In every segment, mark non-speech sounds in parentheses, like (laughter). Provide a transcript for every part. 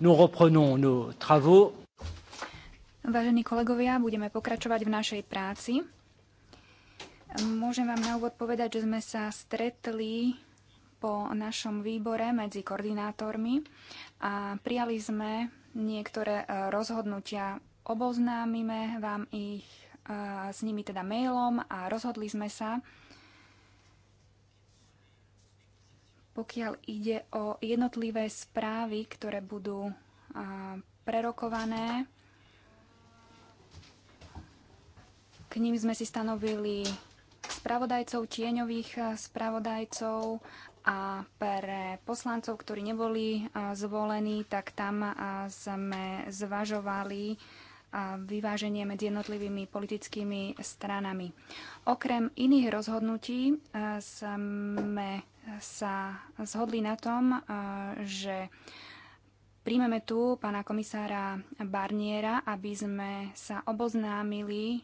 Nous reprenons nos travaux. Vážení kolegovia, budeme pokračovať v našej práci. Môžem vám na úvod povedať, že sme sa stretli po našom výbore medzi koordinátormi a prijali sme niektoré e, rozhodnutia. Oboznámime vám ich e, s nimi teda mailom a rozhodli sme sa, pokiaľ ide o jednotlivé správy, ktoré budú prerokované. K ním sme si stanovili spravodajcov, tieňových spravodajcov a pre poslancov, ktorí neboli zvolení, tak tam sme zvažovali vyváženie medzi jednotlivými politickými stranami. Okrem iných rozhodnutí sme sa zhodli na tom, že príjmeme tu pána komisára Barniera, aby sme sa oboznámili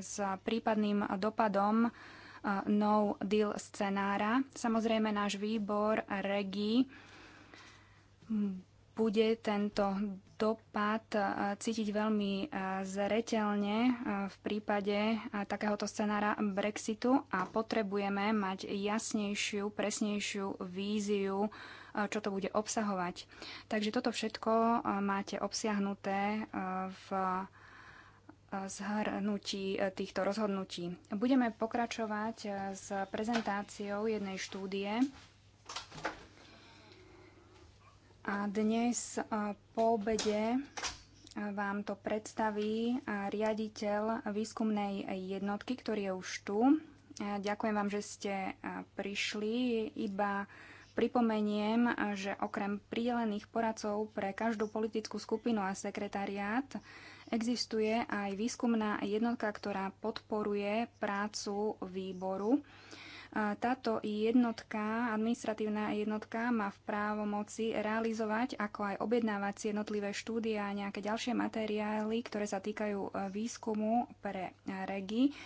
s prípadným dopadom no deal scenára. Samozrejme, náš výbor REGI bude tento dopad e, cítiť veľmi e, zreteľne e, v prípade takéhoto scenára Brexitu a potrebujeme mať jasnejšiu, presnejšiu víziu, čo to bude obsahovať. Takže toto všetko máte obsiahnuté v zhrnutí týchto rozhodnutí. Budeme pokračovať s prezentáciou jednej štúdie a dnes po obede vám to predstaví riaditeľ výskumnej jednotky, ktorý je už tu. Ďakujem vám, že ste prišli. Iba pripomeniem, že okrem pridelených poradcov pre každú politickú skupinu a sekretariát existuje aj výskumná jednotka, ktorá podporuje prácu výboru. Táto jednotka, administratívna jednotka, má v právomoci realizovať ako aj objednávať si jednotlivé štúdie a nejaké ďalšie materiály, ktoré sa týkajú e, výskumu pre e, regi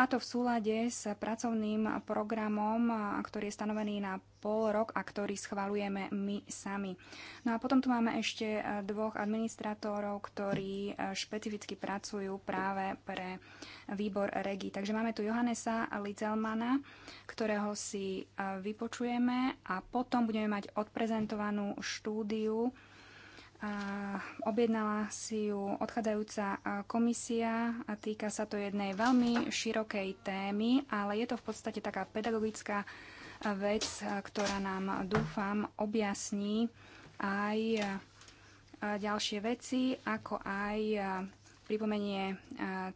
a to v súlade s pracovným programom, ktorý je stanovený na pol rok a ktorý schvalujeme my sami. No a potom tu máme ešte e, dvoch administratorov, ktorí e, špecificky pracujú práve pre výbor REGI. Takže máme tu Johannesa Lidzelmana, ktorého si e, vypočujeme a potom budeme mať odprezentovanú štúdiu objednala si ju odchádzajúca komisia a týka sa to jednej veľmi širokej témy, ale je to v podstate taká pedagogická vec, ktorá nám, dúfam, objasní aj ďalšie veci, ako aj pripomenie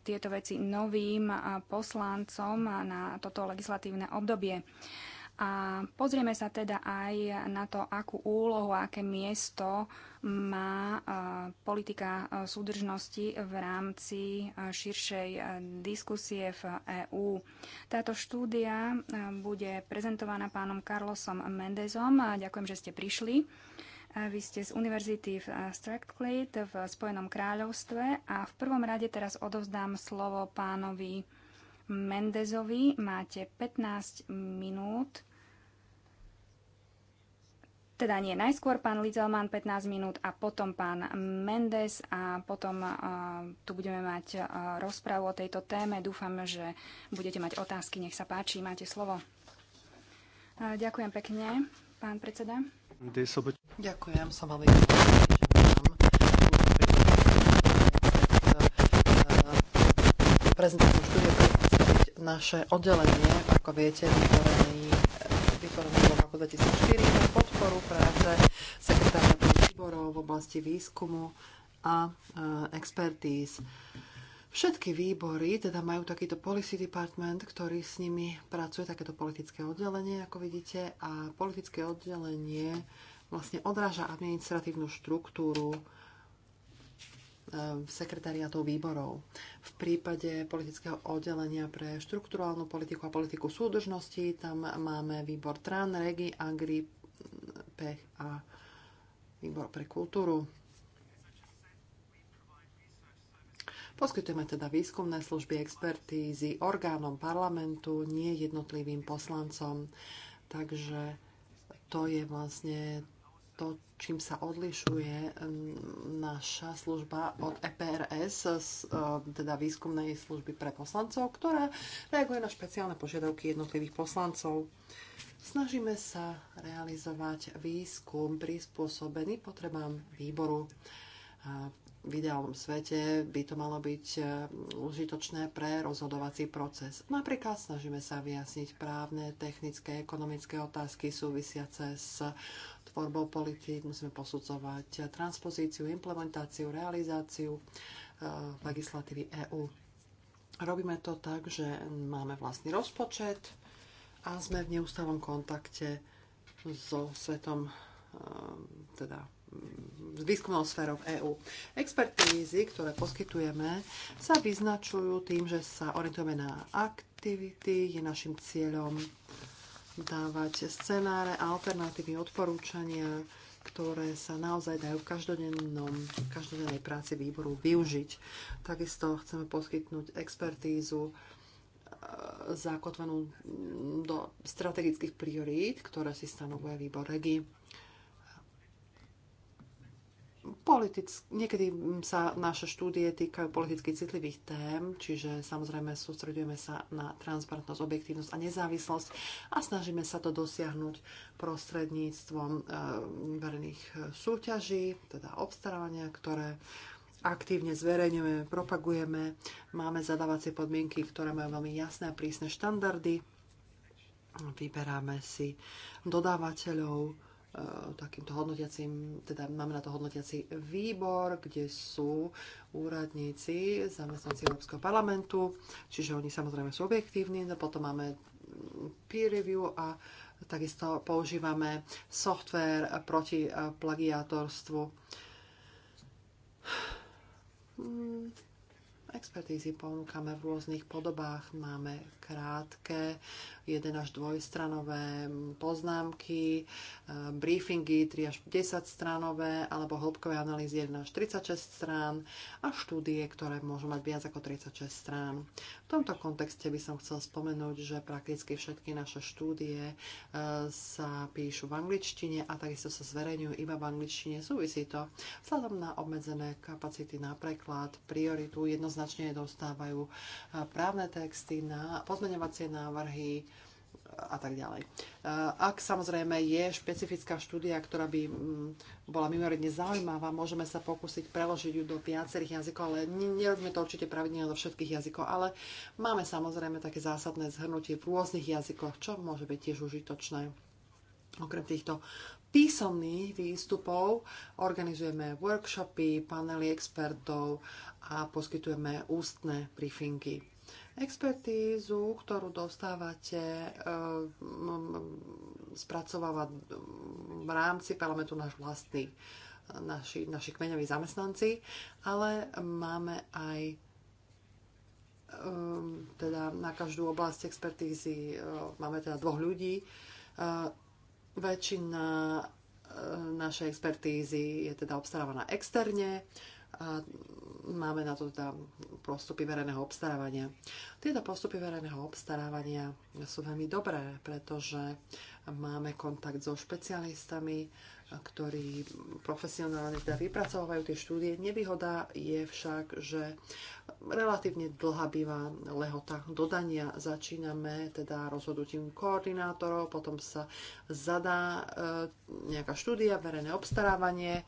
tieto veci novým poslancom na toto legislatívne obdobie. A pozrieme sa teda aj na to, akú úlohu, aké miesto má e, politika e, súdržnosti v rámci e, širšej diskusie v EÚ. Táto štúdia bude prezentovaná pánom Carlosom Mendezom. Ďakujem, že ste prišli. Vy ste z univerzity v Strathclyde v Spojenom kráľovstve a v prvom rade teraz odovzdám slovo pánovi Mendezovi. Máte 15 minút. Teda nie, najskôr pán Lidzelman 15 minút a potom pán Mendes a potom uh, tu budeme mať uh, rozpravu o tejto téme. Dúfam, že budete mať otázky. Nech sa páči, máte slovo. Uh, ďakujem pekne, pán predseda. Ďakujem, som malý. E, e, prezentáciu štúdie pre naše oddelenie, ako viete, vytvorené, e, bolo v roku 2004 na podporu práce sekretárov výborov v oblasti výskumu a e, expertíz. Všetky výbory teda majú takýto policy department, ktorý s nimi pracuje, takéto politické oddelenie, ako vidíte, a politické oddelenie vlastne odráža administratívnu štruktúru sekretariatov výborov. V prípade politického oddelenia pre štruktúrálnu politiku a politiku súdržnosti tam máme výbor TRAN, REGI, AGRI, PECH a výbor pre kultúru. Poskytujeme teda výskumné služby expertízy orgánom parlamentu, nie jednotlivým poslancom. Takže to je vlastne to, čím sa odlišuje naša služba od EPRS, teda výskumnej služby pre poslancov, ktorá reaguje na špeciálne požiadavky jednotlivých poslancov. Snažíme sa realizovať výskum prispôsobený potrebám výboru v ideálnom svete by to malo byť e, užitočné pre rozhodovací proces. Napríklad snažíme sa vyjasniť právne, technické, ekonomické otázky súvisiace s tvorbou politik, musíme posudzovať transpozíciu, implementáciu, realizáciu e, legislatívy EÚ. Robíme to tak, že máme vlastný rozpočet a sme v neustálom kontakte so svetom e, teda výskumnou sférou EÚ. Expertízy, ktoré poskytujeme, sa vyznačujú tým, že sa orientujeme na aktivity, je našim cieľom dávať scenáre, alternatívy, odporúčania, ktoré sa naozaj dajú v každodennom, v každodennej práci výboru využiť. Takisto chceme poskytnúť expertízu e, zakotvenú do strategických priorít, ktoré si stanovuje výbor REGI politick- niekedy sa naše štúdie týkajú politicky citlivých tém, čiže samozrejme sústredujeme sa na transparentnosť, objektívnosť a nezávislosť a snažíme sa to dosiahnuť prostredníctvom e, verejných eh, súťaží, teda obstarávania, ktoré aktívne zverejňujeme, propagujeme, máme zadávacie podmienky, ktoré majú veľmi jasné a prísne štandardy, vyberáme si dodávateľov, Eh, takýmto hodnotiacím, teda máme na to hodnotiaci výbor, kde sú úradníci, zamestnanci Európskeho parlamentu, čiže oni samozrejme sú objektívni, no potom máme peer review a takisto používame software proti eh, plagiátorstvu. Hmm. Expertízy ponúkame v rôznych podobách. Máme krátke, jeden až dvojstranové poznámky, e, briefingy 3 až 10 stranové alebo hĺbkové analýzy 1 až 36 strán a štúdie, ktoré môžu mať viac ako 36 strán. V tomto kontexte by som chcel spomenúť, že prakticky všetky naše štúdie e, sa píšu v angličtine a takisto sa zverejňujú iba v angličtine. Súvisí to vzhľadom na obmedzené kapacity na preklad, prioritu jednoznačne jednoznačne dostávajú právne texty, na pozmeňovacie návrhy a tak ďalej. Ak samozrejme je špecifická štúdia, ktorá by mm, bola mimoriadne zaujímavá, môžeme sa pokúsiť preložiť ju do viacerých jazykov, ale nerobíme to určite pravidelne do všetkých jazykov, ale máme samozrejme také zásadné zhrnutie v rôznych jazykoch, čo môže byť tiež užitočné. Okrem týchto písomných výstupov. Organizujeme workshopy, panely expertov a poskytujeme ústne briefingy. Expertízu, ktorú dostávate, eh, spracováva v rámci parlamentu náš vlastný, naši, naši kmeňoví zamestnanci, ale máme aj eh, teda na každú oblasť expertízy eh, máme teda dvoch ľudí, Väčšina e, našej expertízy je teda obstarávaná externe a máme na to teda postupy verejného obstarávania. Tieto postupy verejného obstarávania sú veľmi dobré, pretože máme kontakt so špecialistami, ktorí profesionálne teda vypracovávajú tie štúdie. Nevýhoda je však, že relatívne dlhá býva lehota dodania. Začíname teda rozhodnutím koordinátorov, potom sa zadá e, nejaká štúdia, verejné obstarávanie,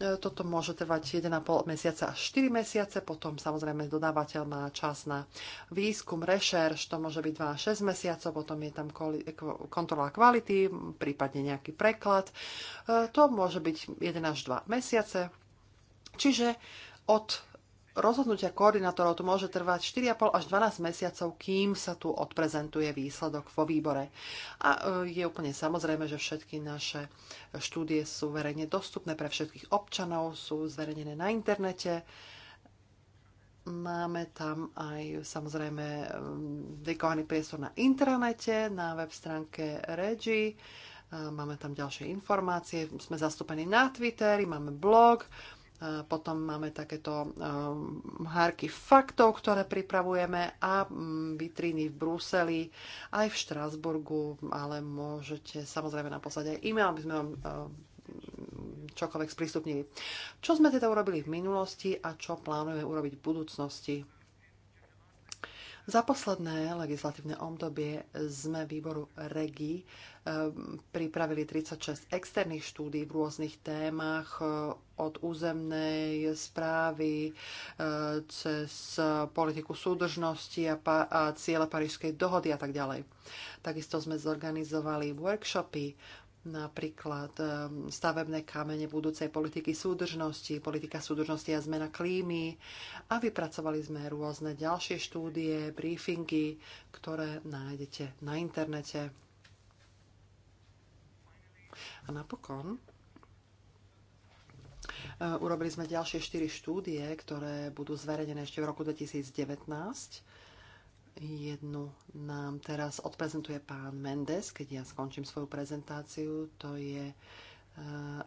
E, toto môže trvať 1,5 mesiaca až 4 mesiace, potom samozrejme dodávateľ má čas na výskum, rešerš, to môže byť 2 až 6 mesiacov, potom je tam kontrola kvality, prípadne nejaký preklad. E, to môže byť 1 až 2 mesiace. Čiže od rozhodnutia koordinátorov to môže trvať 4,5 až 12 mesiacov, kým sa tu odprezentuje výsledok vo výbore. A e, je úplne samozrejme, že všetky naše štúdie sú verejne dostupné pre všetkých občanov, sú zverejnené na internete. Máme tam aj samozrejme e, dekovaný priestor na intranete, na web stránke Regi. E, máme tam ďalšie informácie, sme zastúpení na Twitteri, máme blog, Eh, potom máme takéto eh, hárky faktov, ktoré pripravujeme a mm, vitríny v Bruseli, aj v Štrásburgu, ale môžete samozrejme na aj e-mail, aby sme vám eh, čokoľvek sprístupnili. Čo sme teda urobili v minulosti a čo plánujeme urobiť v budúcnosti? Za posledné legislatívne obdobie sme výboru REGI eh, pripravili 36 externých štúdí v rôznych témach eh, od územnej správy eh, cez politiku súdržnosti a, pa- a ciele Parížskej dohody a tak ďalej. Takisto sme zorganizovali workshopy napríklad eh, stavebné kamene budúcej politiky súdržnosti, politika súdržnosti a zmena klímy. A vypracovali sme rôzne ďalšie štúdie, briefingy, ktoré nájdete na internete. A napokon eh, urobili sme ďalšie 4 štúdie, ktoré budú zverejnené ešte v roku 2019 Jednu nám teraz odprezentuje pán Mendes, keď ja skončím svoju prezentáciu. To je eh,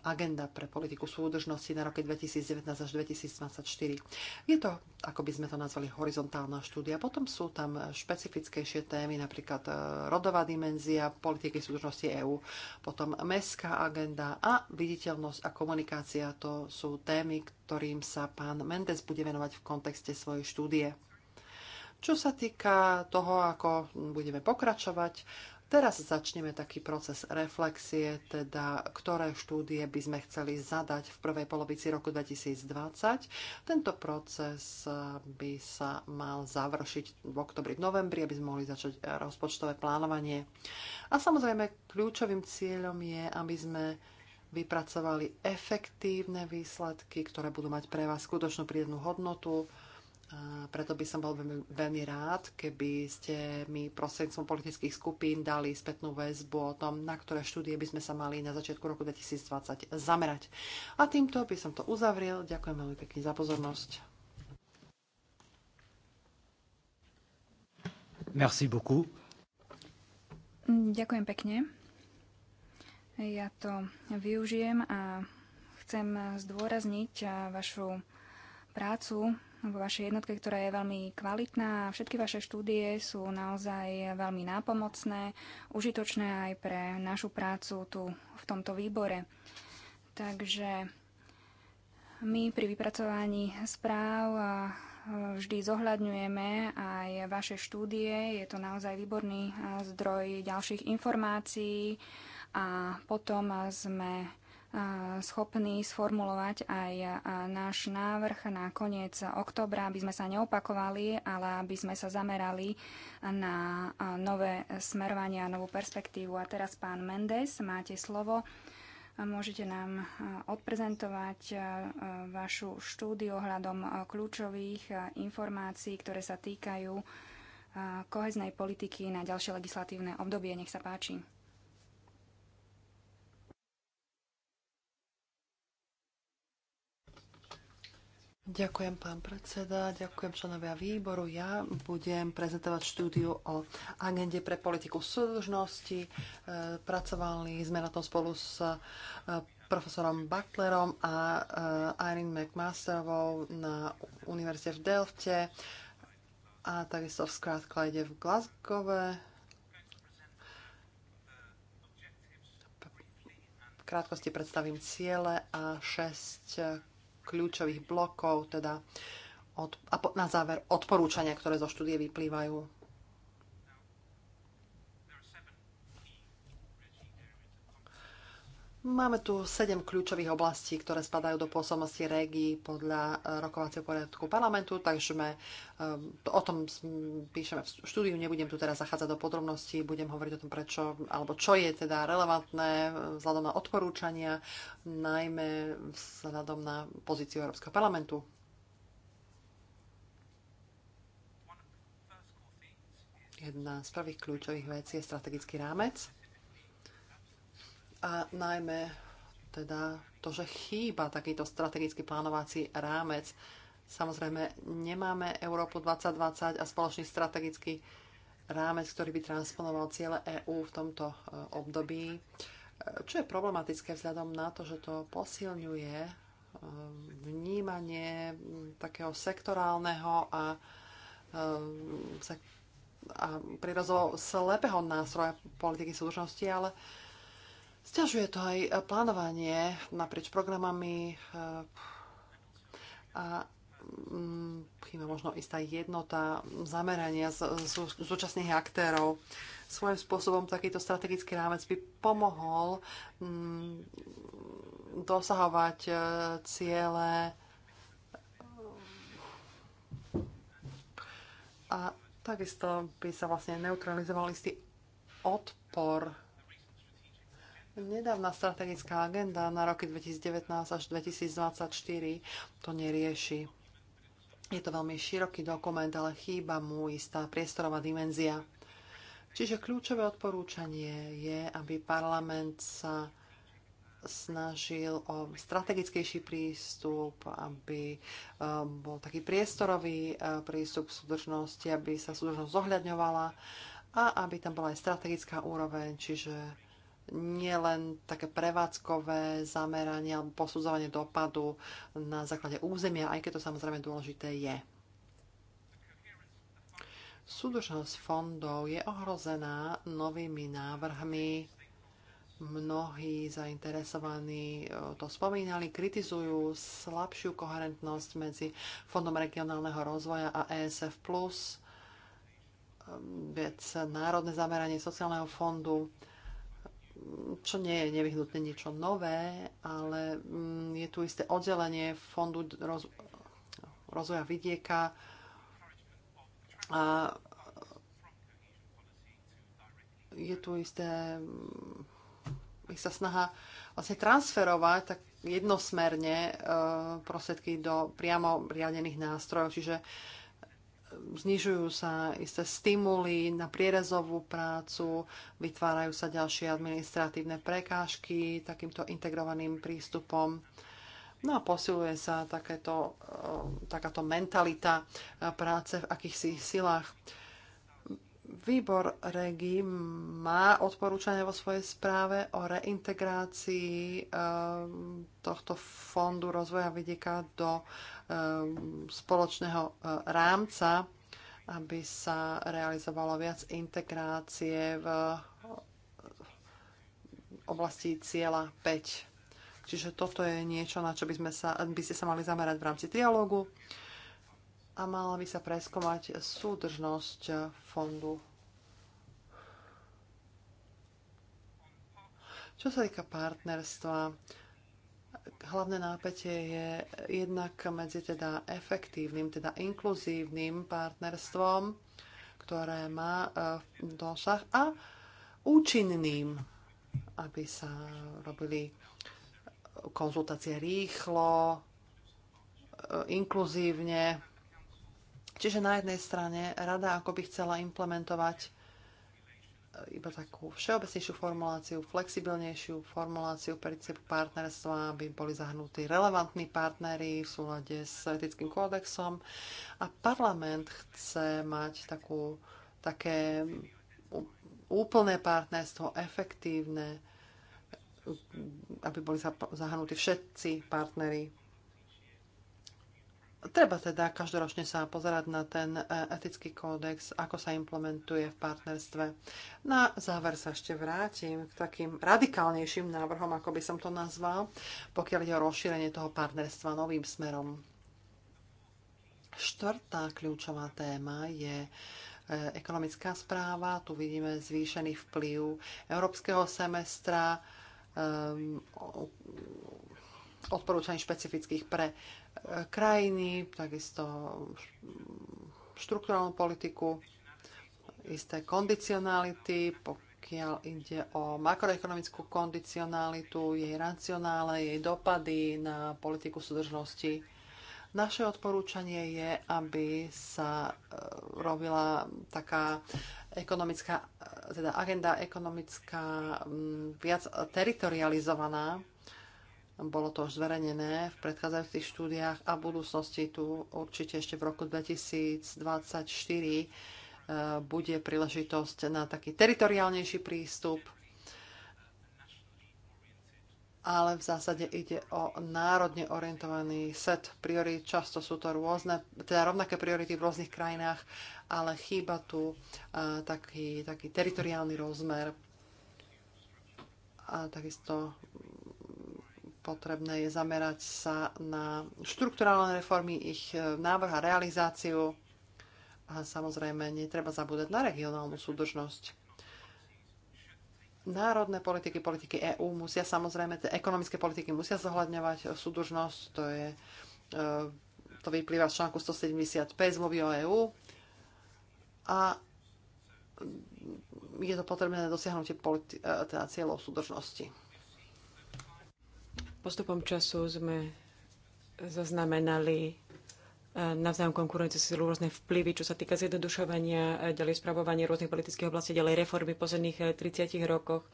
agenda pre politiku súdržnosti na roky 2019 až 2024. Je to, ako by sme to nazvali, horizontálna štúdia. Potom sú tam špecifickejšie témy, napríklad eh, rodová dimenzia politiky súdržnosti EÚ, potom mestská agenda a viditeľnosť a komunikácia. To sú témy, ktorým sa pán Mendes bude venovať v kontexte svojej štúdie. Čo sa týka toho, ako budeme pokračovať, teraz začneme taký proces reflexie, teda ktoré štúdie by sme chceli zadať v prvej polovici roku 2020. Tento proces eh, by sa mal završiť v oktobri, v novembri, aby sme mohli začať eh, rozpočtové plánovanie. A samozrejme, kľúčovým cieľom je, aby sme vypracovali efektívne výsledky, ktoré budú mať pre vás skutočnú prídenú hodnotu, a preto by som bol veľmi rád, keby ste mi prostredníctvom politických skupín dali spätnú väzbu o tom, na ktoré štúdie by sme sa mali na začiatku roku 2020 zamerať. A týmto by som to uzavriel. Ďakujem veľmi pekne za pozornosť. Merci beaucoup. Ďakujem pekne. Ja to využijem a chcem zdôrazniť vašu prácu vo vašej jednotke, ktorá je veľmi kvalitná. Všetky vaše štúdie sú naozaj veľmi nápomocné, užitočné aj pre našu prácu tu v tomto výbore. Takže my pri vypracovaní správ e, vždy zohľadňujeme aj vaše štúdie. Je to naozaj výborný zdroj ďalších informácií a potom sme schopní sformulovať aj náš návrh na koniec oktobra, aby sme sa neopakovali, ale aby sme sa zamerali na nové smerovanie a novú perspektívu. A teraz pán Mendes, máte slovo. Môžete nám odprezentovať vašu štúdiu ohľadom kľúčových informácií, ktoré sa týkajú koheznej politiky na ďalšie legislatívne obdobie. Nech sa páči. Ďakujem, pán predseda, ďakujem členovia výboru. Ja budem prezentovať štúdiu o agende pre politiku súdržnosti. E, pracovali sme na tom spolu s e, profesorom Butlerom a e, Irene McMasterovou na Univerzite v Delfte a takisto v Skrátkleide v Glasgow. V krátkosti predstavím ciele a šesť kľúčových blokov, teda od, a po, na záver odporúčania, ktoré zo štúdie vyplývajú. Máme tu sedem kľúčových oblastí, ktoré spadajú do pôsobnosti régií podľa eh, rokovacieho poriadku parlamentu, takže eh, o tom píšeme v štúdiu, nebudem tu teraz zachádzať do podrobností, budem hovoriť o tom, prečo, alebo čo je teda relevantné eh, vzhľadom na odporúčania, najmä vzhľadom na pozíciu Európskeho parlamentu. Jedna z prvých kľúčových vecí je strategický rámec a najmä teda to, že chýba takýto strategický plánovací rámec. Samozrejme, nemáme Európu 2020 a spoločný strategický rámec, ktorý by transponoval ciele EÚ v tomto e, období, e, čo je problematické vzhľadom na to, že to posilňuje e, vnímanie takého sektorálneho a, a prirozovo slepého nástroja politiky súdržnosti, ale Sťažuje to aj plánovanie naprieč programami eh, a mm, chýba možno istá jednota zamerania súčasných aktérov. Svojím spôsobom takýto strategický rámec by pomohol mm, dosahovať eh, ciele eh, a takisto by sa vlastne neutralizoval istý odpor Nedávna strategická agenda na roky 2019 až 2024 to nerieši. Je to veľmi široký dokument, ale chýba mu istá priestorová dimenzia. Čiže kľúčové odporúčanie je, aby parlament sa snažil o strategickejší prístup, aby e, bol taký priestorový e, prístup k súdržnosti, aby sa súdržnosť zohľadňovala a aby tam bola aj strategická úroveň, čiže len také prevádzkové zameranie alebo posudzovanie dopadu na základe územia, aj keď to samozrejme dôležité je. Súdržnosť fondov je ohrozená novými návrhmi. Mnohí zainteresovaní e, to spomínali, kritizujú slabšiu koherentnosť medzi Fondom regionálneho rozvoja a ESF+, e, vec národné zameranie sociálneho fondu čo nie je nevyhnutné niečo nové, ale mm, je tu isté oddelenie Fondu roz, rozvoja vidieka a je tu isté, mm, istá snaha vlastne transferovať tak jednosmerne e, prostriedky do priamo riadených nástrojov, čiže znižujú sa isté stimuly na prierezovú prácu, vytvárajú sa ďalšie administratívne prekážky takýmto integrovaným prístupom. No a posiluje sa takéto, eh, takáto mentalita eh, práce v akýchsi silách. Výbor REGI má odporúčanie vo svojej správe o reintegrácii eh, tohto fondu rozvoja vidieka do Ehm, spoločného eh, rámca, aby sa realizovalo viac integrácie v eh, oblasti cieľa 5. Čiže toto je niečo, na čo by, sme sa, by ste sa mali zamerať v rámci dialogu a mala by sa preskovať súdržnosť eh, fondu. Čo sa týka partnerstva, hlavné nápetie je jednak medzi teda efektívnym, teda inkluzívnym partnerstvom, ktoré má v e, dosah a účinným, aby sa robili konzultácie rýchlo, e, inkluzívne. Čiže na jednej strane rada ako by chcela implementovať E, iba takú všeobecnejšiu formuláciu, flexibilnejšiu formuláciu princípu partnerstva, aby boli zahrnutí relevantní partnery v súlade s etickým kódexom a parlament chce mať takú, také úplné partnerstvo, efektívne, aby boli zahrnutí všetci partnery Treba teda každoročne sa pozerať na ten e, etický kódex, ako sa implementuje v partnerstve. Na záver sa ešte vrátim k takým radikálnejším návrhom, ako by som to nazval, pokiaľ ide o rozšírenie toho partnerstva novým smerom. Štvrtá kľúčová téma je e, ekonomická správa. Tu vidíme zvýšený vplyv európskeho semestra, e, odporúčaní špecifických pre krajiny, takisto štruktúrálnu politiku, isté kondicionality, pokiaľ ide o makroekonomickú kondicionalitu, jej racionále, jej dopady na politiku súdržnosti. Naše odporúčanie je, aby sa e, robila taká ekonomická, e, teda agenda ekonomická viac teritorializovaná, bolo to už zverejnené v predchádzajúcich štúdiách a v budúcnosti tu určite ešte v roku 2024 eh, bude príležitosť na taký teritoriálnejší prístup. Ale v zásade ide o národne orientovaný set priorít. Často sú to rôzne, teda rovnaké priority v rôznych krajinách, ale chýba tu eh, taký, taký teritoriálny rozmer. A takisto potrebné je zamerať sa na štrukturálne reformy, ich e, návrh a realizáciu. A samozrejme, netreba zabúdať na regionálnu súdržnosť. Národné politiky, politiky EÚ musia samozrejme, tie ekonomické politiky musia zohľadňovať e, súdržnosť, to je e, to vyplýva z článku 175 zmluvy o EÚ a je to potrebné na dosiahnutie politi- teda cieľov súdržnosti. Postupom času sme zaznamenali e, navzájom konkurencie si rôzne vplyvy, čo sa týka zjednodušovania, e, ďalej spravovania rôznych politických oblastí, ďalej reformy v posledných 30 e, rokoch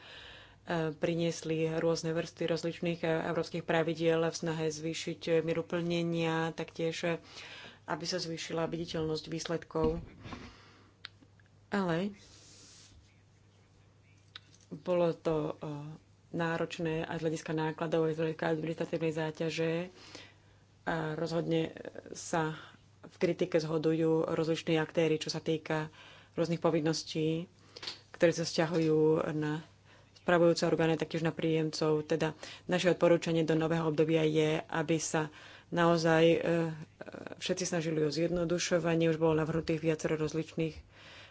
priniesli rôzne vrsty rozličných európskych pravidiel v snahe zvýšiť mieru plnenia, taktiež aby sa zvýšila viditeľnosť výsledkov. Ale bolo to náročné aj z hľadiska nákladov, aj z hľadiska administratívnej záťaže. A rozhodne sa v kritike zhodujú rozliční aktéry, čo sa týka rôznych povinností, ktoré sa vzťahujú na spravujúce orgány, taktiež na príjemcov. Teda naše odporúčanie do nového obdobia je, aby sa naozaj e, e, všetci snažili o zjednodušovanie. Už bolo navrhnutých viacero rozličných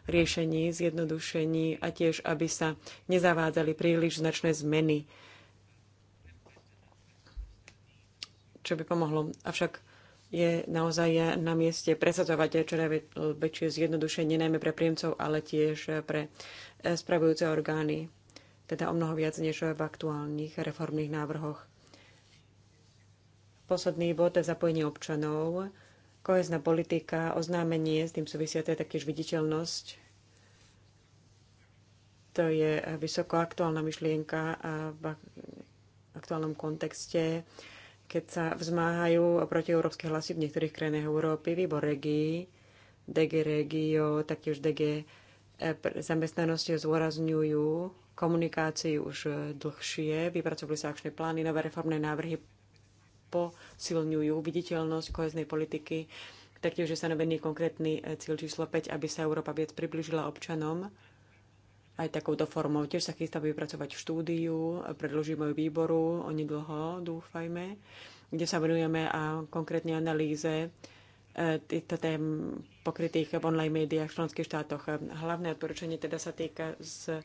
riešení, zjednodušení a tiež, aby sa nezavádzali príliš značné zmeny, čo by pomohlo. Avšak je naozaj na mieste presadzovať čo najväčšie eh, zjednodušenie, najmä pre príjemcov, ale tiež pre eh, spravujúce orgány, teda o mnoho viac než v aktuálnych reformných návrhoch. Posledný bod je zapojenie občanov Kohezná politika, oznámenie, s tým súvisia to je taktiež viditeľnosť. To je vysoko aktuálna myšlienka a v aktuálnom kontexte, keď sa vzmáhajú proti európske hlasy v niektorých krajinách Európy, výbor regií, DG regio, taktiež DG e, zamestnanosti zôrazňujú komunikáciu už dlhšie, vypracovali sa akčné plány, nové reformné návrhy posilňujú viditeľnosť koheznej politiky, taktiež je stanovený konkrétny e, cieľ číslo 5, aby sa Európa viac približila občanom aj takouto formou. Tiež sa chystá vypracovať štúdiu, e, predložíme ju výboru dlho, dúfajme, kde sa venujeme a konkrétne analýze e, týchto tém pokrytých v online médiách v členských štátoch. Hlavné odporúčanie teda sa týka z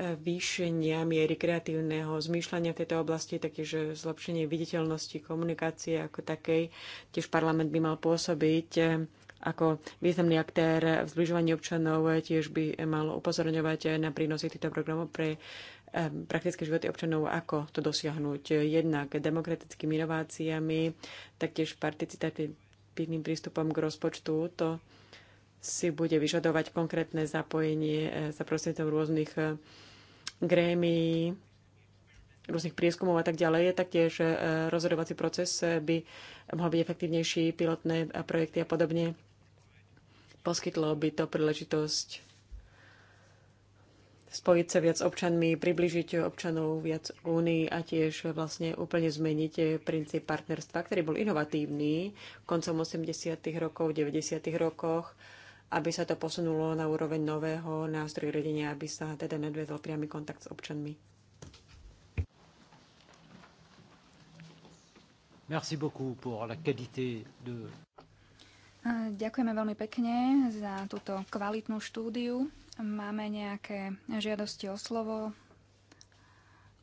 výšenia miery kreatívneho zmýšľania v tejto oblasti, taktiež zlepšenie viditeľnosti komunikácie ako takej. Tiež parlament by mal pôsobiť eh, ako významný aktér v zbližovaní občanov, eh, tiež by mal upozorňovať eh, na prínosy týchto programov pre praktické životy občanov, ako to dosiahnuť jednak demokratickými inováciami, taktiež participatívnym prístupom k rozpočtu. To si bude vyžadovať konkrétne zapojenie e, za prostredníctvom rôznych e, grémy, rôznych prieskumov a tak ďalej. Taktiež e, rozhodovací proces by mohol byť efektívnejší, pilotné projekty a podobne. Poskytlo by to príležitosť spojiť sa viac občanmi, približiť občanov viac únii a tiež vlastne úplne zmeniť princíp partnerstva, ktorý bol inovatívny koncom 80. rokov, 90. rokoch aby sa to posunulo na úroveň nového nástroju riadenia, aby sa teda nedvedol priamy kontakt s občanmi. Merci beaucoup pour la qualité de... Ďakujeme veľmi pekne za túto kvalitnú štúdiu. Máme nejaké žiadosti o slovo,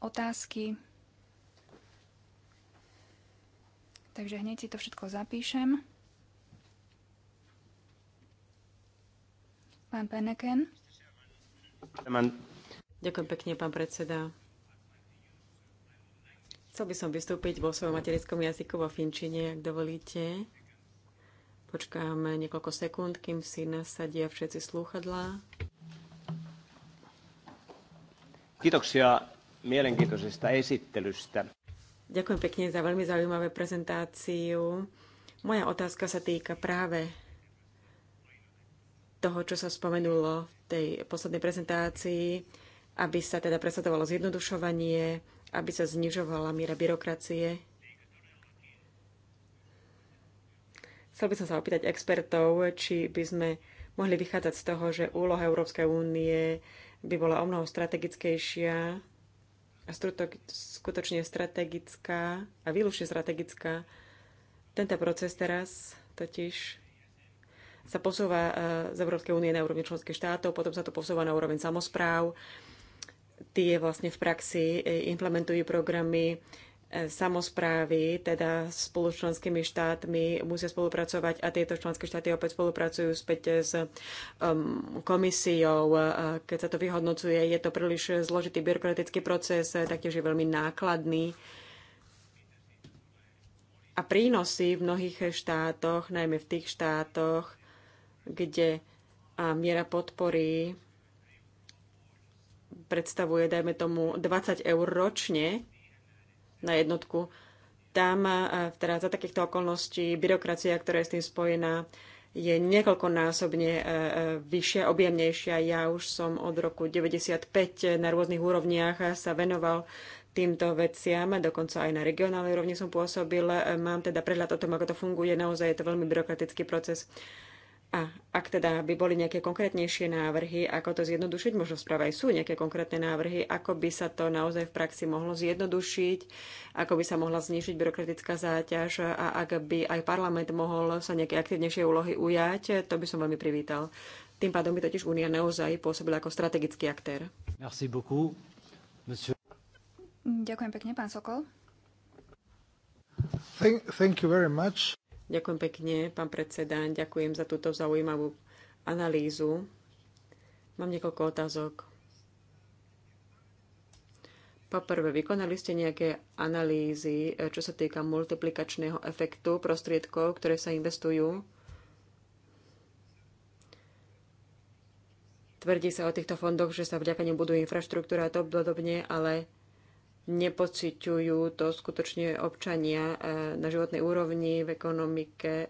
otázky. Takže hneď si to všetko zapíšem. Pán Peneken. Ďakujem pekne, pán predseda. Chcel by som vystúpiť vo svojom materickom jazyku vo finčine, ak dovolíte. Počkáme niekoľko sekúnd, kým si nasadia všetci slúchadlá. Kiitoksia mielenkiintoisesta esittelystä. Ďakujem pekne za veľmi zaujímavé prezentáciu. Moja otázka sa týka práve toho, čo sa spomenulo v tej poslednej prezentácii, aby sa teda presadovalo zjednodušovanie, aby sa znižovala míra byrokracie. Chcel by som sa opýtať expertov, či by sme mohli vychádzať z toho, že úloha Európskej únie by bola o mnoho strategickejšia a skutočne strategická a výlučne strategická. Tento proces teraz totiž sa posúva e, z Európskej únie na úroveň členských štátov, potom sa to posúva na úroveň samozpráv. Tie vlastne v praxi e, implementujú programy e, samozprávy, teda spolu s členskými štátmi musia spolupracovať a tieto členské štáty opäť spolupracujú späť s um, komisiou. Keď sa to vyhodnocuje, je to príliš zložitý byrokratický proces, taktiež je veľmi nákladný. A prínosy v mnohých štátoch, najmä v tých štátoch, kde a miera podpory predstavuje, dajme tomu, 20 eur ročne na jednotku. Tam teda za takýchto okolností byrokracia, ktorá je s tým spojená, je niekoľkonásobne e, e, vyššia, objemnejšia. Ja už som od roku 95 na rôznych úrovniach sa venoval týmto veciam, dokonca aj na regionálnej úrovni som pôsobil. E, mám teda prehľad o tom, ako to funguje. Naozaj je to veľmi byrokratický proces. A ak teda by boli nejaké konkrétnejšie návrhy, ako to zjednodušiť, možno v správe aj sú nejaké konkrétne návrhy, ako by sa to naozaj v praxi mohlo zjednodušiť, ako by sa mohla znižiť byrokratická záťaž a ak by aj parlament mohol sa nejaké aktivnejšie úlohy ujať, to by som veľmi privítal. Tým pádom by totiž Únia naozaj pôsobila ako strategický aktér. Merci beaucoup, monsieur. Ďakujem pekne, pán Sokol. Thank, thank you very much. Ďakujem pekne, pán predseda. Ďakujem za túto zaujímavú analýzu. Mám niekoľko otázok. Poprvé, vykonali ste nejaké analýzy, eh, čo sa týka multiplikačného efektu prostriedkov, ktoré sa investujú? Tvrdí sa o týchto fondoch, že sa vďaka nim budú infraštruktúra a to podobne, ale nepociťujú to skutočne občania e, na životnej úrovni, v ekonomike, e,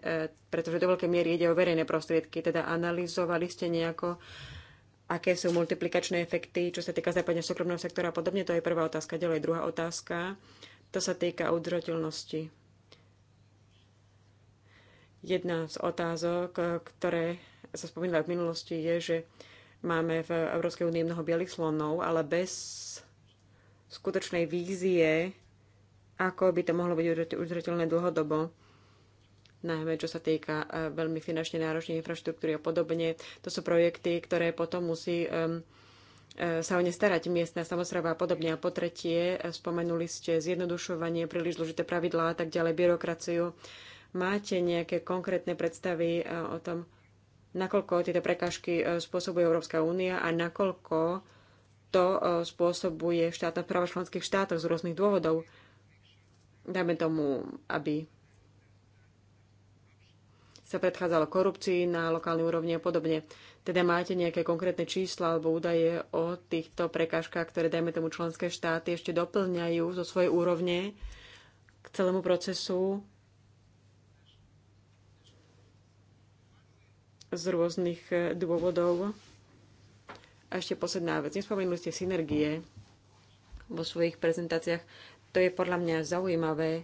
pretože do veľkej miery ide o verejné prostriedky. Teda analyzovali ste nejako, aké sú multiplikačné efekty, čo sa týka zapojenia súkromného sektora a podobne. To je prvá otázka. Ďalej druhá otázka. To sa týka udržateľnosti. Jedna z otázok, ktoré sa spomínala v minulosti, je, že máme v Európskej únii mnoho bielých slonov, ale bez skutočnej vízie, ako by to mohlo byť udržateľné dlhodobo, najmä čo sa týka e, veľmi finančne náročnej infraštruktúry a podobne. To sú projekty, ktoré potom musí e, sa o ne starať miestna samozpráva a podobne. A po tretie, e, spomenuli ste zjednodušovanie, príliš zložité pravidlá a tak ďalej, byrokraciu. Máte nejaké konkrétne predstavy o tom, nakoľko tieto prekážky spôsobuje Európska únia a nakoľko to e, spôsobuje štátna práva členských štátoch z rôznych dôvodov. Dajme tomu, aby sa predchádzalo korupcii na lokálnej úrovni a podobne. Teda máte nejaké konkrétne čísla alebo údaje o týchto prekážkach, ktoré, dajme tomu, členské štáty ešte doplňajú zo svojej úrovne k celému procesu z rôznych e, dôvodov. A ešte posledná vec. Nespomenuli ste synergie vo svojich prezentáciách. To je podľa mňa zaujímavé.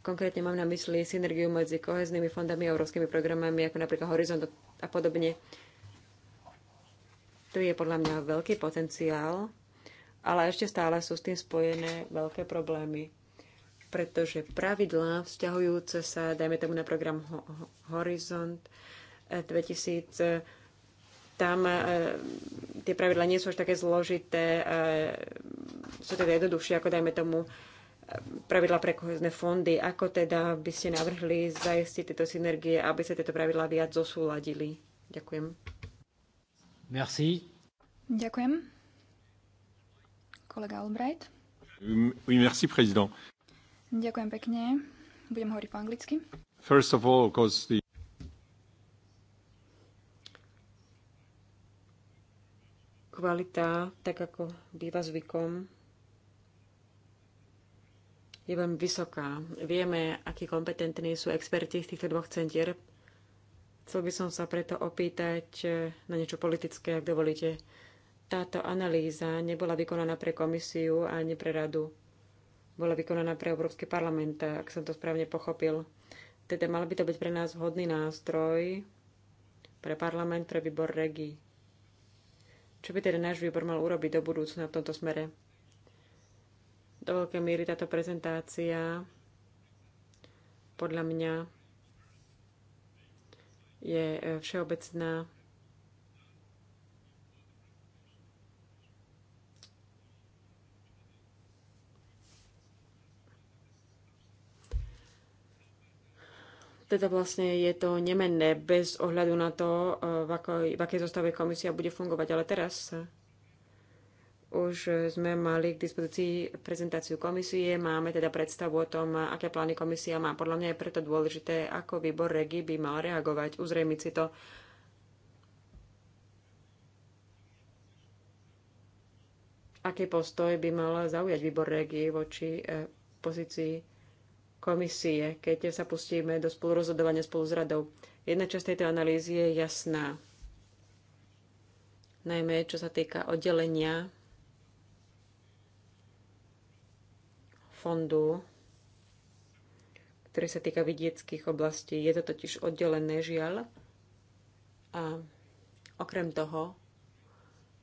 Konkrétne mám na mysli synergiu medzi koheznými fondami a európskymi programami, ako napríklad Horizont a podobne. Tu je podľa mňa veľký potenciál, ale ešte stále sú s tým spojené veľké problémy pretože pravidlá vzťahujúce sa, dajme tomu na program Horizont 2000, eh, tam e, tie pravidla nie sú až také zložité, e, sú teda jednoduchšie ako dajme tomu e, pravidla pre kohezné fondy. Ako teda by ste navrhli zajistiť tieto synergie, aby sa tieto pravidla viac zosúladili? Ďakujem. Merci. Ďakujem. Kolega Albright. Oui, merci, président. Ďakujem pekne. Budem hovoriť po anglicky. First of all, the... Kvalita, tak ako býva zvykom, je veľmi vysoká. Vieme, akí kompetentní sú experti z týchto dvoch centier. Chcel by som sa preto opýtať eh, na niečo politické, ak dovolíte. Táto analýza nebola vykonaná pre komisiu ani pre radu. Bola vykonaná pre Európsky parlament, ak som to správne pochopil. Teda mal by to byť pre nás vhodný nástroj, pre parlament, pre výbor REGI. Čo by teda náš výbor mal urobiť do budúcna v tomto smere? Do veľkej miery táto prezentácia podľa mňa je e, všeobecná Teda vlastne je to nemenné bez ohľadu na to, eh, v, akoj, v akej zostave komisia bude fungovať. Ale teraz eh, už sme mali k dispozícii prezentáciu komisie, máme teda predstavu o tom, eh, aké plány komisia má. Podľa mňa je preto dôležité, ako výbor REGI by mal reagovať, uzrejmiť si to. Aký postoj by mal zaujať výbor REGI voči pozícii komisie, keď sa pustíme do spolurozhodovania spolu s radou. Jedna časť tejto analýzy je jasná. Najmä čo sa týka oddelenia fondu, ktorý sa týka vidieckých oblastí. Je to totiž oddelené žiaľ. A okrem toho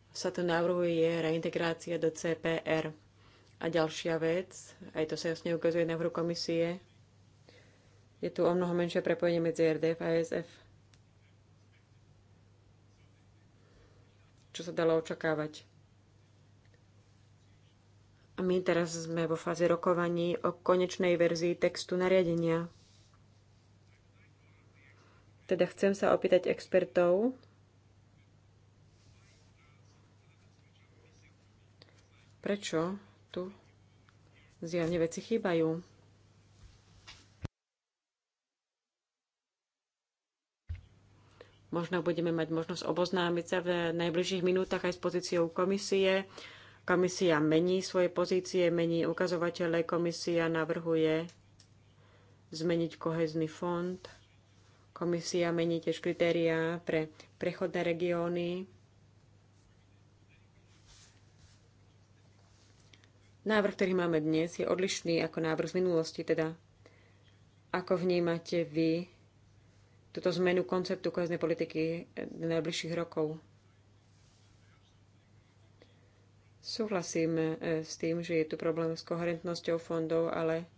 sa tu navrhuje reintegrácia do CPR. A ďalšia vec, aj to sa jasne ukazuje na hru komisie, je tu o mnoho menšie prepojenie medzi RDF a ESF. Čo sa dalo očakávať? A my teraz sme vo fáze rokovaní o konečnej verzii textu nariadenia. Teda chcem sa opýtať expertov, prečo tu zjavne veci chýbajú. Možno budeme mať možnosť oboznámiť sa v najbližších minútach aj s pozíciou komisie. Komisia mení svoje pozície, mení ukazovatele, komisia navrhuje zmeniť kohezný fond. Komisia mení tiež kritériá pre prechodné regióny Návrh, ktorý máme dnes, je odlišný ako návrh z minulosti, teda ako vnímate vy túto zmenu konceptu koheznej politiky do najbližších rokov? Súhlasím eh, s tým, že je tu problém s koherentnosťou fondov, ale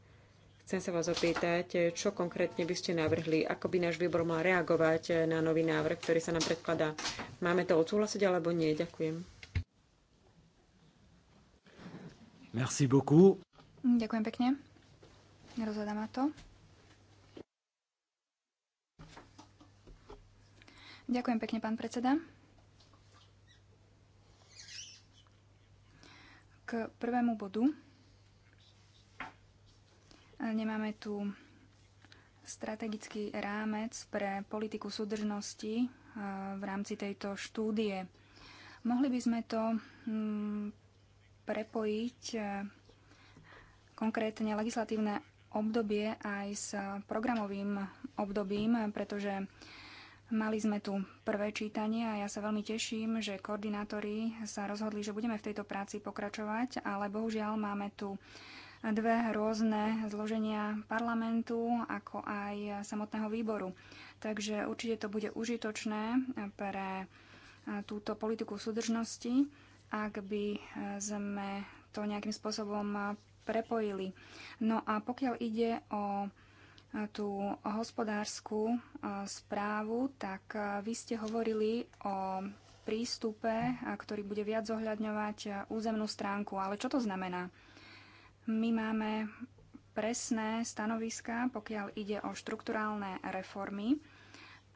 chcem sa vás opýtať, eh, čo konkrétne by ste navrhli, ako by náš výbor mal reagovať eh, na nový návrh, ktorý sa nám predkladá. Máme to odsúhlasiť alebo nie? Ďakujem. Merci beaucoup. Ďakujem pekne. Rozhľadáme to. Ďakujem pekne, pán predseda. K prvému bodu nemáme tu strategický rámec pre politiku súdržnosti eh, v rámci tejto štúdie. Mohli by sme to hm, prepojiť eh, konkrétne legislatívne obdobie aj s programovým obdobím, pretože mali sme tu prvé čítanie a ja sa veľmi teším, že koordinátori sa rozhodli, že budeme v tejto práci pokračovať, ale bohužiaľ máme tu dve rôzne zloženia parlamentu, ako aj samotného výboru. Takže určite to bude užitočné pre eh, túto politiku súdržnosti ak by eh, sme to nejakým spôsobom eh, prepojili. No a pokiaľ ide o eh, tú hospodárskú správu, tak vy ste hovorili o prístupe, ktorý bude viac zohľadňovať územnú stránku. Ale čo to znamená? My máme presné stanoviská, pokiaľ ide o štrukturálne reformy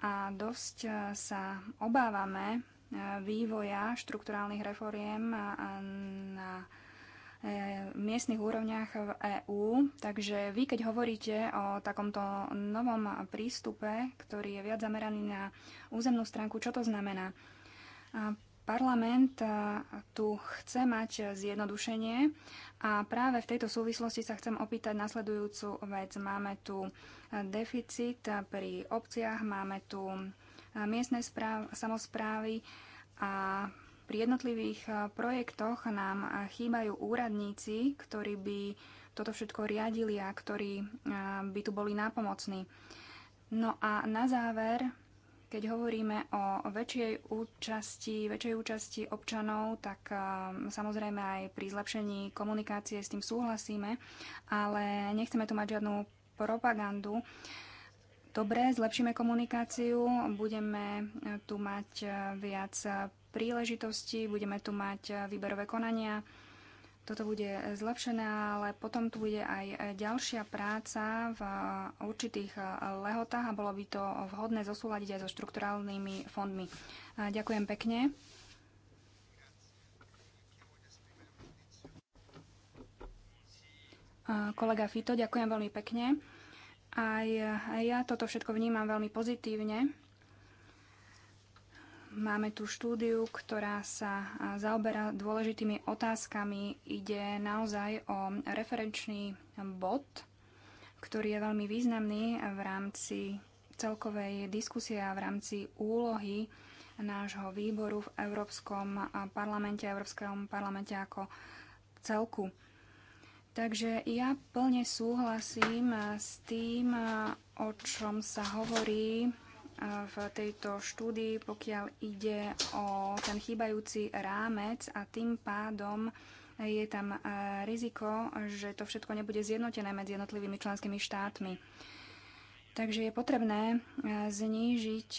a dosť sa obávame vývoja štrukturálnych reforiem na e, miestnych úrovniach v EÚ. Takže vy, keď hovoríte o takomto novom prístupe, ktorý je viac zameraný na územnú stránku, čo to znamená? Parlament e, tu chce mať zjednodušenie a práve v tejto súvislosti sa chcem opýtať nasledujúcu vec. Máme tu e, deficit pri obciach, máme tu miestnej správ, samozprávy a pri jednotlivých e, projektoch nám e, chýbajú úradníci, ktorí by toto všetko riadili a ktorí e, by tu boli nápomocní. No a na záver, keď hovoríme o väčšej účasti, väčšej účasti občanov, tak samozrejme aj pri zlepšení komunikácie s tým súhlasíme, ale nechceme tu mať žiadnu propagandu. Dobre, zlepšíme komunikáciu, budeme e, tu mať e, viac e, príležitostí, budeme tu mať výberové konania. Toto bude zlepšené, ale potom tu bude aj ďalšia práca v určitých lehotách a bolo by to vhodné zosúľadiť aj so štrukturálnymi fondmi. Ďakujem pekne. Kolega Fito, ďakujem veľmi pekne. Aj ja toto všetko vnímam veľmi pozitívne. Máme tu štúdiu, ktorá sa zaoberá dôležitými otázkami. Ide naozaj o referenčný bod, ktorý je veľmi významný v rámci celkovej diskusie a v rámci úlohy nášho výboru v Európskom parlamente, Európskom parlamente ako celku. Takže ja plne súhlasím eh, s tým, eh, o čom sa hovorí eh, v tejto štúdii, pokiaľ ide o ten chýbajúci rámec a tým pádom je tam riziko, že to všetko nebude zjednotené medzi jednotlivými členskými štátmi. Takže je potrebné znížiť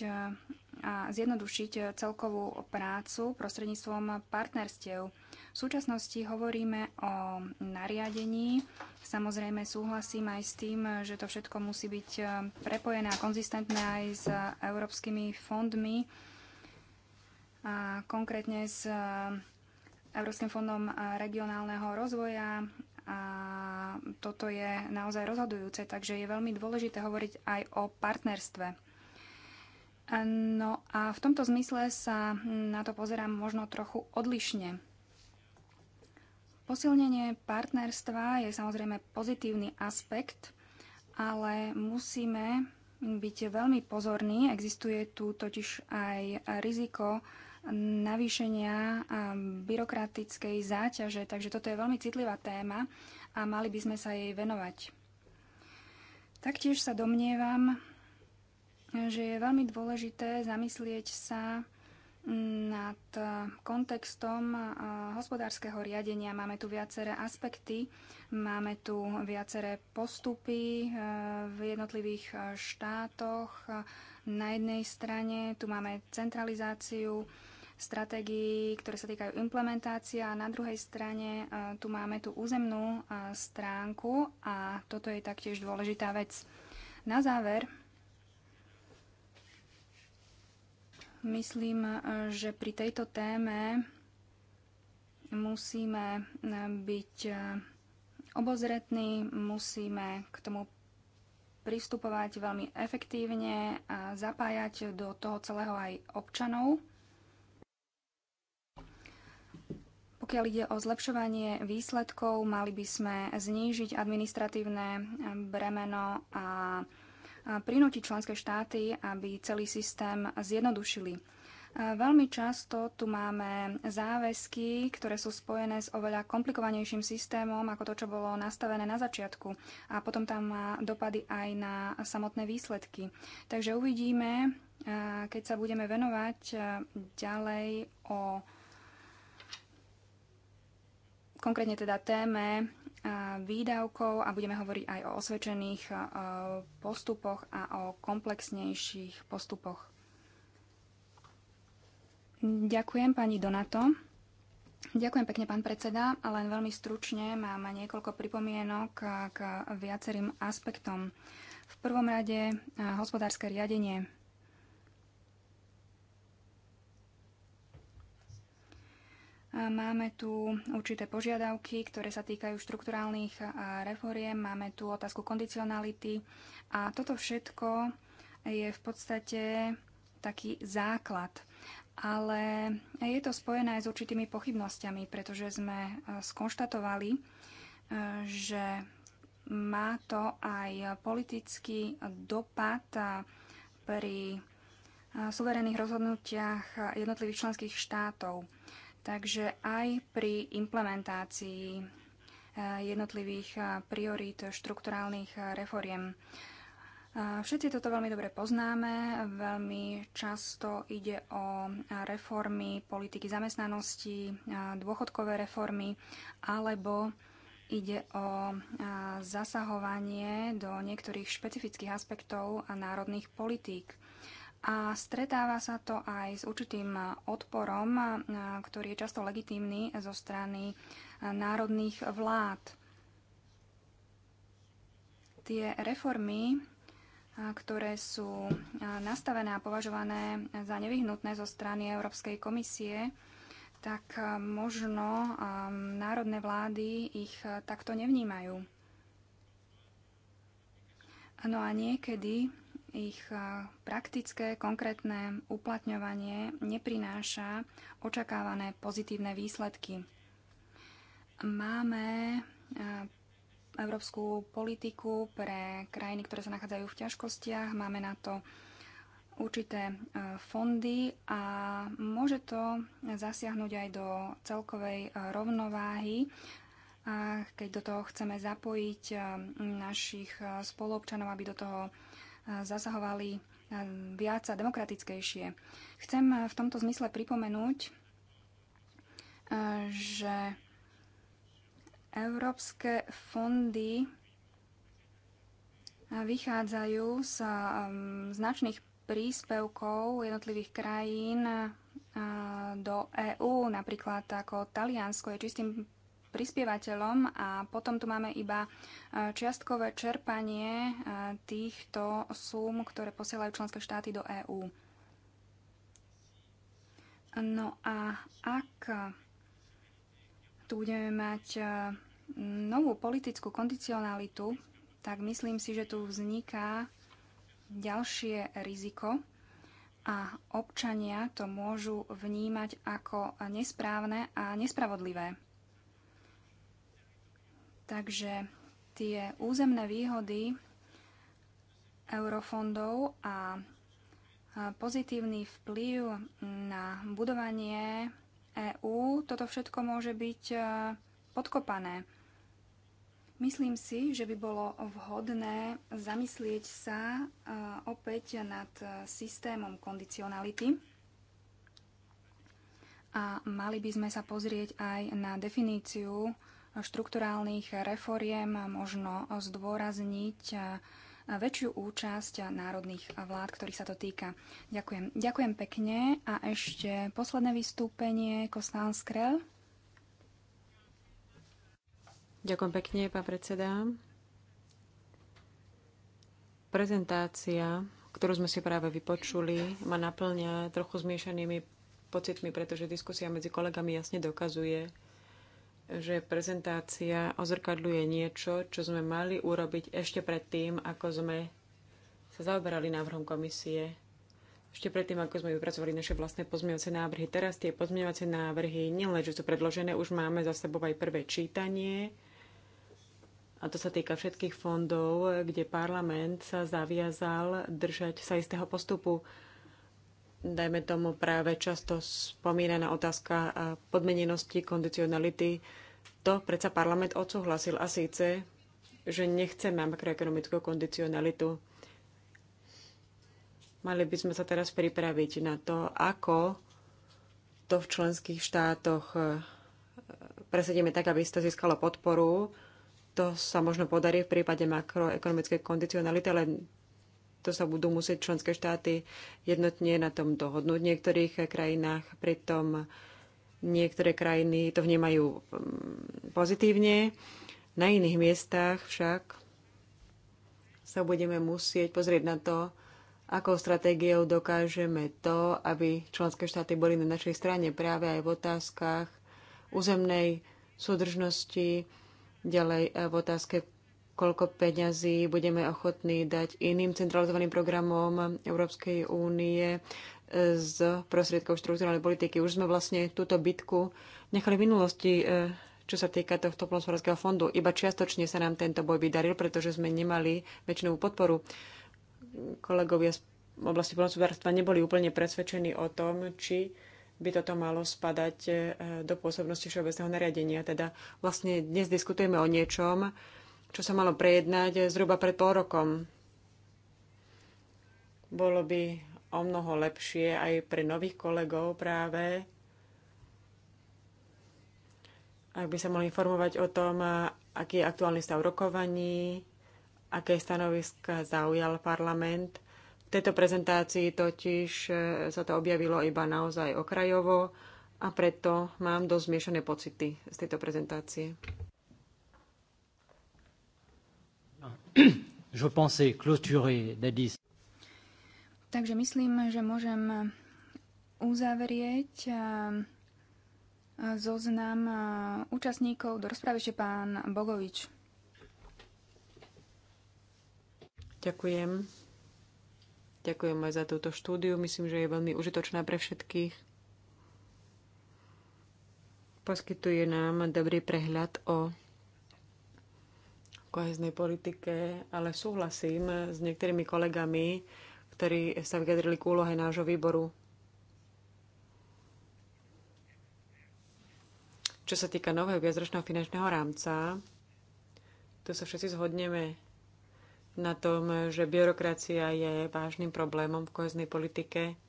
a zjednodušiť celkovú prácu prostredníctvom partnerstiev. V súčasnosti hovoríme o nariadení. Samozrejme súhlasím aj s tým, že to všetko musí byť e, prepojené a konzistentné aj s európskymi fondmi, a konkrétne s e, Európskym fondom e, regionálneho rozvoja a toto je naozaj rozhodujúce, takže je veľmi dôležité hovoriť aj o partnerstve. No a v tomto zmysle sa na to pozerám možno trochu odlišne. Posilnenie partnerstva je samozrejme pozitívny aspekt, ale musíme byť veľmi pozorní. Existuje tu totiž aj riziko navýšenia byrokratickej záťaže, takže toto je veľmi citlivá téma a mali by sme sa jej venovať. Taktiež sa domnievam, že je veľmi dôležité zamyslieť sa nad e, kontextom e, hospodárskeho riadenia. Máme tu viaceré aspekty, máme tu viaceré postupy e, v jednotlivých štátoch. Na jednej strane tu máme centralizáciu stratégií, ktoré sa týkajú implementácia a na druhej strane tu máme tú územnú stránku a toto je taktiež dôležitá vec. Na záver Myslím, že pri tejto téme musíme byť obozretní, musíme k tomu pristupovať veľmi efektívne a zapájať do toho celého aj občanov. Pokiaľ ide o zlepšovanie výsledkov, mali by sme znížiť administratívne bremeno a prinútiť členské štáty, aby celý systém zjednodušili. Veľmi často tu máme záväzky, ktoré sú spojené s oveľa komplikovanejším systémom ako to, čo bolo nastavené na začiatku. A potom tam má dopady aj na samotné výsledky. Takže uvidíme, keď sa budeme venovať ďalej o konkrétne teda téme výdavkov a budeme hovoriť aj o osvedčených e, postupoch a o komplexnejších postupoch. Ďakujem pani Donato. Ďakujem pekne, pán predseda. Len veľmi stručne mám niekoľko pripomienok k viacerým aspektom. V prvom rade e, hospodárske riadenie Máme tu určité požiadavky, ktoré sa týkajú štrukturálnych reforiem, máme tu otázku kondicionality a toto všetko je v podstate taký základ. Ale je to spojené aj s určitými pochybnosťami, pretože sme e, skonštatovali, e, že má to aj politický dopad pri suverénnych rozhodnutiach jednotlivých členských štátov. Takže aj pri implementácii eh, jednotlivých eh, priorít štrukturálnych eh, reforiem. Všetci toto veľmi dobre poznáme. Veľmi často ide o reformy politiky zamestnanosti, dôchodkové reformy alebo ide o zasahovanie do niektorých špecifických aspektov národných politík a stretáva sa to aj s určitým odporom, ktorý je často legitímny zo strany národných vlád. Tie reformy, ktoré sú nastavené a považované za nevyhnutné zo strany Európskej komisie, tak možno národné vlády ich takto nevnímajú. No a niekedy ich e, praktické, konkrétne uplatňovanie neprináša očakávané pozitívne výsledky. Máme e, európsku politiku pre krajiny, ktoré sa nachádzajú v ťažkostiach, máme na to určité e, fondy a môže to zasiahnuť aj do celkovej rovnováhy keď do toho chceme zapojiť našich spoluobčanov, aby do toho zasahovali viac a demokratickejšie. Chcem v tomto zmysle pripomenúť, že európske fondy vychádzajú z značných príspevkov jednotlivých krajín do EÚ, napríklad ako Taliansko je čistým prispievateľom a potom tu máme iba e, čiastkové čerpanie e, týchto súm, ktoré posielajú členské štáty do EÚ. No a ak tu budeme mať e, novú politickú kondicionalitu, tak myslím si, že tu vzniká ďalšie riziko a občania to môžu vnímať ako nesprávne a nespravodlivé. Takže tie územné výhody eurofondov a pozitívny vplyv na budovanie EÚ, toto všetko môže byť e, podkopané. Myslím si, že by bolo vhodné zamyslieť sa e, opäť nad e, systémom kondicionality a mali by sme sa pozrieť aj na definíciu štrukturálnych reforiem možno zdôrazniť väčšiu účasť národných vlád, ktorých sa to týka. Ďakujem. Ďakujem pekne. A ešte posledné vystúpenie, Kostán Skrel. Ďakujem pekne, pán predseda. Prezentácia, ktorú sme si práve vypočuli, ma naplňa trochu zmiešanými pocitmi, pretože diskusia medzi kolegami jasne dokazuje, že prezentácia ozrkadľuje niečo, čo sme mali urobiť ešte predtým, ako sme sa zaoberali návrhom komisie. Ešte predtým, ako sme vypracovali naše vlastné pozmeňovacie návrhy. Teraz tie pozmeňovacie návrhy, nielen, že sú predložené, už máme za sebou aj prvé čítanie. A to sa týka všetkých fondov, kde parlament sa zaviazal držať sa istého postupu dajme tomu práve často spomínaná otázka podmenenosti, kondicionality, to predsa parlament odsúhlasil a síce, že nechceme makroekonomickú kondicionalitu. Mali by sme sa teraz pripraviť na to, ako to v členských štátoch eh, presedíme tak, aby to získalo podporu. To sa možno podarí v prípade makroekonomickej kondicionality, ale to sa budú musieť členské štáty jednotne na tom dohodnúť. V niektorých krajinách pritom niektoré krajiny to vnímajú mm, pozitívne, na iných miestach však sa budeme musieť pozrieť na to, akou stratégiou dokážeme to, aby členské štáty boli na našej strane práve aj v otázkach územnej súdržnosti, ďalej v otázke koľko peňazí budeme ochotní dať iným centralizovaným programom Európskej únie z prostriedkov štruktúrnej politiky. Už sme vlastne túto bitku nechali v minulosti, e, čo sa týka tohto plnospodárskeho fondu. Iba čiastočne sa nám tento boj vydaril, pretože sme nemali väčšinovú podporu. Kolegovia z oblasti plnospodárstva neboli úplne presvedčení o tom, či by toto malo spadať e, do pôsobnosti všeobecného nariadenia. Teda vlastne dnes diskutujeme o niečom, čo sa malo prejednať zhruba pred pol rokom. Bolo by o mnoho lepšie aj pre nových kolegov práve, ak by sa mohli informovať o tom, aký je aktuálny stav rokovaní, aké stanoviska zaujal parlament. V tejto prezentácii totiž e, sa to objavilo iba naozaj okrajovo a preto mám dosť zmiešané pocity z tejto prezentácie. je pensais clôturer Dadis. Takže myslím, že môžem uzavrieť zoznam účastníkov do rozprávy ešte pán Bogovič. Ďakujem. Ďakujem aj za túto štúdiu. Myslím, že je veľmi užitočná pre všetkých. Poskytuje nám dobrý prehľad o koheznej politike, ale súhlasím s niektorými kolegami, ktorí sa vyjadrili k úlohe nášho výboru. Čo sa týka nového viacročného finančného rámca, tu sa všetci zhodneme na tom, že byrokracia je vážnym problémom v koheznej politike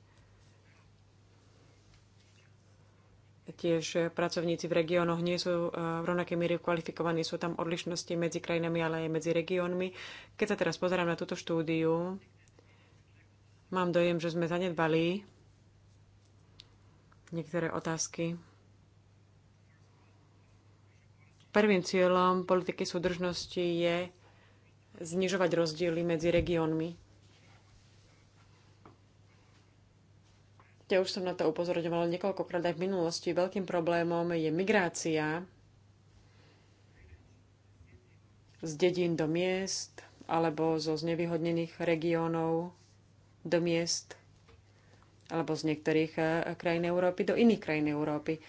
Tiež pracovníci v regiónoch nie sú e, v rovnakej miere kvalifikovaní, sú tam odlišnosti medzi krajinami, ale aj medzi regiónmi. Keď sa teraz pozerám na túto štúdiu, mám dojem, že sme zanedbali niektoré otázky. Prvým cieľom politiky súdržnosti je znižovať rozdiely medzi regiónmi Ja už som na to upozorňovala niekoľkokrát aj v minulosti. Veľkým problémom je migrácia z dedín do miest alebo zo znevýhodnených regiónov do miest alebo z niektorých eh, krajín Európy do iných krajín Európy.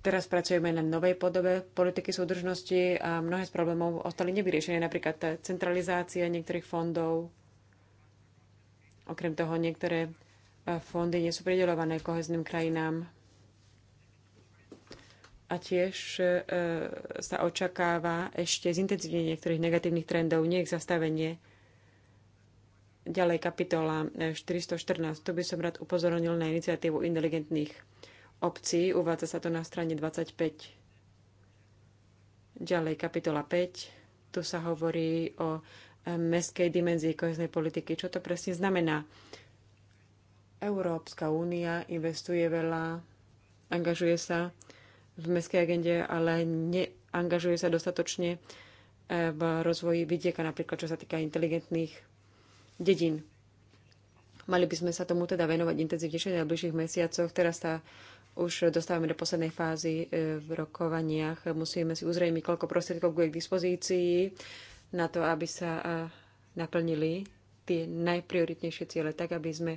Teraz pracujeme na novej podobe politiky súdržnosti a mnohé z problémov ostali nevyriešené, napríklad eh, centralizácia niektorých fondov, Okrem toho niektoré e, fondy nie sú pridelované kohezným krajinám. A tiež e, sa očakáva ešte zintenzívnenie niektorých negatívnych trendov, nie ich zastavenie. Ďalej kapitola 414. E, tu by som rád upozornil na iniciatívu inteligentných obcí. Uvádza sa to na strane 25. Ďalej kapitola 5. Tu sa hovorí o mestskej dimenzii koheznej politiky. Čo to presne znamená? Európska únia investuje veľa, angažuje sa v mestskej agende, ale neangažuje sa dostatočne eh, v rozvoji vidieka, napríklad čo sa týka inteligentných dedín. Mali by sme sa tomu teda venovať intenzívnejšie na najbližších mesiacoch. Teraz sa už dostávame do poslednej fázy eh, v rokovaniach. Musíme si uzrejmiť, koľko prostriedkov bude k dispozícii na to, aby sa naplnili tie najprioritnejšie ciele, tak aby sme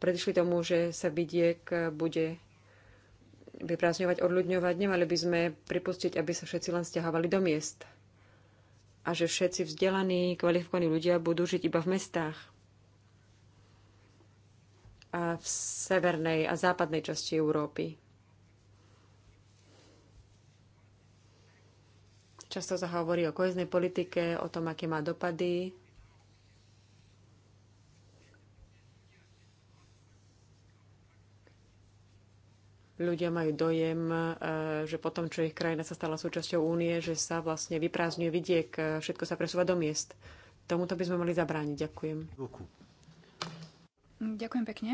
predišli tomu, že sa vidiek e, bude vyprázdňovať, odľudňovať. Nemali by sme pripustiť, aby sa všetci len stiahovali do miest a že všetci vzdelaní, kvalifikovaní ľudia budú žiť iba v mestách a v severnej a západnej časti Európy. Často sa hovorí o koheznej politike, o tom, aké má dopady. Ľudia majú dojem, e, že po tom, čo ich krajina sa stala súčasťou únie, že sa vlastne vyprázdňuje vidiek, e, všetko sa presúva do miest. Tomuto by sme mali zabrániť. Ďakujem. Ďakujem pekne.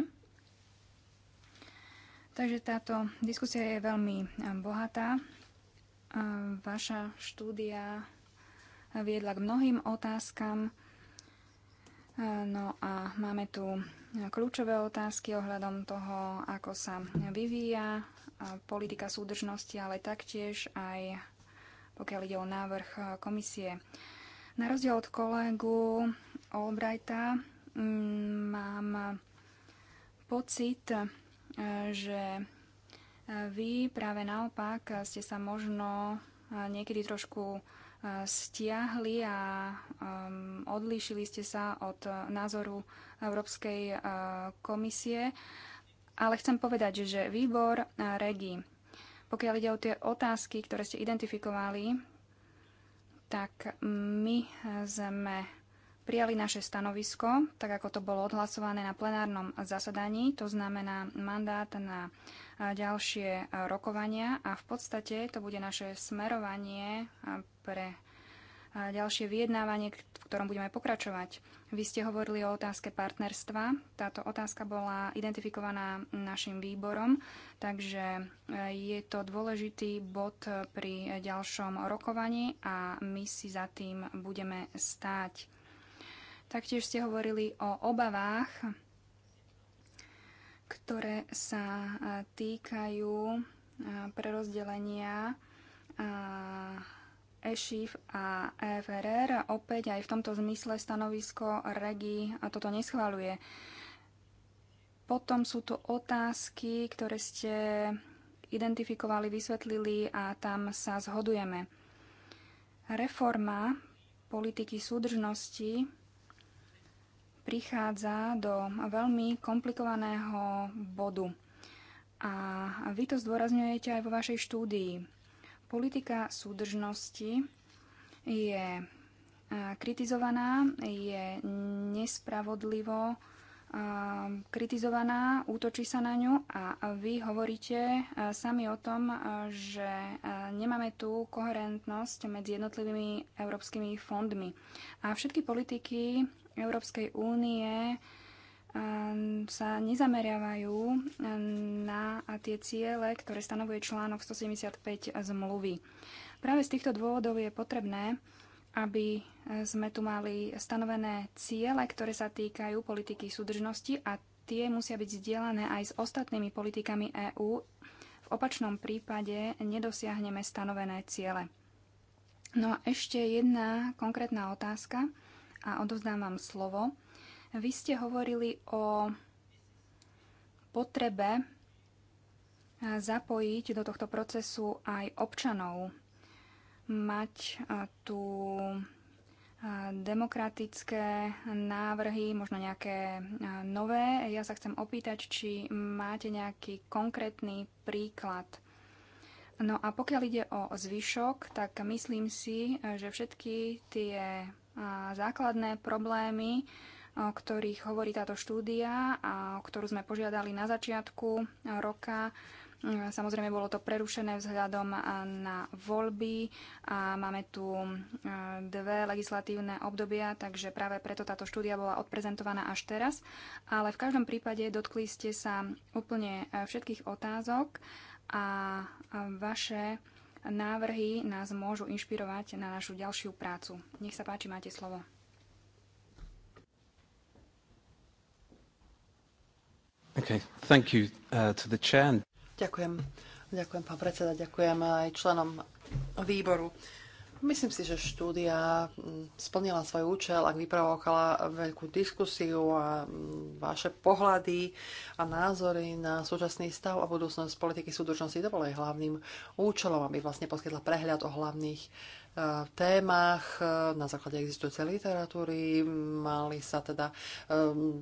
Takže táto diskusia je veľmi e, bohatá. Vaša štúdia viedla k mnohým otázkam. No a máme tu kľúčové otázky ohľadom toho, ako sa vyvíja politika súdržnosti, ale taktiež aj pokiaľ ide o návrh komisie. Na rozdiel od kolegu Albrighta mm, mám pocit, že vy práve naopak ste sa možno eh, niekedy trošku eh, stiahli a um, odlíšili ste sa od eh, názoru Európskej uh, komisie. Ale chcem povedať, že výbor REGI, pokiaľ ide o tie otázky, ktoré ste identifikovali, tak my sme prijali naše stanovisko, tak ako to bolo odhlasované na plenárnom zasadaní, to znamená mandát na uh, ďalšie rokovania a v podstate to bude naše smerovanie pre ďalšie vyjednávanie, v ktorom budeme pokračovať. Vy ste hovorili o otázke partnerstva. Táto otázka bola identifikovaná našim výborom, takže e, je to dôležitý bod pri ďalšom rokovaní a my si za tým budeme stáť. Taktiež ste hovorili o obavách ktoré sa týkajú prerozdelenia EŠIF a EFRR. Opäť aj v tomto zmysle stanovisko REGI toto neschváluje. Potom sú tu otázky, ktoré ste identifikovali, vysvetlili a tam sa zhodujeme. Reforma politiky súdržnosti prichádza do veľmi komplikovaného bodu. A vy to zdôrazňujete aj vo vašej štúdii. Politika súdržnosti je kritizovaná, je nespravodlivo kritizovaná, útočí sa na ňu a vy hovoríte sami o tom, že nemáme tu koherentnosť medzi jednotlivými európskymi fondmi. A všetky politiky Európskej únie sa nezameriavajú na tie ciele, ktoré stanovuje článok 175 zmluvy. Práve z týchto dôvodov je potrebné, aby sme tu mali stanovené ciele, ktoré sa týkajú politiky súdržnosti a tie musia byť zdieľané aj s ostatnými politikami EÚ. V opačnom prípade nedosiahneme stanovené ciele. No a ešte jedna konkrétna otázka a odovzdám vám slovo. Vy ste hovorili o potrebe eh, zapojiť do tohto procesu aj občanov, mať eh, tu eh, demokratické návrhy, možno nejaké nové. Ja sa chcem opýtať, či máte nejaký konkrétny príklad. No a pokiaľ ide o zvyšok, tak myslím si, že všetky tie a základné problémy, o ktorých hovorí táto štúdia a o ktorú sme požiadali na začiatku roka. Mm, samozrejme, bolo to prerušené vzhľadom na voľby a máme tu e, dve legislatívne obdobia, takže práve preto táto štúdia bola odprezentovaná až teraz. Ale v každom prípade dotkli ste sa úplne e, všetkých otázok a vaše návrhy nás môžu inšpirovať na našu ďalšiu prácu. Nech sa páči, máte slovo. Okay, thank you, uh, to the chair. Ďakujem. Ďakujem, pán predseda, ďakujem aj členom výboru. Myslím si, že štúdia mm, splnila svoj účel, ak vyprovokala veľkú diskusiu a mm, vaše pohľady a názory na súčasný stav a budúcnosť politiky súdržnosti. To bolo jej hlavným účelom, aby vlastne poskytla prehľad o hlavných Eh, témach eh, na základe existujúcej literatúry. Mali sa teda eh,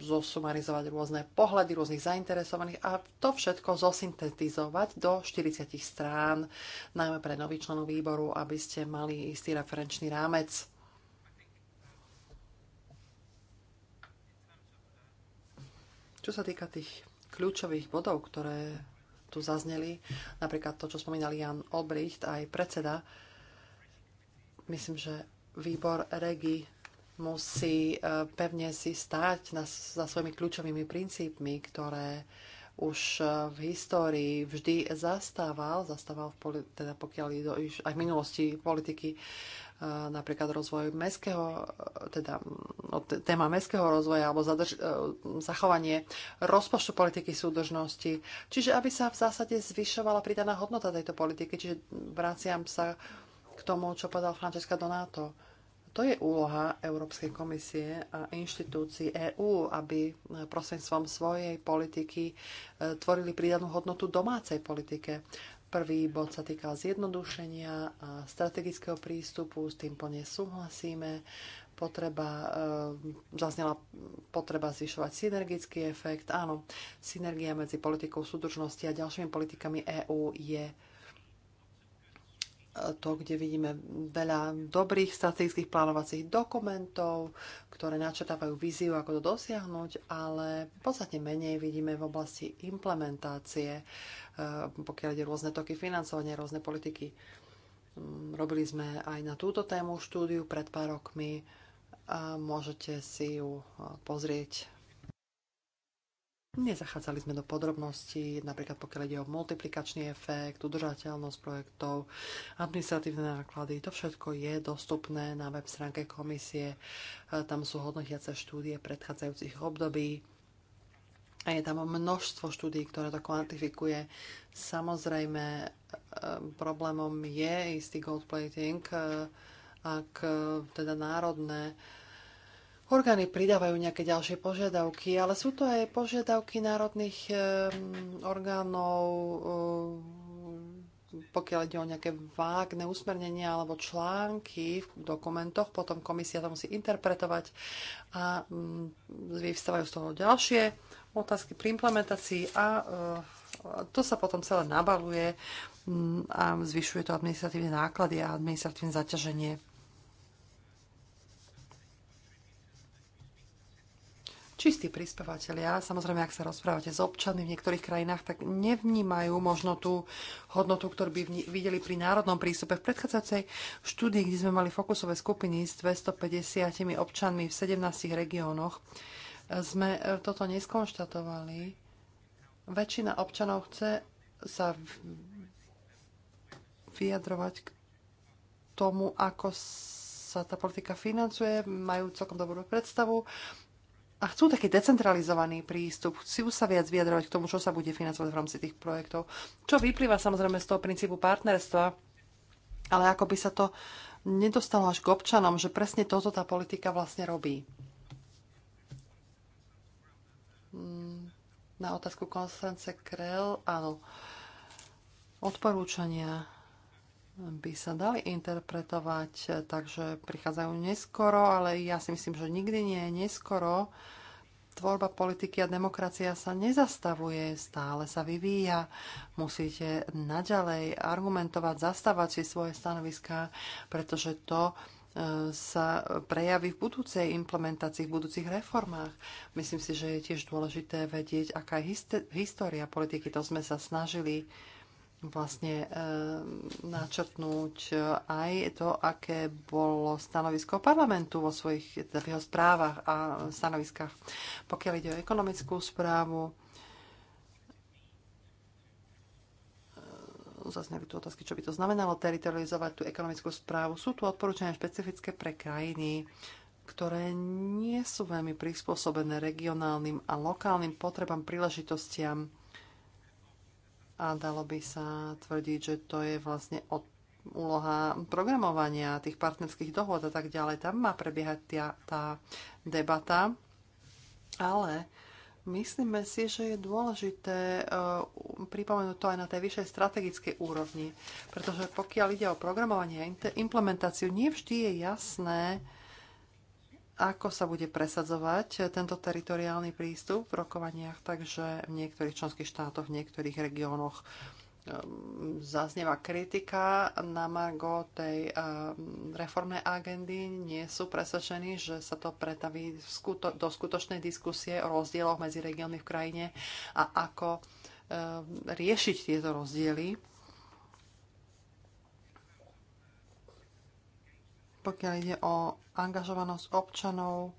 zosumarizovať rôzne pohľady rôznych zainteresovaných a to všetko zosyntetizovať do 40 strán, najmä pre nových členov výboru, aby ste mali istý referenčný rámec. Čo sa týka tých kľúčových bodov, ktoré tu zazneli, napríklad to, čo spomínal Jan Obricht, aj predseda, Myslím, že výbor REGI musí e, pevne si stať na, za svojimi kľúčovými princípmi, ktoré už e, v histórii vždy zastával, zastával v teda pokiaľ aj v minulosti politiky e, napríklad rozvoj mestského, teda no, téma mestského rozvoja alebo zadrž- zachovanie rozpočtu politiky súdržnosti. Čiže aby sa v zásade zvyšovala pridaná hodnota tejto politiky. Čiže vraciam sa k tomu, čo povedal Francesca Donato. To je úloha Európskej komisie a inštitúcií EÚ, aby eh, prosenstvom svojej politiky eh, tvorili prídanú hodnotu domácej politike. Prvý bod sa týka zjednodušenia a strategického prístupu, s tým plne súhlasíme. Potreba, e, zaznela potreba zvyšovať synergický efekt. Áno, synergia medzi politikou súdržnosti a ďalšími politikami EÚ je to, kde vidíme veľa dobrých strategických plánovacích dokumentov, ktoré načetávajú víziu, ako to dosiahnuť, ale v podstate menej vidíme v oblasti implementácie, e, pokiaľ ide rôzne toky financovania, rôzne politiky. Mm, robili sme aj na túto tému štúdiu pred pár rokmi a môžete si ju e, pozrieť Nezachádzali sme do podrobností, napríklad pokiaľ ide o multiplikačný efekt, udržateľnosť projektov, administratívne náklady. To všetko je dostupné na web stránke komisie. E, tam sú hodnotiace štúdie predchádzajúcich období. A je tam množstvo štúdí, ktoré to kvantifikuje. Samozrejme, e, problémom je istý gold plating, e, ak teda národné Orgány pridávajú nejaké ďalšie požiadavky, ale sú to aj požiadavky národných e, orgánov, e, pokiaľ ide o nejaké vágne usmernenia alebo články v dokumentoch, potom komisia to musí interpretovať a e, vyvstávajú z toho ďalšie otázky pri implementácii a e, to sa potom celé nabaluje a zvyšuje to administratívne náklady a administratívne zaťaženie. čistí prispievateľia, samozrejme, ak sa rozprávate s občanmi v niektorých krajinách, tak nevnímajú možno tú hodnotu, ktorú by videli pri národnom prístupe. V predchádzajúcej štúdii, kde sme mali fokusové skupiny s 250 občanmi v 17 regiónoch, sme e, toto neskonštatovali. Väčšina občanov chce sa vyjadrovať k tomu, ako sa tá politika financuje, majú celkom dobrú predstavu a chcú taký decentralizovaný prístup, chcú sa viac vyjadrovať k tomu, čo sa bude financovať v rámci tých projektov, čo vyplýva samozrejme z toho princípu partnerstva, ale ako by sa to nedostalo až k občanom, že presne toto tá politika vlastne robí. Hmm, na otázku Konstance Krell, áno. Odporúčania by sa dali interpretovať, takže prichádzajú neskoro, ale ja si myslím, že nikdy nie je neskoro. Tvorba politiky a demokracia sa nezastavuje, stále sa vyvíja. Musíte naďalej argumentovať, zastávať si svoje stanoviská, pretože to e, sa prejaví v budúcej implementácii, v budúcich reformách. Myslím si, že je tiež dôležité vedieť, aká je história politiky. To sme sa snažili vlastne e, načrtnúť aj to, aké bolo stanovisko parlamentu vo svojich teda v jeho správach a stanoviskách. Pokiaľ ide o ekonomickú správu, zase zazneli tu otázky, čo by to znamenalo teritorializovať tú ekonomickú správu. Sú tu odporúčania špecifické pre krajiny, ktoré nie sú veľmi prispôsobené regionálnym a lokálnym potrebám, príležitostiam a dalo by sa tvrdiť, že to je vlastne od úloha programovania tých partnerských dohod a tak ďalej. Tam má prebiehať tá, tá debata, ale myslíme si, že je dôležité uh, pripomenúť to aj na tej vyššej strategickej úrovni, pretože pokiaľ ide o programovanie a implementáciu, nie vždy je jasné, uh, ako sa bude presadzovať tento teritoriálny prístup v rokovaniach, takže v niektorých členských štátoch, v niektorých regiónoch ehm, zaznieva kritika na margo tej ehm, reformnej agendy. Nie sú presvedčení, že sa to pretaví do skutočnej diskusie o rozdieloch medzi regiónmi v krajine a ako ehm, riešiť tieto rozdiely pokiaľ ide o angažovanosť občanov,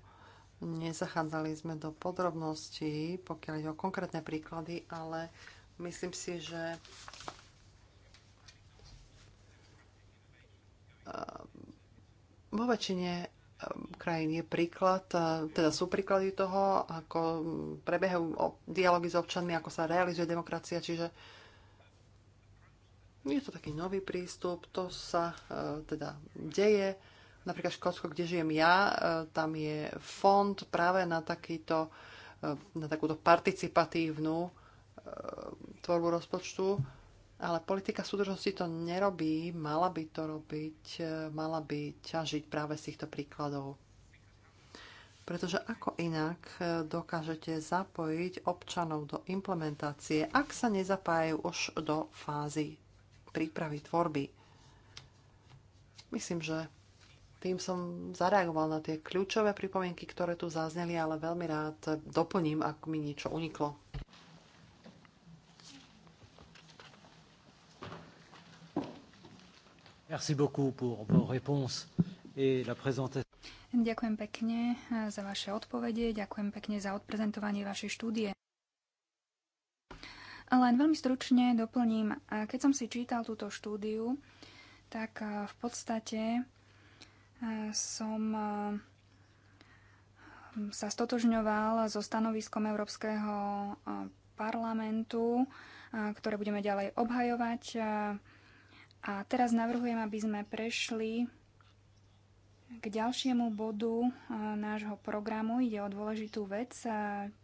nezachádzali sme do podrobností, pokiaľ ide o konkrétne príklady, ale myslím si, že eh, vo väčšine eh, krajín je príklad, eh, teda sú príklady toho, ako prebiehajú dialógy s občanmi, ako sa realizuje demokracia, čiže je to taký nový prístup, to sa teda deje Napríklad Škótsko, kde žijem ja, e, tam je fond práve na, takýto, e, na takúto participatívnu e, tvorbu rozpočtu, ale politika súdržnosti to nerobí, mala by to robiť, mala by ťažiť práve z týchto príkladov. Pretože ako inak dokážete zapojiť občanov do implementácie, ak sa nezapájajú už do fázy prípravy tvorby. Myslím, že tým som zareagoval na tie kľúčové pripomienky, ktoré tu zazneli, ale veľmi rád doplním, ak mi niečo uniklo. Merci beaucoup pour vos réponses et la présentation. Ďakujem pekne eh, za vaše odpovede, ďakujem pekne za odprezentovanie vašej štúdie. Len veľmi stručne doplním, keď som si čítal túto štúdiu, tak eh, v podstate E, som e, sa stotožňoval so stanoviskom Európskeho e, parlamentu, ktoré budeme ďalej obhajovať. A teraz navrhujem, aby sme prešli k ďalšiemu bodu eh, nášho programu ide o dôležitú vec. Eh,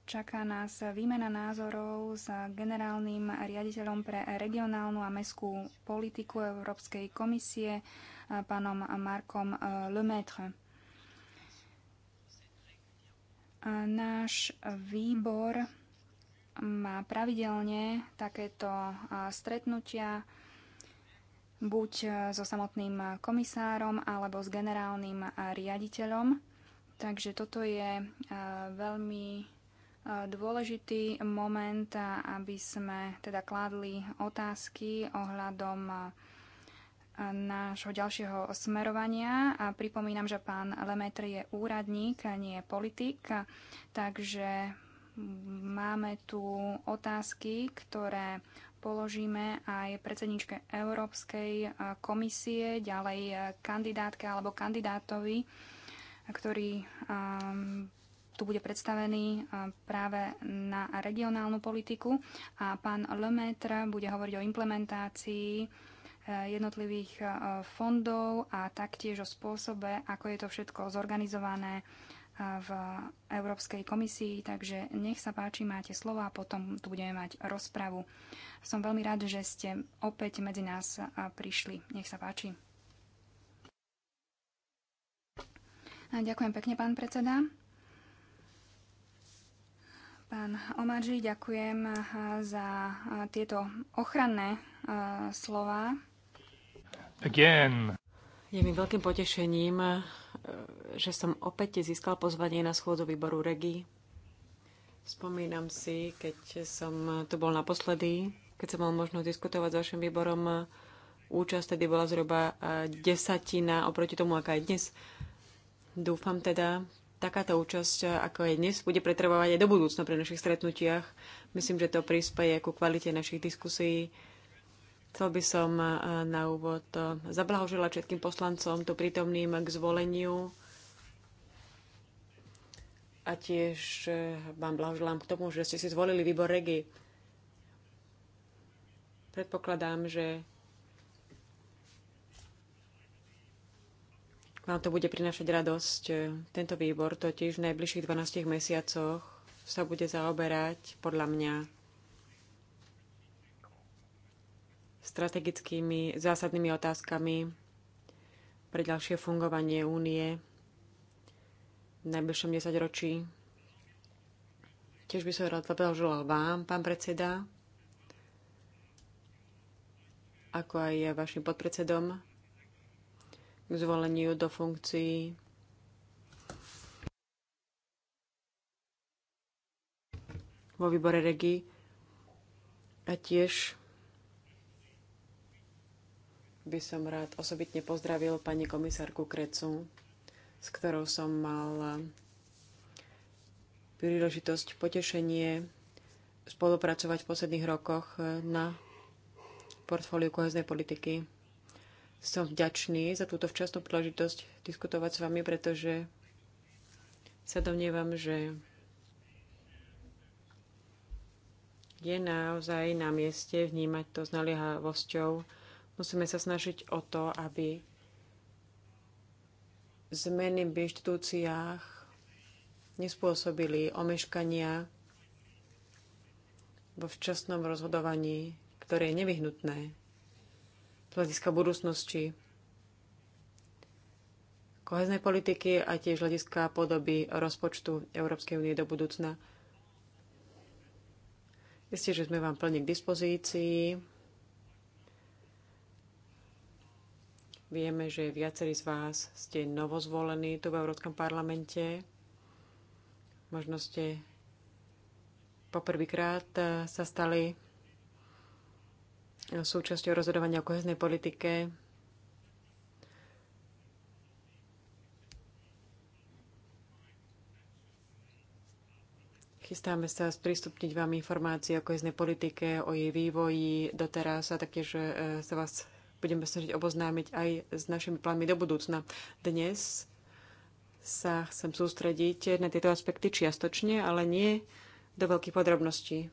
čaká nás výmena názorov s generálnym riaditeľom pre regionálnu a mestskú politiku Európskej komisie, eh, pánom Markom Lemaitre. Náš výbor má pravidelne takéto stretnutia buď e, so samotným e, komisárom alebo s generálnym e, riaditeľom. Takže toto je veľmi dôležitý moment, aby sme teda kládli otázky ohľadom nášho ďalšieho smerovania. A pripomínam, že pán Lemetr je úradník, a nie je politik, takže máme tu otázky, ktoré položíme aj predsedničke Európskej eh, komisie, ďalej eh, kandidátke alebo kandidátovi, ktorý ehm, tu bude predstavený eh, práve na regionálnu politiku a pán Lemaitre bude hovoriť o implementácii jednotlivých fondov a taktiež o spôsobe, ako je to všetko zorganizované v Európskej komisii, takže nech sa páči, máte slova a potom tu budeme mať rozpravu. Som veľmi rád, že ste opäť medzi nás prišli. Nech sa páči. A ďakujem pekne, pán predseda. Pán Omadži, ďakujem za tieto ochranné slova. Again. Je mi veľkým potešením že som opäť získal pozvanie na schôdzu výboru REGI. Spomínam si, keď som tu bol naposledy, keď som mal možnosť diskutovať s vašim výborom, účasť tedy bola zhruba desatina oproti tomu, aká je dnes. Dúfam teda, takáto účasť, ako je dnes, bude pretrvávať aj do budúcna pri našich stretnutiach. Myslím, že to prispieje ku kvalite našich diskusí Chcel by som eh, na úvod eh, zablahožila všetkým poslancom tu prítomným k zvoleniu a tiež eh, vám blahoželám k tomu, že ste si zvolili výbor Regi. Predpokladám, že vám to bude prinašať radosť. Tento výbor totiž v najbližších 12 mesiacoch sa bude zaoberať podľa mňa strategickými zásadnými otázkami pre ďalšie fungovanie únie v najbližšom desaťročí. Tiež by som rád zablahoželal vám, pán predseda, ako aj vašim podpredsedom k zvoleniu do funkcií vo výbore regii a tiež by som rád osobitne pozdravil pani komisárku Krecu, s ktorou som mal príležitosť, potešenie spolupracovať v posledných rokoch na portfóliu koheznej politiky. Som vďačný za túto včasnú príležitosť diskutovať s vami, pretože sa domnievam, že je naozaj na mieste vnímať to s naliehavosťou, Musíme sa snažiť o to, aby zmeny v inštitúciách nespôsobili omeškania vo včasnom rozhodovaní, ktoré je nevyhnutné z hľadiska budúcnosti koheznej politiky a tiež hľadiska podoby rozpočtu Európskej únie do budúcna. Isté, že sme vám plne k dispozícii Vieme, že viacerí z vás ste novozvolení tu v Európskom parlamente. Možno ste poprvýkrát e, sa stali súčasťou rozhodovania o koheznej politike. Chystáme sa sprístupniť vám informácie o koheznej politike, o jej vývoji doteraz a taktiež e, sa vás budeme snažiť oboznámiť aj s našimi plánmi do budúcna. Dnes sa chcem sústrediť na tieto aspekty čiastočne, ale nie do veľkých podrobností.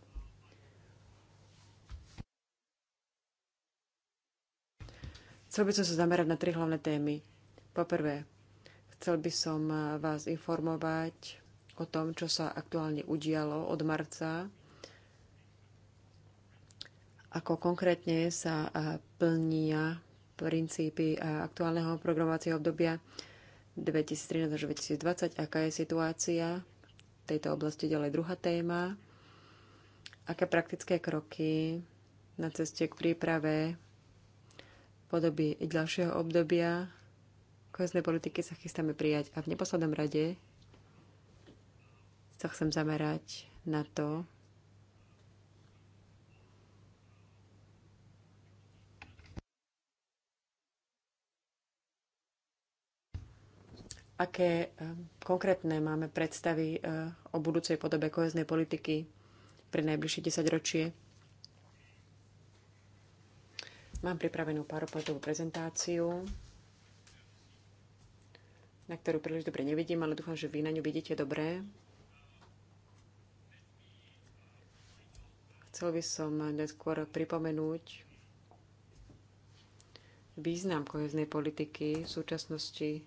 Chcel by som sa zamerať na tri hlavné témy. Poprvé, chcel by som vás informovať o tom, čo sa aktuálne udialo od marca, ako konkrétne sa plnia princípy aktuálneho programovacieho obdobia 2013 až 2020, aká je situácia v tejto oblasti, ďalej druhá téma, aké praktické kroky na ceste k príprave podoby ďalšieho obdobia kohezné politiky sa chystáme prijať. A v neposlednom rade sa chcem zamerať na to, aké e, konkrétne máme predstavy e, o budúcej podobe koheznej politiky pre najbližšie 10 ročie. Mám pripravenú PowerPointovú prezentáciu, na ktorú príliš dobre nevidím, ale dúfam, že vy na ňu vidíte dobre. Chcel by som neskôr pripomenúť význam koheznej politiky v súčasnosti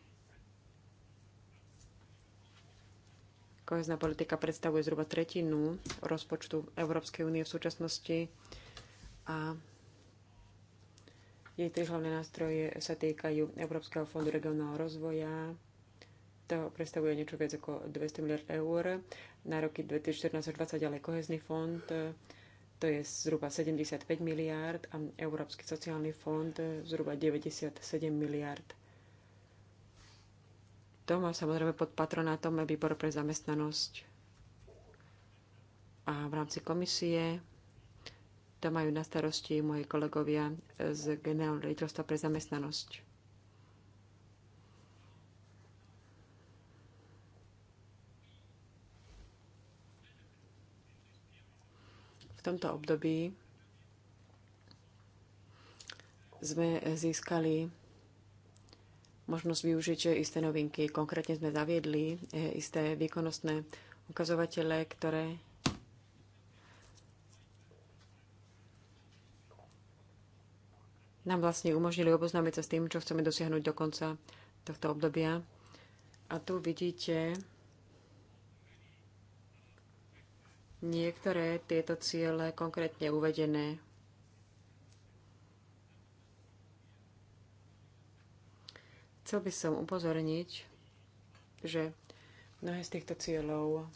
Kohezná politika predstavuje zhruba tretinu rozpočtu Európskej únie v súčasnosti a jej tri hlavné nástroje sa týkajú Európskeho fondu regionálneho rozvoja, to predstavuje niečo viac ako 200 miliard eur, na roky 2014 až 2020 ďalej kohezný fond, to je zhruba 75 miliard a Európsky sociálny fond zhruba 97 miliard pacientom a samozrejme pod patronátom je výbor pre zamestnanosť. A v rámci komisie to majú na starosti moji kolegovia z Generálneho riaditeľstva pre zamestnanosť. V tomto období sme získali možnosť využiť isté novinky. Konkrétne sme zaviedli e, isté výkonnostné ukazovatele, ktoré nám vlastne umožnili oboznámiť sa s tým, čo chceme dosiahnuť do konca tohto obdobia. A tu vidíte niektoré tieto ciele konkrétne uvedené Chcel by som upozorniť, že mnohé z týchto cieľov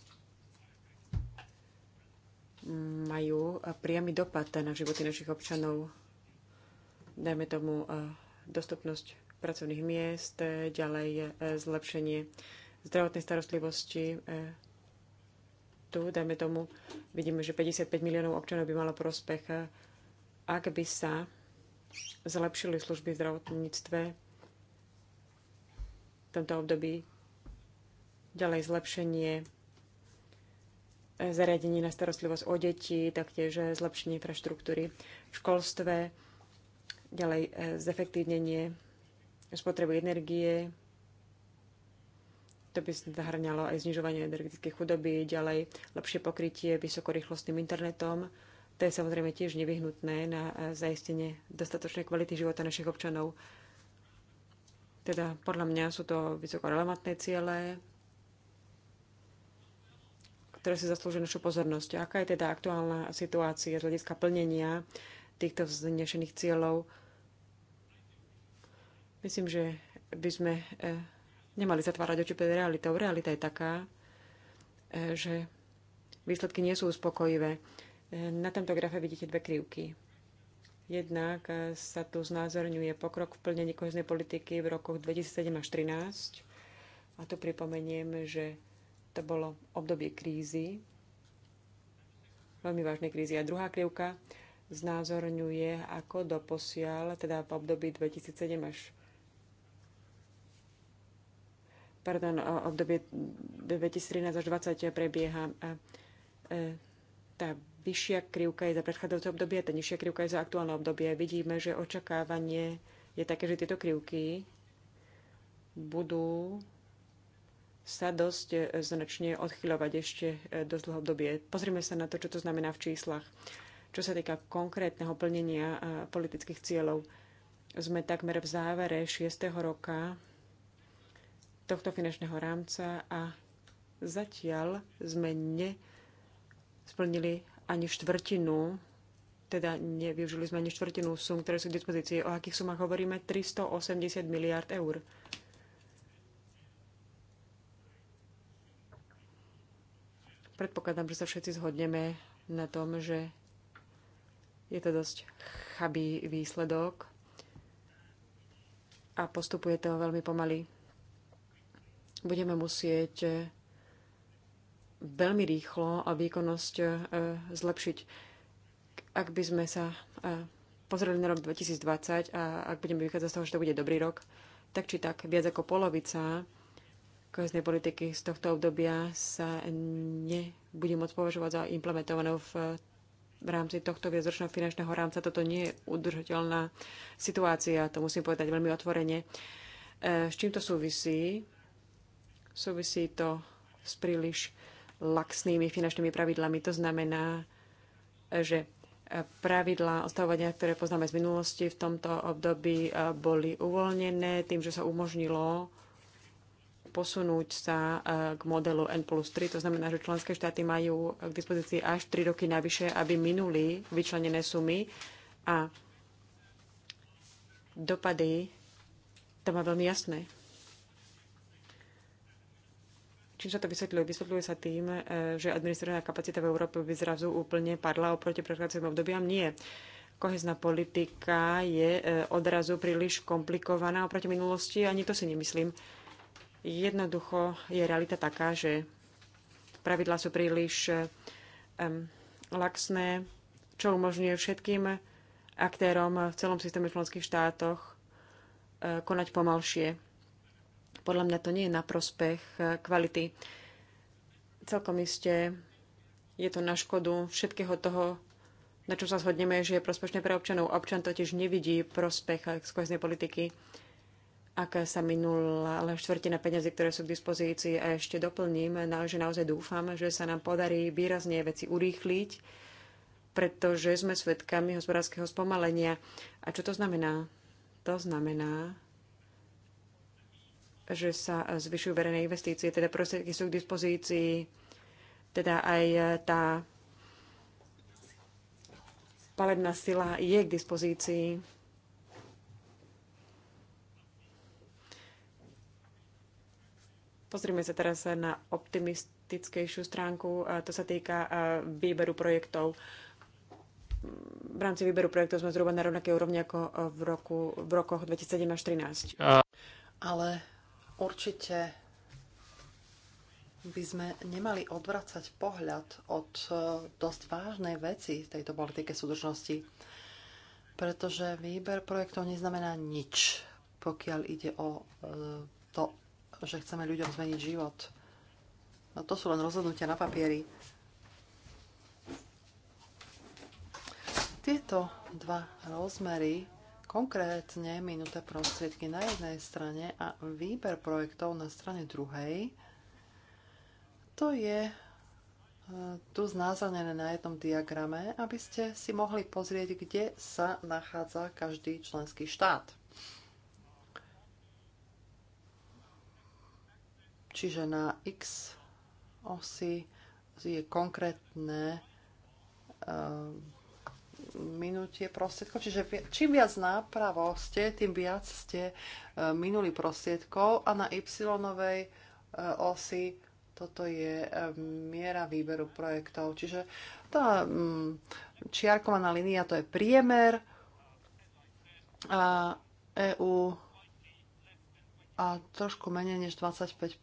majú priamy dopad na životy našich občanov. Dajme tomu eh, dostupnosť pracovných miest, eh, ďalej eh, zlepšenie zdravotnej starostlivosti. Tu, dajme tomu, vidíme, že 55 miliónov občanov by malo prospech, ak by sa zlepšili služby v zdravotníctve tomto období. Ďalej zlepšenie eh, zariadení na starostlivosť o deti, taktiež eh, zlepšenie infraštruktúry v školstve, ďalej eh, zefektívnenie spotreby energie, to by zahrňalo aj znižovanie energetickej chudoby, ďalej lepšie pokrytie vysokorýchlostným internetom. To je samozrejme tiež nevyhnutné na zaistenie dostatočnej kvality života našich občanov. Teda podľa mňa sú to vysoko relevantné ciele, ktoré si zaslúžia našu pozornosť. Aká je teda aktuálna situácia z hľadiska plnenia týchto vznešených cieľov? Myslím, že by sme e, nemali zatvárať oči pred realitou. Realita je taká, e, že výsledky nie sú uspokojivé. E, na tomto grafe vidíte dve krivky. Jednak e, sa tu znázorňuje pokrok v plnení kohezné politiky v rokoch 2007 až 2013. A tu pripomeniem, že to bolo obdobie krízy, veľmi vážnej krízy. A druhá krivka znázorňuje, ako doposiaľ, teda v období 2007 až pardon, obdobie 2013 až 2020 prebieha e, tá vyššia krivka je za predchádzajúce obdobie, tá nižšia krivka je za aktuálne obdobie. Vidíme, že očakávanie je také, že tieto krivky budú sa dosť e, značne odchyľovať ešte e, dosť dlho obdobie. Pozrime sa na to, čo to znamená v číslach. Čo sa týka konkrétneho plnenia e, politických cieľov, sme takmer v závere 6. roka tohto finančného rámca a zatiaľ sme nesplnili ani štvrtinu, teda nevyužili sme ani štvrtinu sum, ktoré sú k dispozícii. O akých sumách hovoríme? 380 miliard eur. Predpokladám, že sa všetci zhodneme na tom, že je to dosť chabý výsledok a postupuje to veľmi pomaly. Budeme musieť veľmi rýchlo a výkonnosť e, zlepšiť. Ak by sme sa e, pozreli na rok 2020 a ak budeme vychádzať z toho, že to bude dobrý rok, tak či tak viac ako polovica koheznej politiky z tohto obdobia sa nebude môcť považovať za implementovanú v v rámci tohto viacročného finančného rámca toto nie je udržateľná situácia, to musím povedať veľmi otvorene. E, s čím to súvisí? Súvisí to s príliš laxnými finančnými pravidlami. To znamená, že pravidlá ostavovania, ktoré poznáme z minulosti, v tomto období boli uvoľnené tým, že sa umožnilo posunúť sa e, k modelu N plus 3. To znamená, že členské štáty majú k dispozícii až 3 roky navyše, aby minuli vyčlenené sumy a dopady to má veľmi jasné. Čím sa to vysvetľuje? Vysvetľuje sa tým, e, že administratívna kapacita v Európe by zrazu úplne padla oproti predchádzajúcim obdobiam? Nie. Kohezná politika je e, odrazu príliš komplikovaná oproti minulosti, ani to si nemyslím. Jednoducho je realita taká, že pravidlá sú príliš um, laxné, čo umožňuje všetkým aktérom v celom systéme členských štátoch konať pomalšie. Podľa mňa to nie je na prospech e, kvality. Celkom iste je to na škodu všetkého toho, na čo sa shodneme, že je prospešné pre občanov. Občan totiž nevidí prospech z koheznej politiky, ak sa minula ale štvrtina peniazy, ktoré sú k dispozícii. A ešte doplním, že naozaj dúfam, že sa nám podarí výrazne veci urýchliť, pretože sme svedkami hospodárskeho spomalenia. A čo to znamená? To znamená, že sa e, zvyšujú verejné investície, teda prostriedky sú k dispozícii, teda aj e, tá palebná sila je k dispozícii. Pozrime sa teraz na optimistickejšiu stránku. To sa týka e, výberu projektov. V rámci výberu projektov sme zhruba na rovnakej úrovni ako v, roku, v rokoch 2017 až 2013. Ale Určite by sme nemali odvracať pohľad od eh, dosť vážnej veci v tejto politike súdržnosti, pretože výber projektov neznamená nič, pokiaľ ide o eh, to, že chceme ľuďom zmeniť život. No to sú len rozhodnutia na papieri. Tieto dva rozmery konkrétne minuté prostriedky na jednej strane a výber projektov na strane druhej. To je e, tu znázornené na jednom diagrame, aby ste si mohli pozrieť, kde sa nachádza každý členský štát. Čiže na x osi je konkrétne e, minutie prostriedkov. Čiže čím viac nápravo ste, tým viac ste e, minuli prostriedkov a na y e, osi toto je e, miera výberu projektov. Čiže tá mm, čiarkovaná línia to je priemer a EU a trošku menej než 25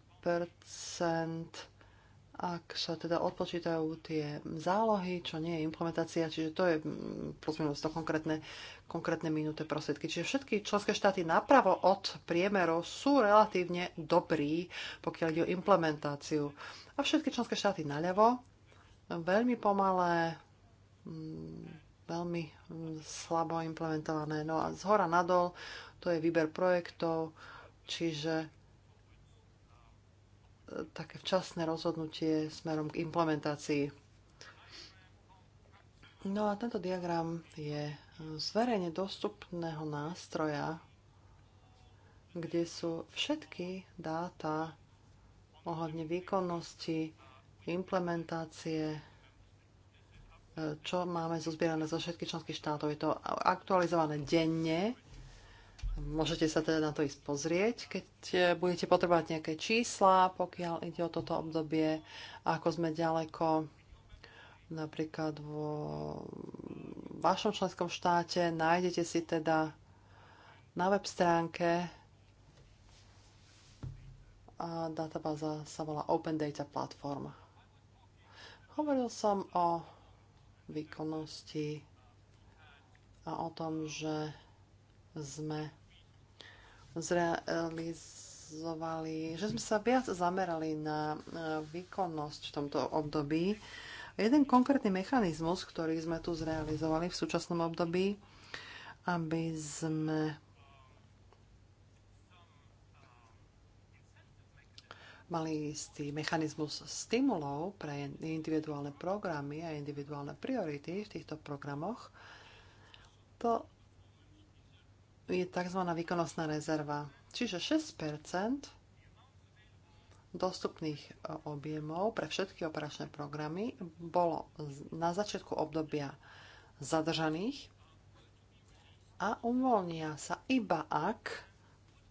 ak sa teda odpočítajú tie zálohy, čo nie je implementácia, čiže to je mm, plus minus to konkrétne, konkrétne minuté prostriedky. Čiže všetky členské štáty napravo od priemerov sú relatívne dobrí, pokiaľ ide o implementáciu. A všetky členské štáty naľavo no, veľmi pomalé, mm, veľmi mm, slabo implementované. No a z hora nadol to je výber projektov, čiže také včasné rozhodnutie smerom k implementácii. No a tento diagram je z verejne dostupného nástroja, kde sú všetky dáta ohľadne výkonnosti, implementácie, e, čo máme zozbierané zo všetkých členských štátov. Je to aktualizované denne Môžete sa teda na to ísť pozrieť, keď e, budete potrebovať nejaké čísla, pokiaľ ide o toto obdobie, ako sme ďaleko napríklad vo vašom členskom štáte. Nájdete si teda na web stránke a databáza sa volá Open Data Platform. Hovoril som o výkonnosti a o tom, že sme zrealizovali, že sme sa viac zamerali na e, výkonnosť v tomto období. Jeden konkrétny mechanizmus, ktorý sme tu zrealizovali v súčasnom období, aby sme mali istý mechanizmus stimulov pre individuálne programy a individuálne priority v týchto programoch. To je tzv. výkonnostná rezerva. Čiže 6 dostupných e, objemov pre všetky operačné programy bolo na začiatku obdobia zadržaných a uvoľnia sa iba ak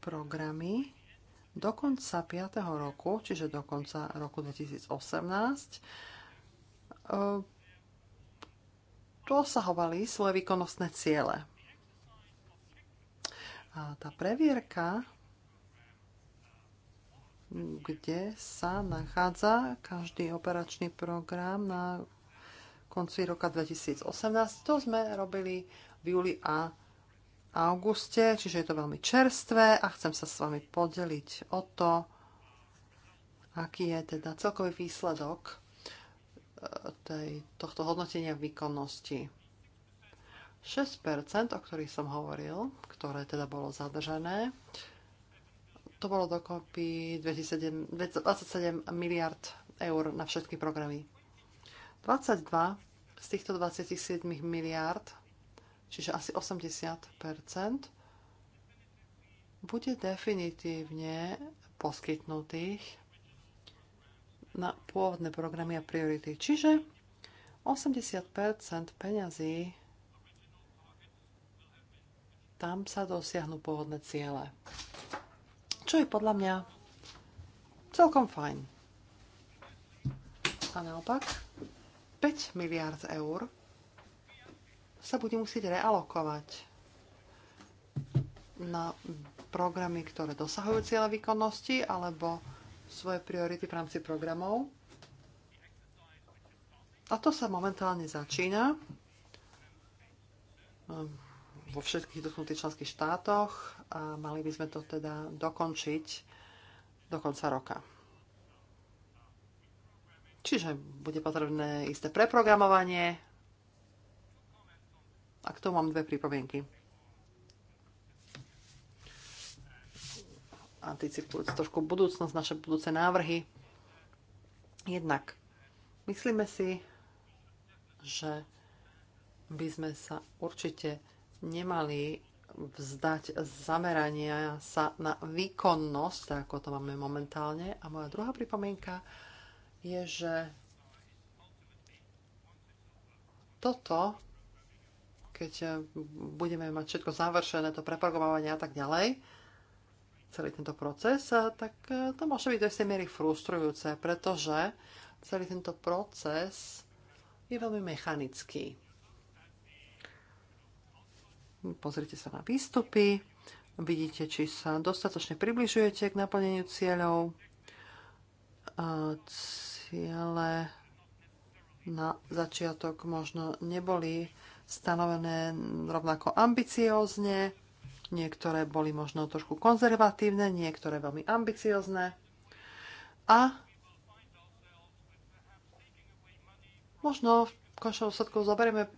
programy do konca 5. roku, čiže do konca roku 2018, e, dosahovali svoje výkonnostné ciele. A tá previerka, kde sa nachádza každý operačný program na konci roka 2018, to sme robili v júli a auguste, čiže je to veľmi čerstvé a chcem sa s vami podeliť o to, aký je teda celkový výsledok eh, tej, tohto hodnotenia výkonnosti. 6%, o ktorých som hovoril, ktoré teda bolo zadržané, to bolo dokopy 27 miliard eur na všetky programy. 22 z týchto 27 miliard, čiže asi 80 bude definitívne poskytnutých na pôvodné programy a priority. Čiže 80 peňazí tam sa dosiahnu pôvodné ciele. Čo je podľa mňa celkom fajn. A naopak, 5 miliard eur sa bude musieť realokovať na programy, ktoré dosahujú cieľa výkonnosti alebo svoje priority v rámci programov. A to sa momentálne začína. Hm vo všetkých dotknutých členských štátoch a mali by sme to teda dokončiť do konca roka. Čiže bude potrebné isté preprogramovanie. A k tomu mám dve pripomienky. Anticipujúc trošku budúcnosť, naše budúce návrhy. Jednak myslíme si, že by sme sa určite nemali vzdať zamerania sa na výkonnosť, ako to máme momentálne. A moja druhá pripomienka je, že toto, keď budeme mať všetko završené, to preprogramovanie a tak ďalej, celý tento proces, tak to môže byť do istej miery frustrujúce, pretože celý tento proces je veľmi mechanický. Pozrite sa na výstupy, vidíte, či sa dostatočne približujete k naplneniu cieľov. A ciele na začiatok možno neboli stanovené rovnako ambiciózne, niektoré boli možno trošku konzervatívne, niektoré veľmi ambiciozne. A možno v končnom dôsledku zoberieme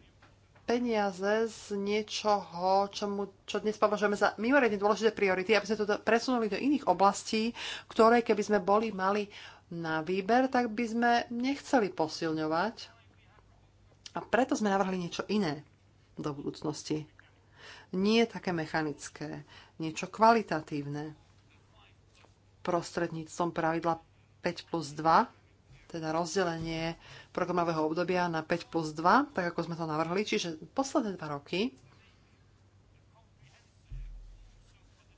peniaze z niečoho, mu, čo dnes považujeme za mimoriadne dôležité priority, aby sme to presunuli do iných oblastí, ktoré keby sme boli mali na výber, tak by sme nechceli posilňovať. A preto sme navrhli niečo iné do budúcnosti. Nie také mechanické, niečo kvalitatívne. Prostredníctvom pravidla 5 plus 2 teda rozdelenie programového obdobia na 5 plus 2, tak ako sme to navrhli. Čiže posledné dva roky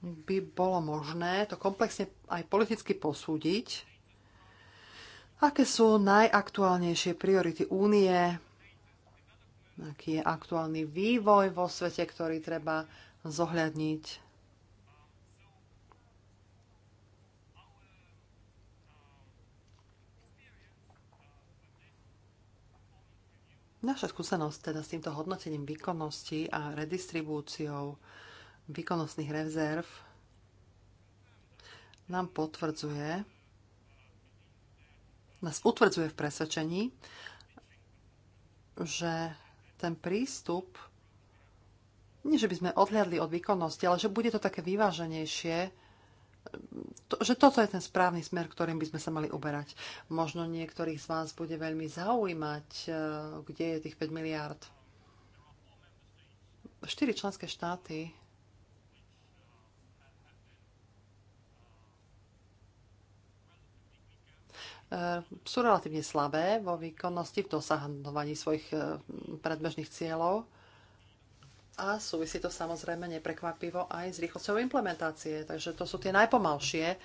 by bolo možné to komplexne aj politicky posúdiť, aké sú najaktuálnejšie priority únie, aký je aktuálny vývoj vo svete, ktorý treba zohľadniť Naša skúsenosť teda s týmto hodnotením výkonnosti a redistribúciou výkonnostných rezerv nám potvrdzuje, nás utvrdzuje v presvedčení, že ten prístup, nie že by sme odhľadli od výkonnosti, ale že bude to také vyváženejšie, to, že toto je ten správny smer, ktorým by sme sa mali uberať. Možno niektorých z vás bude veľmi zaujímať, e, kde je tých 5 miliárd. 4 členské štáty e, sú relatívne slabé vo výkonnosti v dosahovaní svojich e, predbežných cieľov a súvisí to samozrejme neprekvapivo aj s rýchlosťou implementácie. Takže to sú tie najpomalšie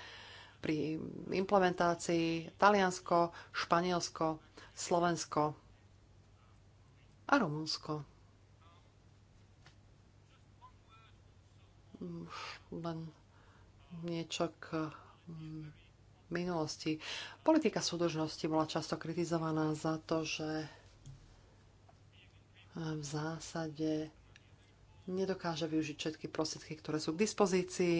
pri implementácii Taliansko, Španielsko, Slovensko a Rumunsko. Len niečo k mm, minulosti. Politika súdržnosti bola často kritizovaná za to, že v zásade nedokáže využiť všetky prostriedky, ktoré sú k dispozícii,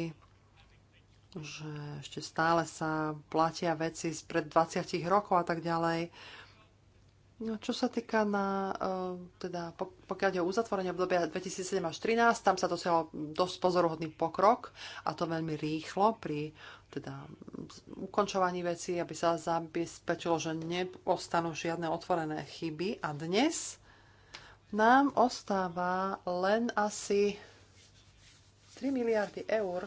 že ešte stále sa platia veci z pred 20 rokov a tak ďalej. No, čo sa týka na, e, teda pokiaľ je o uzatvorenie obdobia 2007 až 2013, tam sa dosiahol dosť pozorohodný pokrok a to veľmi rýchlo pri teda ukončovaní veci, aby sa zabezpečilo, že neostanú žiadne otvorené chyby. A dnes nám ostáva len asi 3 miliardy eur,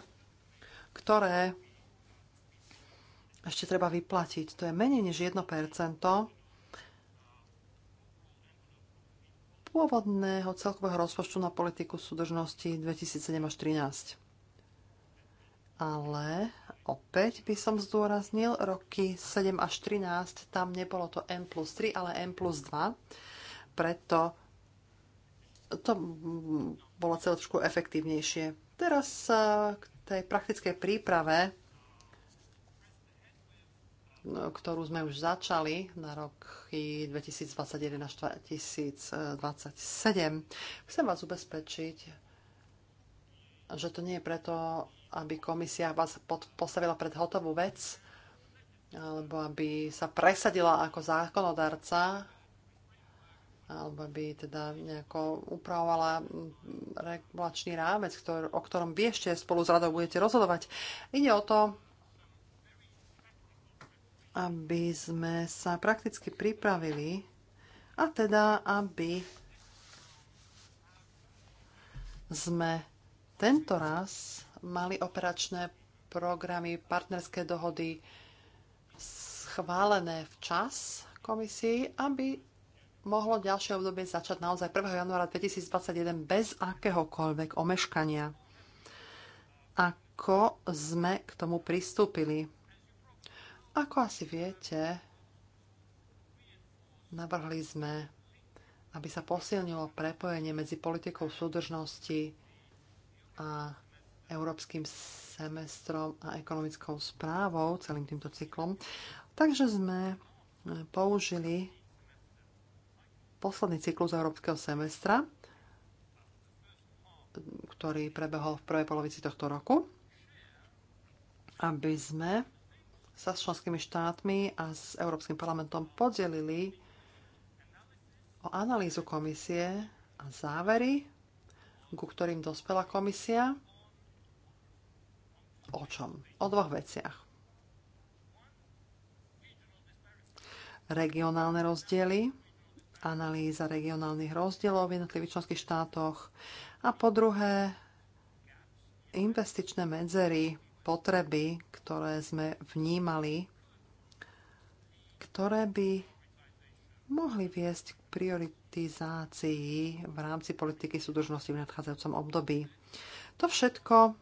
ktoré ešte treba vyplatiť. To je menej než 1% pôvodného celkového rozpočtu na politiku súdržnosti 2007 až 2013. Ale opäť by som zdôraznil, roky 7 až 13, tam nebolo to N plus 3, ale M plus 2, preto to bolo celé trošku efektívnejšie. Teraz eh, k tej praktickej príprave, no, ktorú sme už začali na roky 2021 až 2027, chcem vás ubezpečiť, že to nie je preto, aby komisia vás postavila pred hotovú vec, alebo aby sa presadila ako zákonodarca, alebo by teda nejako upravovala regulačný rámec, ktor- o ktorom vy ešte spolu s radou budete rozhodovať. Ide o to, aby sme sa prakticky pripravili a teda, aby sme tento raz mali operačné programy, partnerské dohody schválené včas komisii, aby mohlo ďalšie obdobie začať naozaj 1. januára 2021 bez akéhokoľvek omeškania. Ako sme k tomu pristúpili? Ako asi viete, navrhli sme, aby sa posilnilo prepojenie medzi politikou súdržnosti a európskym semestrom a ekonomickou správou, celým týmto cyklom. Takže sme použili posledný cyklus európskeho semestra, ktorý prebehol v prvej polovici tohto roku, aby sme sa s členskými štátmi a s Európskym parlamentom podelili o analýzu komisie a závery, ku ktorým dospela komisia. O čom? O dvoch veciach. Regionálne rozdiely analýza regionálnych rozdielov v jednotlivých členských štátoch a po druhé investičné medzery, potreby, ktoré sme vnímali, ktoré by mohli viesť k prioritizácii v rámci politiky súdržnosti v nadchádzajúcom období. To všetko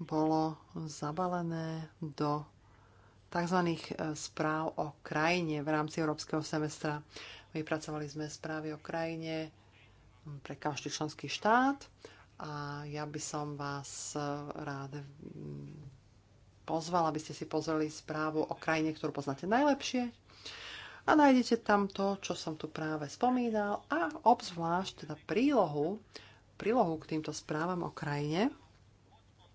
bolo zabalené do tzv. E, správ o krajine v rámci európskeho semestra. Vypracovali sme správy o krajine pre každý členský štát a ja by som vás e, rád pozval, aby ste si pozreli správu o krajine, ktorú poznáte najlepšie a nájdete tam to, čo som tu práve spomínal a obzvlášť teda prílohu, prílohu k týmto správam o krajine,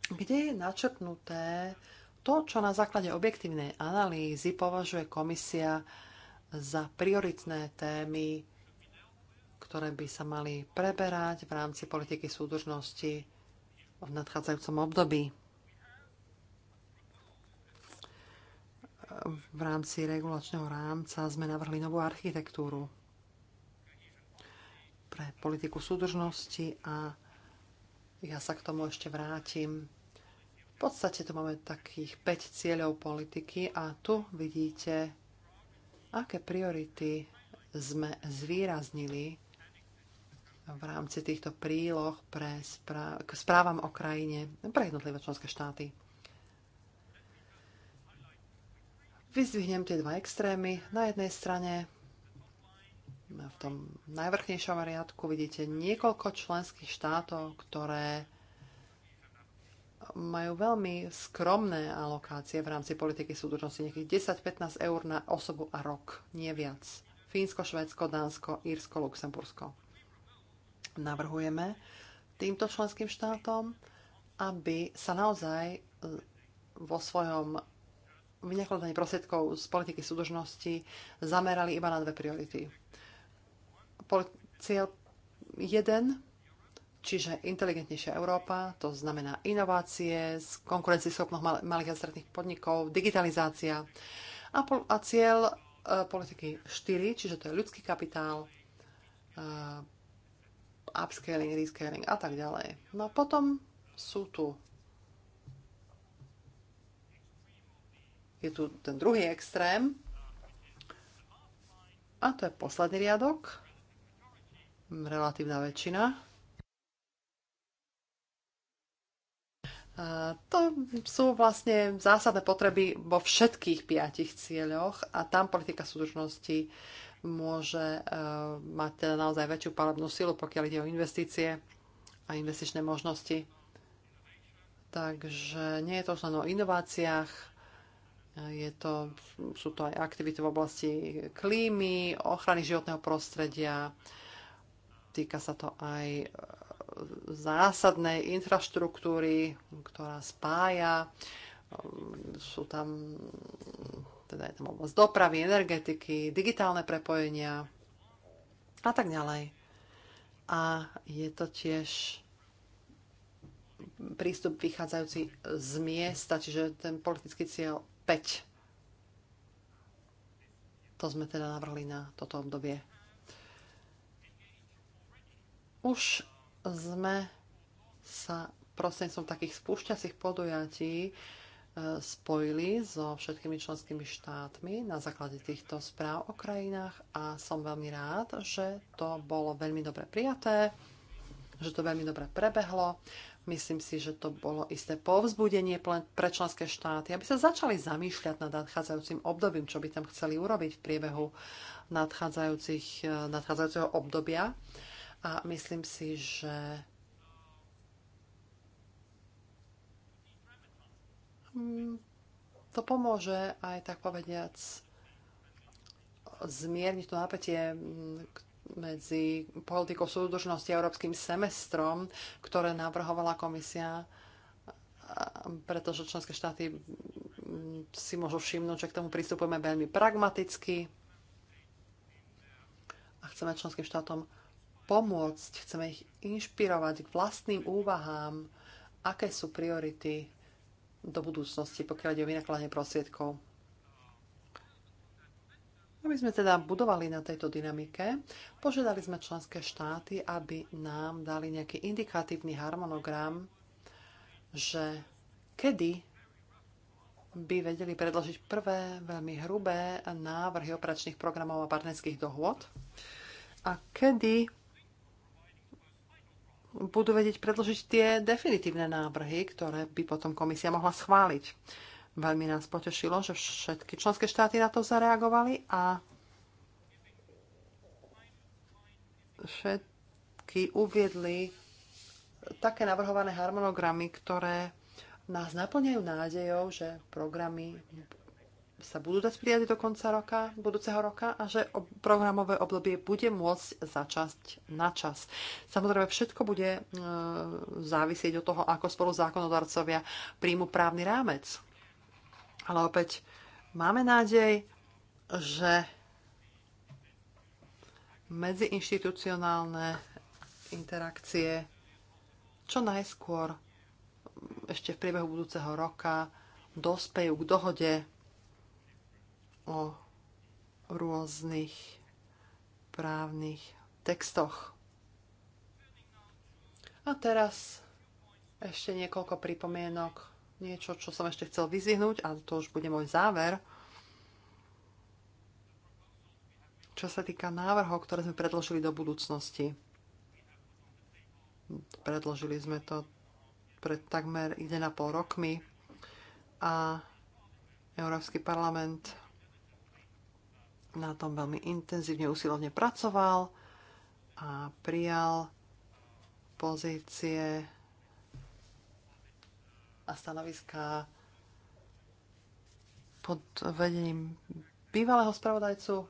kde je načrtnuté, to, čo na základe objektívnej analýzy považuje komisia za prioritné témy, ktoré by sa mali preberať v rámci politiky súdržnosti v nadchádzajúcom období. V rámci regulačného rámca sme navrhli novú architektúru pre politiku súdržnosti a ja sa k tomu ešte vrátim v podstate tu máme takých 5 cieľov politiky a tu vidíte, aké priority sme zvýraznili v rámci týchto príloh pre správ- k správam o krajine pre jednotlivé členské štáty. Vyzvihnem tie dva extrémy. Na jednej strane v tom najvrchnejšom riadku vidíte niekoľko členských štátov, ktoré majú veľmi skromné alokácie v rámci politiky súdržnosti, nejakých 10-15 eur na osobu a rok, nie viac. Fínsko, Švédsko, Dánsko, Írsko, Luxembursko. Navrhujeme týmto členským štátom, aby sa naozaj eh, vo svojom vynakladaní prostriedkov z politiky súdržnosti zamerali iba na dve priority. Pol- cieľ 1 Čiže inteligentnejšia Európa, to znamená inovácie, konkurencieschopnosť malých a stredných podnikov, digitalizácia a, a cieľ e, politiky 4, čiže to je ľudský kapitál, e, upscaling, rescaling a tak ďalej. No a potom sú tu je tu ten druhý extrém a to je posledný riadok relatívna väčšina to sú vlastne zásadné potreby vo všetkých piatich cieľoch a tam politika súdržnosti môže e, mať teda naozaj väčšiu palebnú silu, pokiaľ ide o investície a investičné možnosti. Takže nie je to len o inováciách, je to, sú to aj aktivity v oblasti klímy, ochrany životného prostredia, týka sa to aj zásadnej infraštruktúry, ktorá spája. Um, sú tam, teda je tam oblasť dopravy, energetiky, digitálne prepojenia a tak ďalej. A je to tiež prístup vychádzajúci z miesta, čiže ten politický cieľ 5. To sme teda navrhli na toto obdobie. Už sme sa som takých spúšťacích podujatí e, spojili so všetkými členskými štátmi na základe týchto správ o krajinách a som veľmi rád, že to bolo veľmi dobre prijaté, že to veľmi dobre prebehlo. Myslím si, že to bolo isté povzbudenie pre členské štáty, aby sa začali zamýšľať nad nadchádzajúcim obdobím, čo by tam chceli urobiť v priebehu nadchádzajúcich, e, nadchádzajúceho obdobia a myslím si, že to pomôže aj tak povediac zmierniť to napätie medzi politikou súdržnosti a európskym semestrom, ktoré navrhovala komisia, pretože členské štáty si môžu všimnúť, že k tomu pristupujeme veľmi pragmaticky a chceme členským štátom pomôcť, chceme ich inšpirovať k vlastným úvahám, aké sú priority do budúcnosti, pokiaľ ide o vynakladanie prostriedkov. Aby sme teda budovali na tejto dynamike, požiadali sme členské štáty, aby nám dali nejaký indikatívny harmonogram, že kedy by vedeli predložiť prvé veľmi hrubé návrhy operačných programov a partnerských dohôd a kedy budú vedieť predložiť tie definitívne návrhy, ktoré by potom komisia mohla schváliť. Veľmi nás potešilo, že všetky členské štáty na to zareagovali a všetky uviedli také navrhované harmonogramy, ktoré nás naplňajú nádejou, že programy sa budú dať prijať do konca roka, budúceho roka a že programové obdobie bude môcť začať na čas. Samozrejme, všetko bude e, závisieť od toho, ako spolu zákonodarcovia príjmu právny rámec. Ale opäť máme nádej, že medziinštitucionálne interakcie čo najskôr ešte v priebehu budúceho roka dospejú k dohode o rôznych právnych textoch. A teraz ešte niekoľko pripomienok, niečo, čo som ešte chcel vyzvihnúť a to už bude môj záver. Čo sa týka návrhov, ktoré sme predložili do budúcnosti. Predložili sme to pred takmer 1,5 rokmi a Európsky parlament na tom veľmi intenzívne, usilovne pracoval a prijal pozície a stanoviská pod vedením bývalého spravodajcu.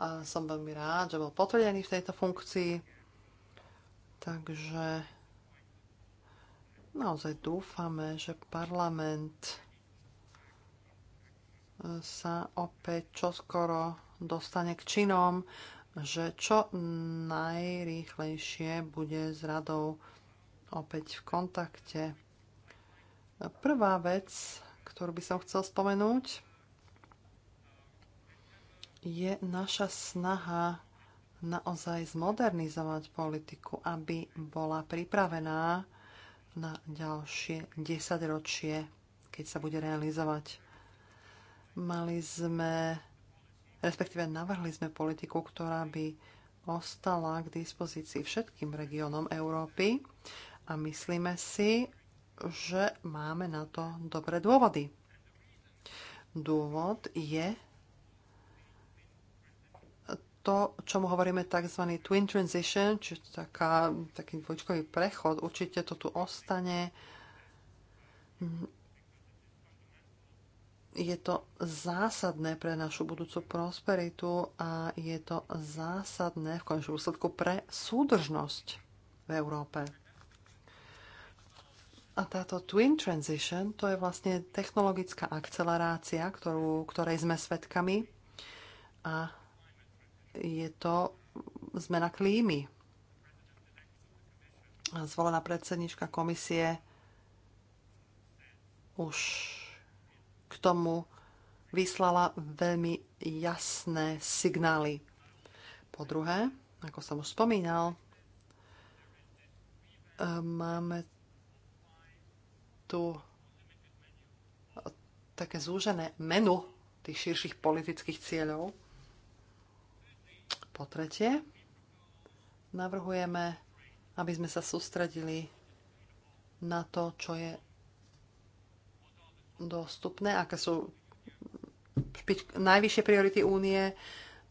A som veľmi rád, že bol potvrdený v tejto funkcii. Takže naozaj dúfame, že parlament sa opäť čoskoro dostane k činom, že čo najrýchlejšie bude s radou opäť v kontakte. Prvá vec, ktorú by som chcel spomenúť, je naša snaha naozaj zmodernizovať politiku, aby bola pripravená na ďalšie desaťročie, keď sa bude realizovať. Mali sme, respektíve navrhli sme politiku, ktorá by ostala k dispozícii všetkým regiónom Európy a myslíme si, že máme na to dobré dôvody. Dôvod je to, čomu hovoríme tzv. twin transition, čiže taká, taký dvojčkový prechod, určite to tu ostane je to zásadné pre našu budúcu prosperitu a je to zásadné v končnom úsledku pre súdržnosť v Európe. A táto Twin Transition to je vlastne technologická akcelerácia, ktorú, ktorej sme svedkami a je to zmena klímy. Zvolená predsednička komisie už k tomu vyslala veľmi jasné signály. Po druhé, ako som už spomínal, máme tu také zúžené menu tých širších politických cieľov. Po tretie, navrhujeme, aby sme sa sústredili na to, čo je dostupné, aké sú najvyššie priority únie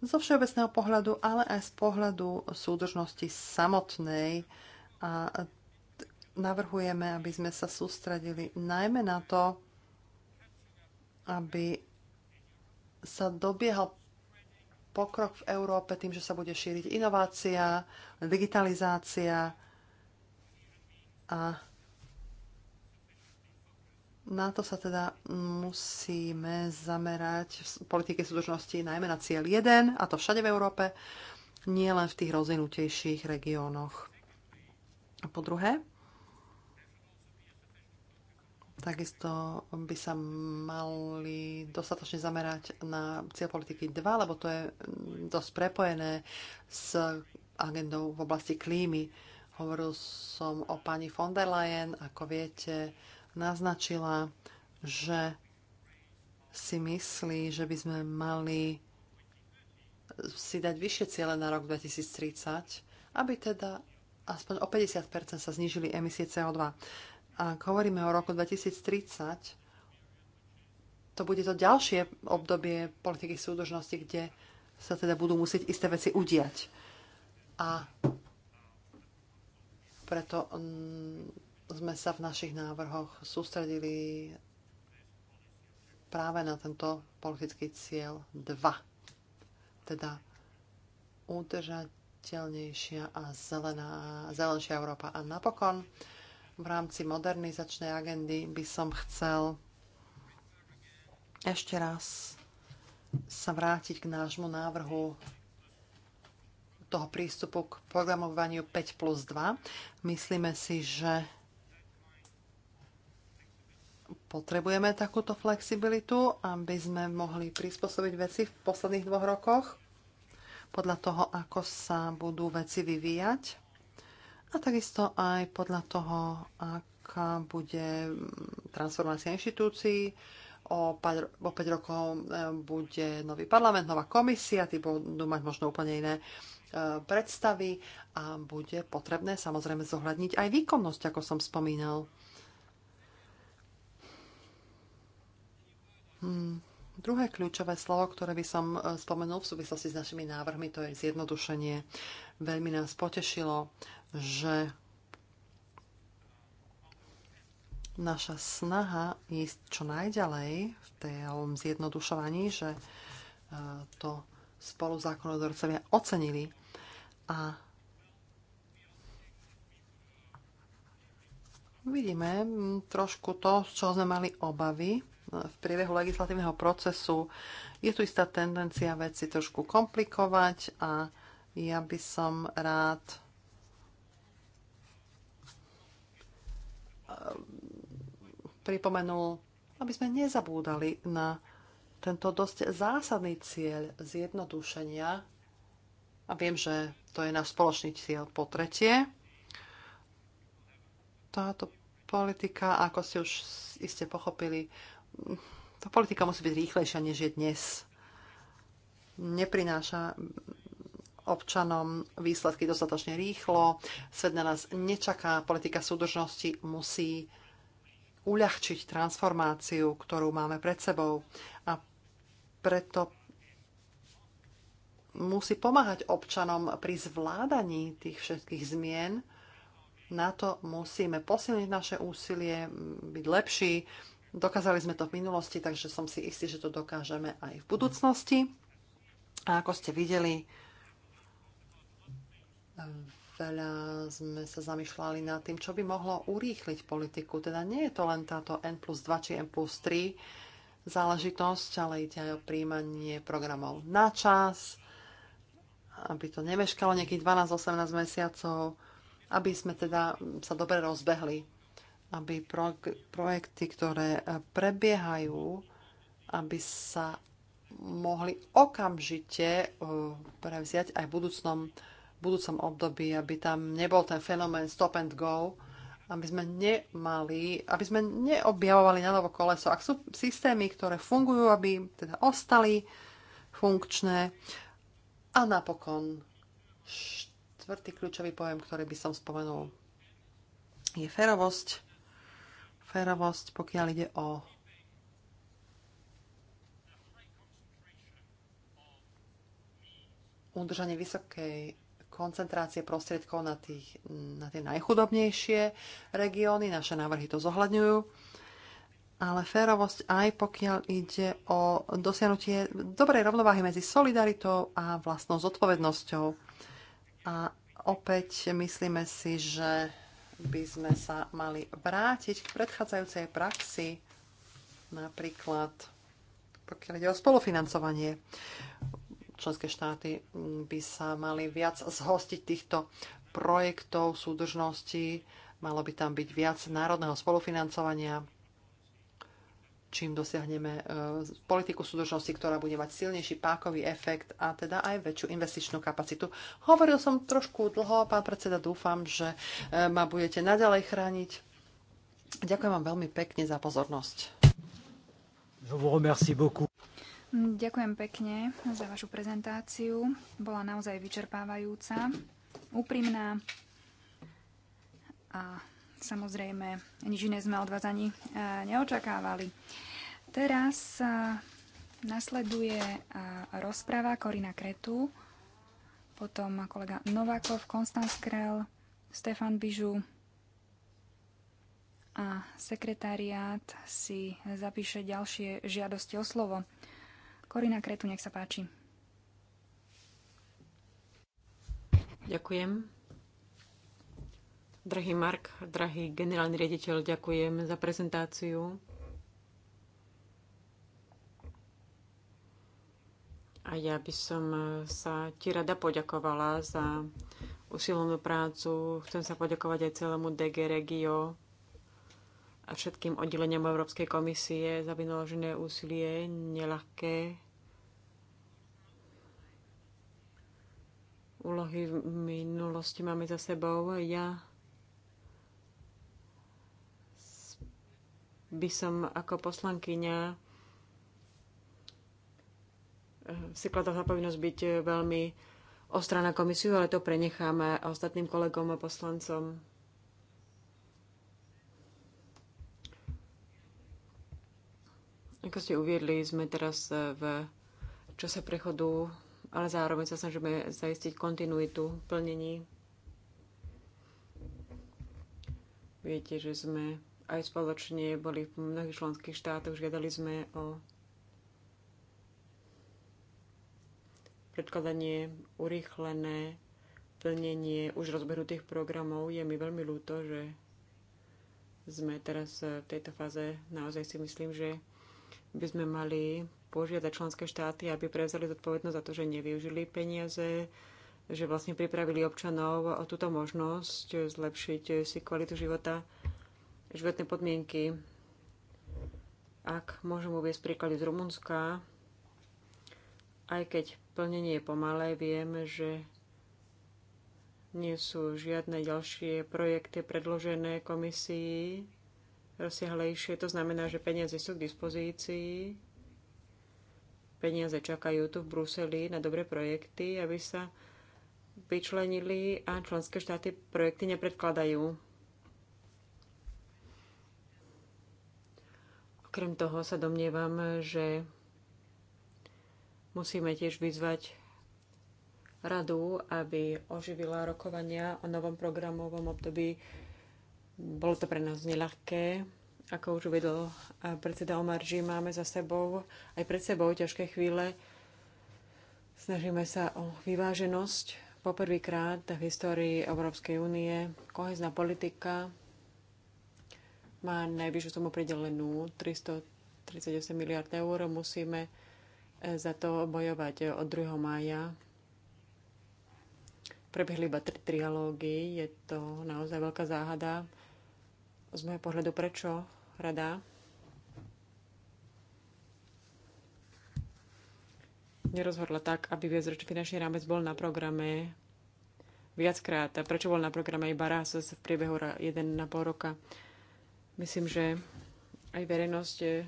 zo všeobecného pohľadu, ale aj z pohľadu súdržnosti samotnej. A navrhujeme, aby sme sa sústredili najmä na to, aby sa dobiehal pokrok v Európe tým, že sa bude šíriť inovácia, digitalizácia a na to sa teda musíme zamerať v politike súdržnosti najmä na cieľ 1, a to všade v Európe, nie len v tých rozvinutejších regiónoch. A po druhé, takisto by sa mali dostatočne zamerať na cieľ politiky 2, lebo to je mm, dosť prepojené s agendou v oblasti klímy. Hovoril som o pani von der Leyen, ako viete, naznačila, že si myslí, že by sme mali si dať vyššie ciele na rok 2030, aby teda aspoň o 50% sa znížili emisie CO2. Ak hovoríme o roku 2030, to bude to ďalšie obdobie politiky súdržnosti, kde sa teda budú musieť isté veci udiať. A preto mm, sme sa v našich návrhoch sústredili práve na tento politický cieľ 2, teda udržateľnejšia a zelená, zelenšia Európa. A napokon v rámci modernizačnej agendy by som chcel ešte raz sa vrátiť k nášmu návrhu toho prístupu k programovaniu 5 plus 2. Myslíme si, že potrebujeme takúto flexibilitu, aby sme mohli prispôsobiť veci v posledných dvoch rokoch podľa toho, ako sa budú veci vyvíjať a takisto aj podľa toho, aká bude transformácia inštitúcií. O 5, o 5 rokov e, bude nový parlament, nová komisia, tí budú mať možno úplne iné e, predstavy a bude potrebné samozrejme zohľadniť aj výkonnosť, ako som spomínal. Hmm. Druhé kľúčové slovo, ktoré by som e, spomenul v súvislosti s našimi návrhmi, to je zjednodušenie. Veľmi nás potešilo, že naša snaha ísť čo najďalej v tom zjednodušovaní, že e, to spolu zákonodorcovia ocenili a vidíme mm, trošku to, z čoho sme mali obavy, v priebehu legislatívneho procesu je tu istá tendencia veci trošku komplikovať a ja by som rád eh, pripomenul, aby sme nezabúdali na tento dosť zásadný cieľ zjednodušenia. A viem, že to je náš spoločný cieľ po tretie. Táto politika, ako ste už iste pochopili, tá politika musí byť rýchlejšia, než je dnes. Neprináša občanom výsledky dostatočne rýchlo. Svet na nás nečaká. Politika súdržnosti musí uľahčiť transformáciu, ktorú máme pred sebou. A preto musí pomáhať občanom pri zvládaní tých všetkých zmien. Na to musíme posilniť naše úsilie, byť lepší, Dokázali sme to v minulosti, takže som si istý, že to dokážeme aj v budúcnosti. A ako ste videli, veľa sme sa zamýšľali nad tým, čo by mohlo urýchliť politiku. Teda nie je to len táto N plus 2 či N plus 3 záležitosť, ale ide aj o príjmanie programov na čas, aby to nemeškalo nejakých 12-18 mesiacov, aby sme teda sa dobre rozbehli aby pro, projekty, ktoré eh, prebiehajú, aby sa mohli okamžite eh, prevziať aj v budúcnom, v budúcom období, aby tam nebol ten fenomén stop and go, aby sme nemali, aby sme neobjavovali na novo koleso. Ak sú systémy, ktoré fungujú, aby teda ostali funkčné. A napokon štvrtý kľúčový pojem, ktorý by som spomenul, je ferovosť férovosť, pokiaľ ide o udržanie vysokej koncentrácie prostriedkov na, tých, na tie najchudobnejšie regióny. Naše návrhy to zohľadňujú. Ale férovosť aj pokiaľ ide o dosiahnutie dobrej rovnováhy medzi solidaritou a vlastnou zodpovednosťou. A opäť myslíme si, že by sme sa mali vrátiť k predchádzajúcej praxi, napríklad pokiaľ ide o spolufinancovanie. Členské štáty by sa mali viac zhostiť týchto projektov súdržnosti, malo by tam byť viac národného spolufinancovania, čím dosiahneme e, politiku súdržnosti, ktorá bude mať silnejší pákový efekt a teda aj väčšiu investičnú kapacitu. Hovoril som trošku dlho, pán predseda, dúfam, že e, ma budete naďalej chrániť. Ďakujem vám veľmi pekne za pozornosť. Ďakujem pekne za vašu prezentáciu. Bola naozaj vyčerpávajúca, úprimná a Samozrejme, nič iné sme od vás ani e, neočakávali. Teraz e, nasleduje e, rozpráva Korina Kretu, potom kolega Novakov, Konstanz Krell, Stefan Bižu a sekretariát si zapíše ďalšie žiadosti o slovo. Korina Kretu, nech sa páči. Ďakujem. Drahý Mark, drahý generálny riaditeľ, ďakujem za prezentáciu. A ja by som sa ti rada poďakovala za usilovnú prácu. Chcem sa poďakovať aj celému DG Regio a všetkým oddeleniam Európskej komisie za vynaložené úsilie, nelahké úlohy v minulosti máme za sebou. Ja by som ako poslankyňa eh, si kladol za povinnosť byť eh, veľmi ostrá na komisiu, ale to prenecháme eh, ostatným kolegom a poslancom. Ako ste uviedli, sme teraz v čase prechodu, ale zároveň sa snažíme zaistiť kontinuitu plnení. Viete, že sme aj spoločne boli v mnohých členských štátoch. Žiadali sme o predkladanie urýchlené plnenie už rozbehnutých programov. Je mi veľmi ľúto, že sme teraz v tejto fáze. Naozaj si myslím, že by sme mali požiadať členské štáty, aby prevzali zodpovednosť za to, že nevyužili peniaze, že vlastne pripravili občanov o túto možnosť zlepšiť si kvalitu života životné podmienky. Ak môžem uvieť príklady z Rumunska, aj keď plnenie je pomalé, vieme, že nie sú žiadne ďalšie projekty predložené komisii rozsiahlejšie. To znamená, že peniaze sú k dispozícii. Peniaze čakajú tu v Bruseli na dobré projekty, aby sa vyčlenili a členské štáty projekty nepredkladajú. Krem toho sa domnievam, že musíme tiež vyzvať radu, aby oživila rokovania o novom programovom období. Bolo to pre nás neľahké, ako už uvedol predseda Ži, máme za sebou aj pred sebou ťažké chvíle. Snažíme sa o vyváženosť. Poprvýkrát v histórii Európskej únie kohezná politika má najvyššiu sumu pridelenú 338 miliard eur. Musíme e, za to bojovať e, od 2. mája. Prebehli iba tri trialógy. Je to naozaj veľká záhada. Z môjho pohľadu prečo rada nerozhodla tak, aby viacročný finančný rámec bol na programe viackrát. A prečo bol na programe iba raz v priebehu 1,5 roka? Myslím, že aj verejnosť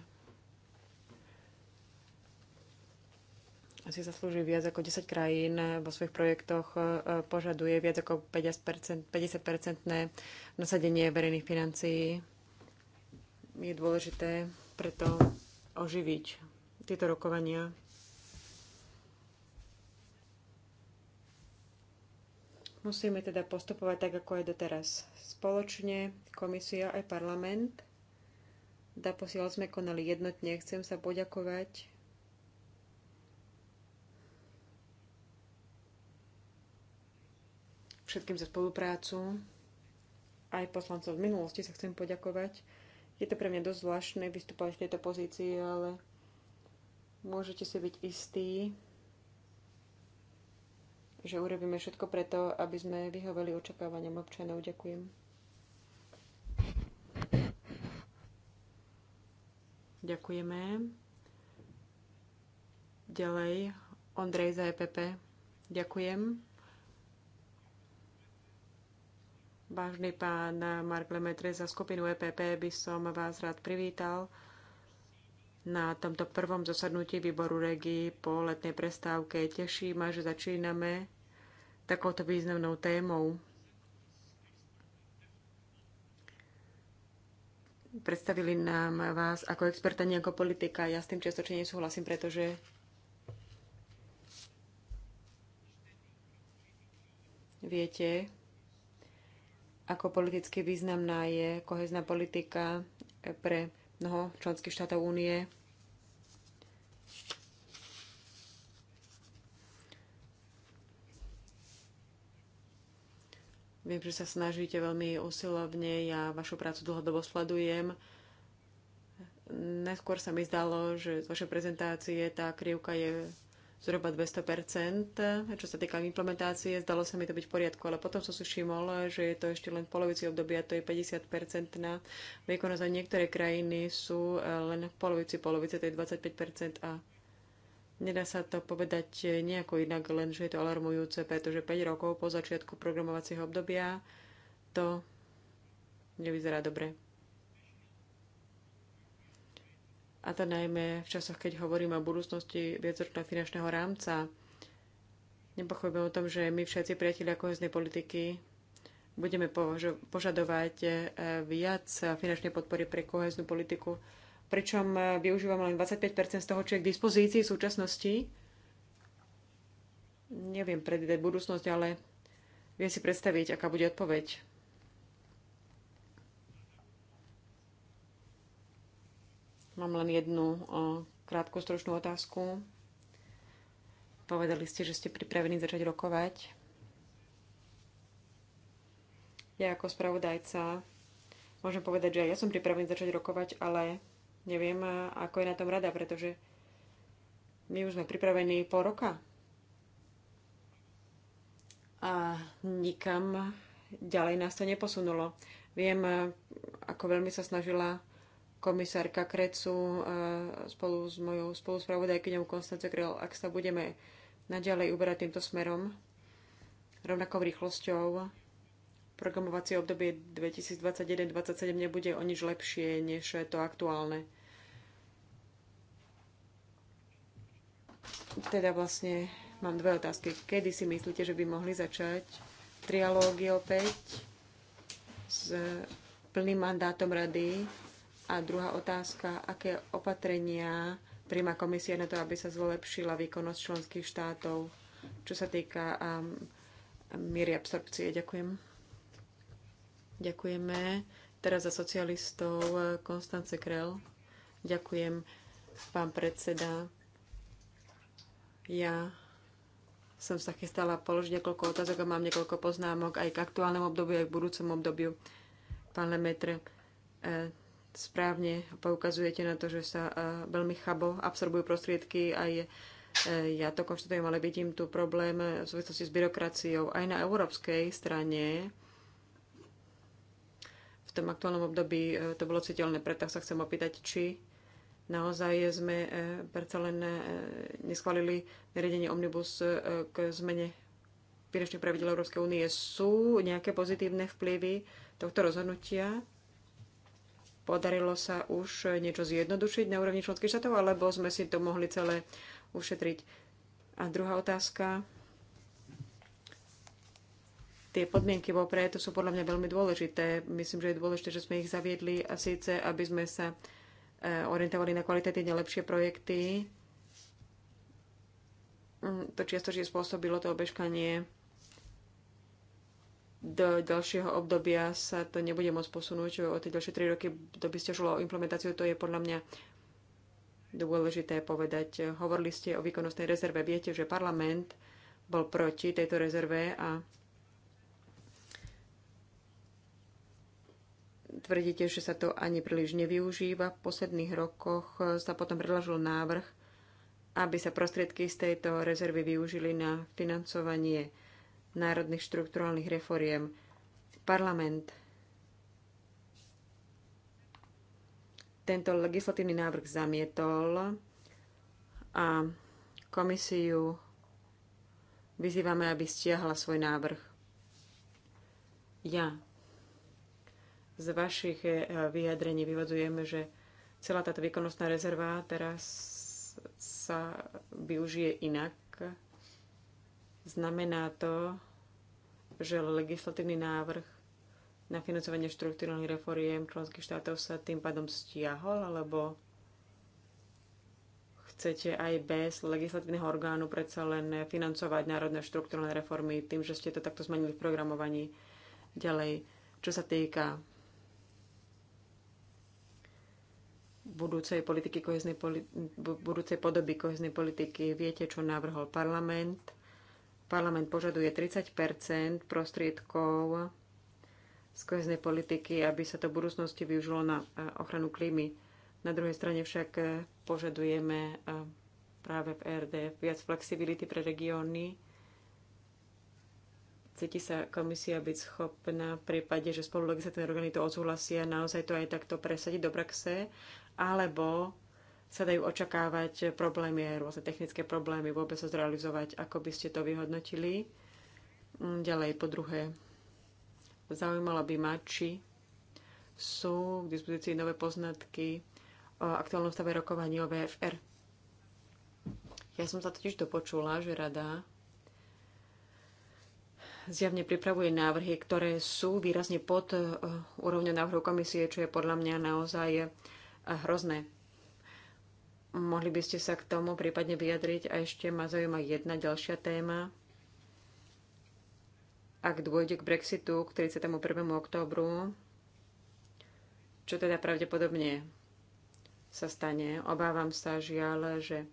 asi eh, zaslúži viac ako 10 krajín eh, vo svojich projektoch eh, požaduje viac ako 50%, 50% nasadenie verejných financií. Je dôležité preto oživiť tieto rokovania Musíme teda postupovať tak, ako je doteraz. Spoločne komisia aj parlament. Doposiaľ sme konali jednotne. Chcem sa poďakovať všetkým za spoluprácu. Aj poslancov v minulosti sa chcem poďakovať. Je to pre mňa dosť zvláštne vystúpať v tejto pozícii, ale môžete si byť istí, že urobíme všetko preto, aby sme vyhoveli očakávaniam občanov. Ďakujem. Ďakujeme. Ďalej, Ondrej za EPP. Ďakujem. Vážny pán Mark Lemetre za skupinu EPP by som vás rád privítal na tomto prvom zasadnutí výboru regii po letnej prestávke. Teší ma, že začíname takouto významnou témou. Predstavili nám vás ako experta, nie ako politika. Ja s tým čiastočne nesúhlasím, pretože viete, ako politicky významná je kohezná politika pre mnoho členských štátov únie. Viem, že sa snažíte veľmi usilovne, ja vašu prácu dlhodobo sledujem. Neskôr sa mi zdalo, že z vašej prezentácie tá krivka je zhruba 200%, čo sa týka implementácie, zdalo sa mi to byť v poriadku, ale potom som si všimol, že je to ešte len v polovici obdobia, to je 50% na výkonnosť a niektoré krajiny sú len v polovici, polovice, to je 25% a Nedá sa to povedať nejako inak, len že je to alarmujúce, pretože 5 rokov po začiatku programovacieho obdobia to nevyzerá dobre. A to najmä v časoch, keď hovorím o budúcnosti viacročného finančného rámca. Nepochybujem o tom, že my všetci priatelia koheznej politiky budeme požadovať eh, viac finančnej podpory pre koheznú politiku pričom e, využívam len 25 z toho, čo je k dispozícii v súčasnosti. Neviem predvídať budúcnosť, ale viem si predstaviť, aká bude odpoveď. Mám len jednu e, krátku, stručnú otázku. Povedali ste, že ste pripravení začať rokovať. Ja ako spravodajca môžem povedať, že ja som pripravený začať rokovať, ale Neviem, ako je na tom rada, pretože my už sme pripravení pol roka. A nikam ďalej nás to neposunulo. Viem, ako veľmi sa snažila komisárka Krecu spolu s mojou spoluspravodajkyňou Konstance Krel, ak sa budeme naďalej uberať týmto smerom, rovnakou rýchlosťou, programovacie obdobie 2021-2027 nebude o nič lepšie než je to aktuálne. Teda vlastne mám dve otázky. Kedy si myslíte, že by mohli začať trialógy opäť s plným mandátom rady? A druhá otázka, aké opatrenia príjma komisia na to, aby sa zlepšila výkonnosť členských štátov, čo sa týka um, miery absorpcie. Ďakujem. Ďakujeme. Teraz za socialistov eh, Konstance Krel. Ďakujem, pán predseda. Ja som sa chystala položiť niekoľko otázok a mám niekoľko poznámok aj k aktuálnemu obdobiu, aj k budúcemu obdobiu. Pán Lemetr, eh, správne poukazujete na to, že sa eh, veľmi chabo absorbujú prostriedky aj ja to konštatujem, ale vidím tu problém v súvislosti s byrokraciou aj na európskej strane tom aktuálnom období e, to bolo citeľné. Preto sa chcem opýtať, či naozaj sme e, predsa len e, neschválili nariadenie Omnibus k zmene finančných pravidel Európskej únie. Sú nejaké pozitívne vplyvy tohto rozhodnutia? Podarilo sa už niečo zjednodušiť na úrovni členských štátov, alebo sme si to mohli celé ušetriť? A druhá otázka. Tie podmienky vopred to sú podľa mňa veľmi dôležité. Myslím, že je dôležité, že sme ich zaviedli a síce, aby sme sa e, orientovali na kvalitatívne lepšie projekty. Mm, to čiastočne spôsobilo to obežkanie. Do ďalšieho obdobia sa to nebude môcť posunúť. O tie ďalšie tri roky to by ste žilo o implementáciu. To je podľa mňa dôležité povedať. Hovorili ste o výkonnostnej rezerve. Viete, že parlament bol proti tejto rezerve a Tvrdíte, že sa to ani príliš nevyužíva. V posledných rokoch sa potom predložil návrh, aby sa prostriedky z tejto rezervy využili na financovanie národných štruktúrálnych reforiem. Parlament tento legislatívny návrh zamietol a komisiu vyzývame, aby stiahla svoj návrh. Ja z vašich eh, vyjadrení vyvodzujeme, že celá táto výkonnostná rezerva teraz sa využije inak. Znamená to, že legislatívny návrh na financovanie štruktúrnych reforiem členských štátov sa tým pádom stiahol, alebo chcete aj bez legislatívneho orgánu predsa len financovať národné štruktúrne reformy tým, že ste to takto zmenili v programovaní ďalej. Čo sa týka budúcej politiky koheznej politi- budúcej podoby koheznej politiky. Viete, čo navrhol parlament. Parlament požaduje 30 prostriedkov z koheznej politiky, aby sa to v budúcnosti využilo na e, ochranu klímy. Na druhej strane však e, požadujeme e, práve v RDF viac flexibility pre regióny. Cíti sa komisia byť schopná v prípade, že spolu legislatívne orgány to odsúhlasia, naozaj to aj takto presadiť do praxe alebo sa dajú očakávať problémy, rôzne technické problémy, vôbec sa zrealizovať, ako by ste to vyhodnotili. Mm, ďalej, po druhé, zaujímalo by ma, či sú k dispozícii nové poznatky o aktuálnom stave rokovaní o VFR. Ja som sa totiž dopočula, že rada zjavne pripravuje návrhy, ktoré sú výrazne pod e, úrovňou návrhu komisie, čo je podľa mňa naozaj hrozné. Mohli by ste sa k tomu prípadne vyjadriť a ešte ma zaujíma jedna ďalšia téma. Ak dôjde k Brexitu k 31. oktobru, čo teda pravdepodobne sa stane, obávam sa žiaľ, že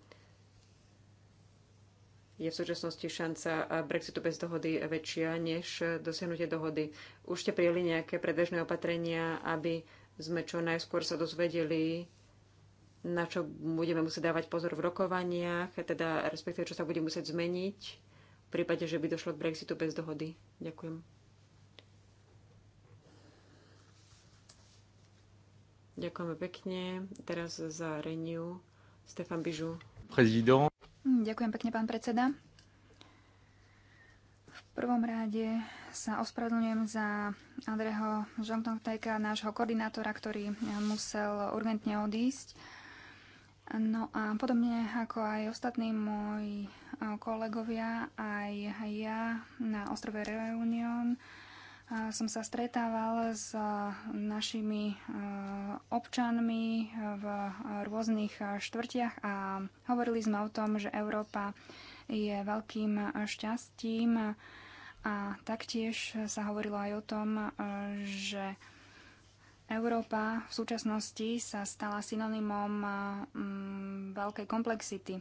je v súčasnosti šanca Brexitu bez dohody väčšia než dosiahnutie dohody. Už ste prijeli nejaké predbežné opatrenia, aby sme čo najskôr sa dozvedeli, na čo budeme musieť dávať pozor v rokovaniach, teda respektíve čo sa bude musieť zmeniť v prípade, že by došlo k Brexitu bez dohody. Ďakujem. Ďakujeme pekne. Teraz za Renew Stefan Bižu. Prezident. Ďakujem pekne, pán predseda prvom rade sa ospravedlňujem za Andreho Žongtongtejka, nášho koordinátora, ktorý musel urgentne odísť. No a podobne ako aj ostatní moji kolegovia, aj ja na ostrove Reunion som sa stretával s našimi občanmi v rôznych štvrtiach a hovorili sme o tom, že Európa je veľkým šťastím a taktiež sa hovorilo aj o tom, e, že Európa v súčasnosti sa stala synonymom e, veľkej komplexity.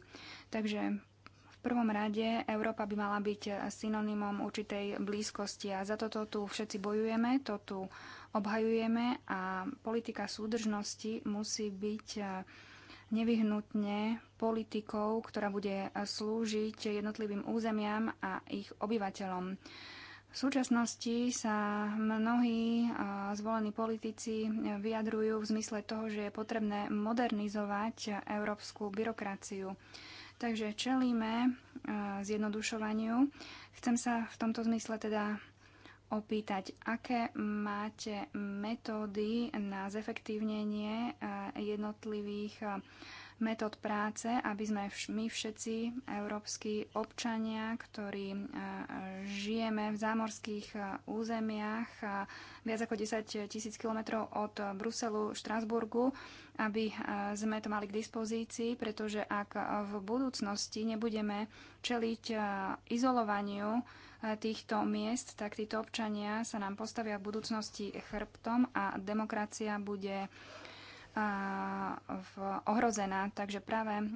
Takže v prvom rade Európa by mala byť synonymom určitej blízkosti a za toto tu všetci bojujeme, to tu obhajujeme a politika súdržnosti musí byť e, nevyhnutne politikou, ktorá bude slúžiť jednotlivým územiam a ich obyvateľom. V súčasnosti sa mnohí zvolení politici vyjadrujú v zmysle toho, že je potrebné modernizovať európsku byrokraciu. Takže čelíme zjednodušovaniu. Chcem sa v tomto zmysle teda opýtať, aké máte metódy na zefektívnenie eh, jednotlivých eh, metód práce, aby sme my všetci, európsky občania, ktorí eh, žijeme v zámorských územiach viac ako 10 tisíc kilometrov od Bruselu, Štrasburgu, aby sme to mali k dispozícii, pretože ak v budúcnosti nebudeme čeliť izolovaniu, Eh, týchto miest, tak títo občania sa nám postavia v budúcnosti chrbtom a demokracia bude eh, ohrozená. Takže práve eh,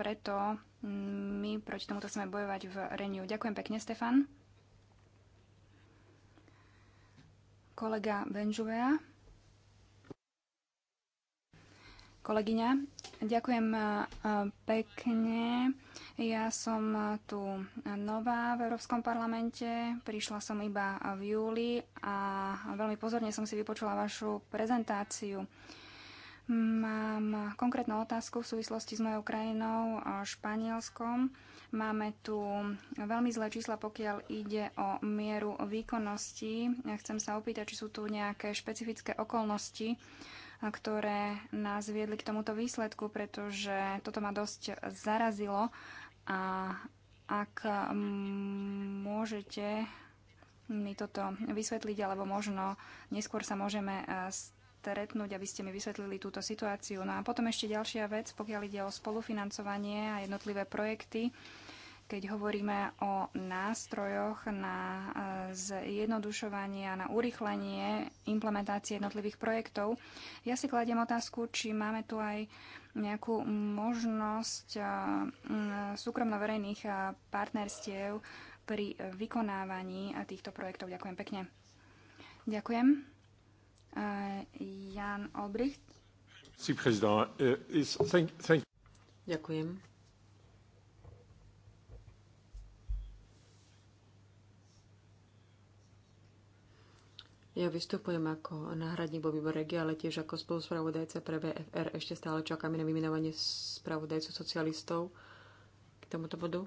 preto mm, my proti tomuto chceme bojovať v Reniu. Ďakujem pekne, Stefan. Kolega Benžuvea. Kolegyňa, ďakujem pekne. Ja som eh, tu eh, nová v Európskom parlamente, prišla som iba v júli a veľmi pozorne som si vypočula vašu prezentáciu. Mám konkrétnu otázku v súvislosti s mojou krajinou eh, Španielskom. Máme tu veľmi zlé čísla, pokiaľ ide o mieru výkonnosti. Ja chcem sa opýtať, či sú tu nejaké špecifické okolnosti, ktoré nás viedli k tomuto výsledku, pretože toto ma dosť zarazilo a ak mm, môžete mi toto vysvetliť, alebo možno neskôr sa môžeme e, stretnúť, aby ste mi vysvetlili túto situáciu. No a potom ešte ďalšia vec, pokiaľ ide o spolufinancovanie a jednotlivé projekty keď hovoríme o nástrojoch na e, zjednodušovanie a na urychlenie implementácie jednotlivých projektov, ja si kladiem otázku, či máme tu aj nejakú možnosť e, súkromno-verejných e, partnerstiev pri vykonávaní týchto projektov. Ďakujem pekne. Ďakujem. Jan Olbricht. Ďakujem. Ja vystupujem ako náhradník vo výbore ale tiež ako spoluspravodajca pre VFR. Ešte stále čakáme na vymenovanie spravodajcu socialistov k tomuto bodu.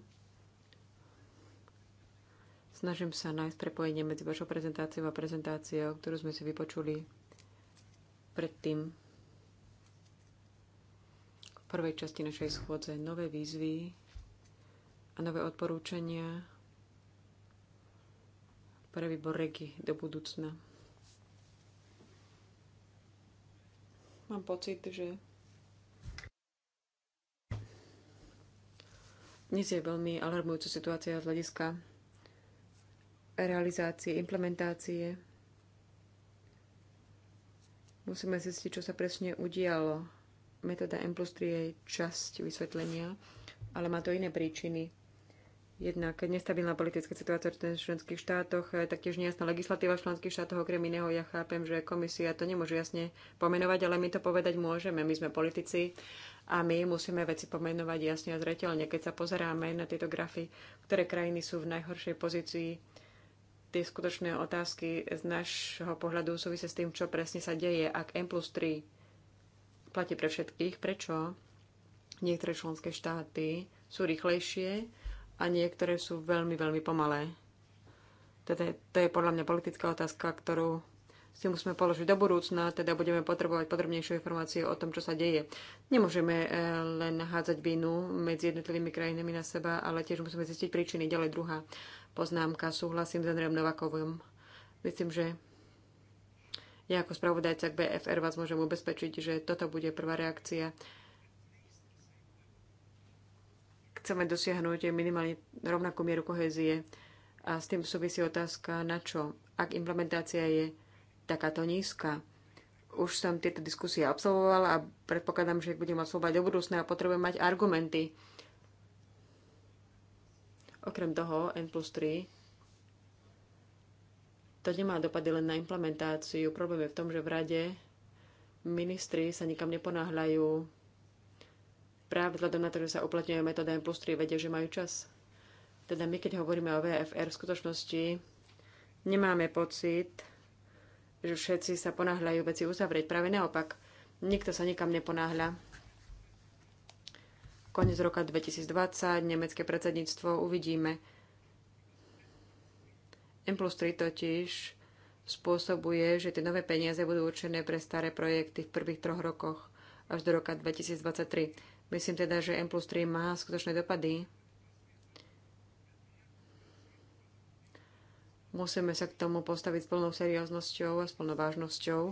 Snažím sa nájsť prepojenie medzi vašou prezentáciou a prezentáciou, ktorú sme si vypočuli predtým v prvej časti našej schôdze. Nové výzvy a nové odporúčania pre výbor regi do budúcna. Mám pocit, že dnes je veľmi alarmujúca situácia z hľadiska realizácie, implementácie. Musíme zistiť, čo sa presne udialo. Metóda M plus 3 je časť vysvetlenia, ale má to iné príčiny. Jednak nestabilná politická situácia v členských štátoch, eh, taktiež nejasná legislatíva v členských štátoch, okrem iného ja chápem, že komisia to nemôže jasne pomenovať, ale my to povedať môžeme. My sme politici a my musíme veci pomenovať jasne a zretelne. Keď sa pozeráme na tieto grafy, ktoré krajiny sú v najhoršej pozícii, tie skutočné otázky z nášho pohľadu súvisia s tým, čo presne sa deje, ak M plus 3 platí pre všetkých, prečo niektoré členské štáty sú rýchlejšie a niektoré sú veľmi, veľmi pomalé. Teda to je podľa mňa politická otázka, ktorú si musíme položiť do budúcna, teda budeme potrebovať podrobnejšie informácie o tom, čo sa deje. Nemôžeme eh, len hádzať vinu medzi jednotlivými krajinami na seba, ale tiež musíme zistiť príčiny. Ďalej druhá poznámka. Súhlasím s Andrejom Novakovom. Myslím, že ja ako spravodajca k BFR vás môžem ubezpečiť, že toto bude prvá reakcia chceme dosiahnuť minimálne rovnakú mieru kohézie. A s tým súvisí otázka, na čo, ak implementácia je takáto nízka. Už som tieto diskusie absolvovala a predpokladám, že ich budem absolvovať do budúcna a potrebujem mať argumenty. Okrem toho, N plus 3 to nemá dopady len na implementáciu. Problém je v tom, že v rade ministri sa nikam neponáhľajú práve vzhľadom na to, že sa uplatňuje metóda M plus 3, vedia, že majú čas. Teda my, keď hovoríme o VFR, v skutočnosti nemáme pocit, že všetci sa ponáhľajú veci uzavrieť. Práve naopak, nikto sa nikam neponáhľa. Koniec roka 2020, nemecké predsedníctvo, uvidíme. M plus 3 totiž spôsobuje, že tie nové peniaze budú určené pre staré projekty v prvých troch rokoch až do roka 2023. Myslím teda, že M plus 3 má skutočné dopady. Musíme sa k tomu postaviť s plnou serióznosťou a s plnou vážnosťou.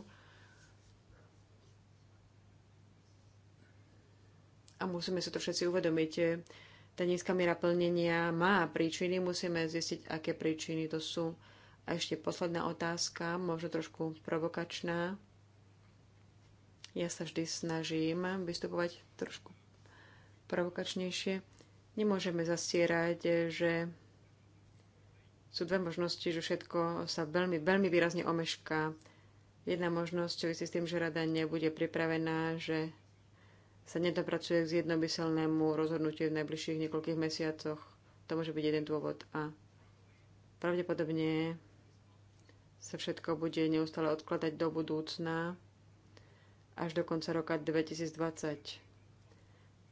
A musíme sa to všetci uvedomiť. Tá nízka miera plnenia má príčiny, musíme zistiť, aké príčiny to sú. A ešte posledná otázka, možno trošku provokačná. Ja sa vždy snažím vystupovať trošku provokačnejšie. Nemôžeme zastierať, že sú dve možnosti, že všetko sa veľmi, veľmi výrazne omešká. Jedna možnosť si s tým, že rada nebude pripravená, že sa nedopracuje k zjednomyselnému rozhodnutiu v najbližších niekoľkých mesiacoch. To môže byť jeden dôvod. A pravdepodobne sa všetko bude neustále odkladať do budúcna až do konca roka 2020.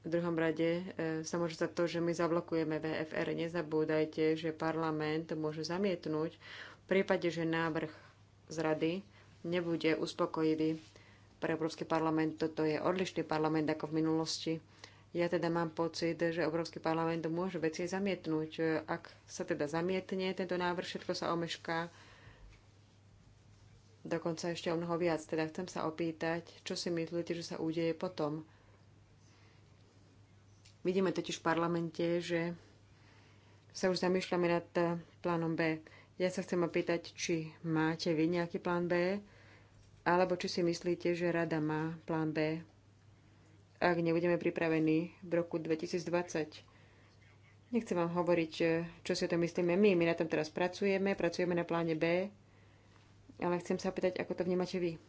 V druhom rade eh, sa môže za to, že my zablokujeme VFR. Nezabúdajte, že parlament môže zamietnúť v prípade, že návrh z rady nebude uspokojivý pre Európsky parlament. Toto je odlišný parlament ako v minulosti. Ja teda mám pocit, že Európsky parlament môže veci zamietnúť. Ak sa teda zamietne tento návrh, všetko sa omešká dokonca ešte o mnoho viac. Teda chcem sa opýtať, čo si myslíte, že sa udeje potom? Vidíme totiž v parlamente, že sa už zamýšľame nad plánom B. Ja sa chcem opýtať, či máte vy nejaký plán B, alebo či si myslíte, že rada má plán B, ak nebudeme pripravení v roku 2020. Nechcem vám hovoriť, čo si o tom myslíme my. My na tom teraz pracujeme, pracujeme na pláne B, ale chcem sa opýtať, ako to vnímate vy.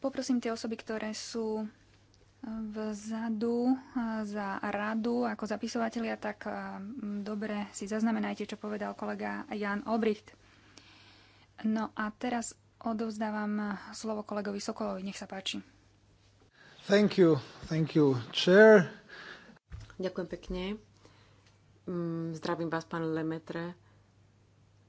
Poprosím tie osoby, ktoré sú e, vzadu e, za radu ako zapisovatelia, tak e, dobre si zaznamenajte, čo povedal kolega Jan Obricht. No a teraz odovzdávam slovo kolegovi Sokolovi. Nech sa páči. Thank you. Thank you, chair. Ďakujem pekne. Mm, zdravím vás, pán Lemetre.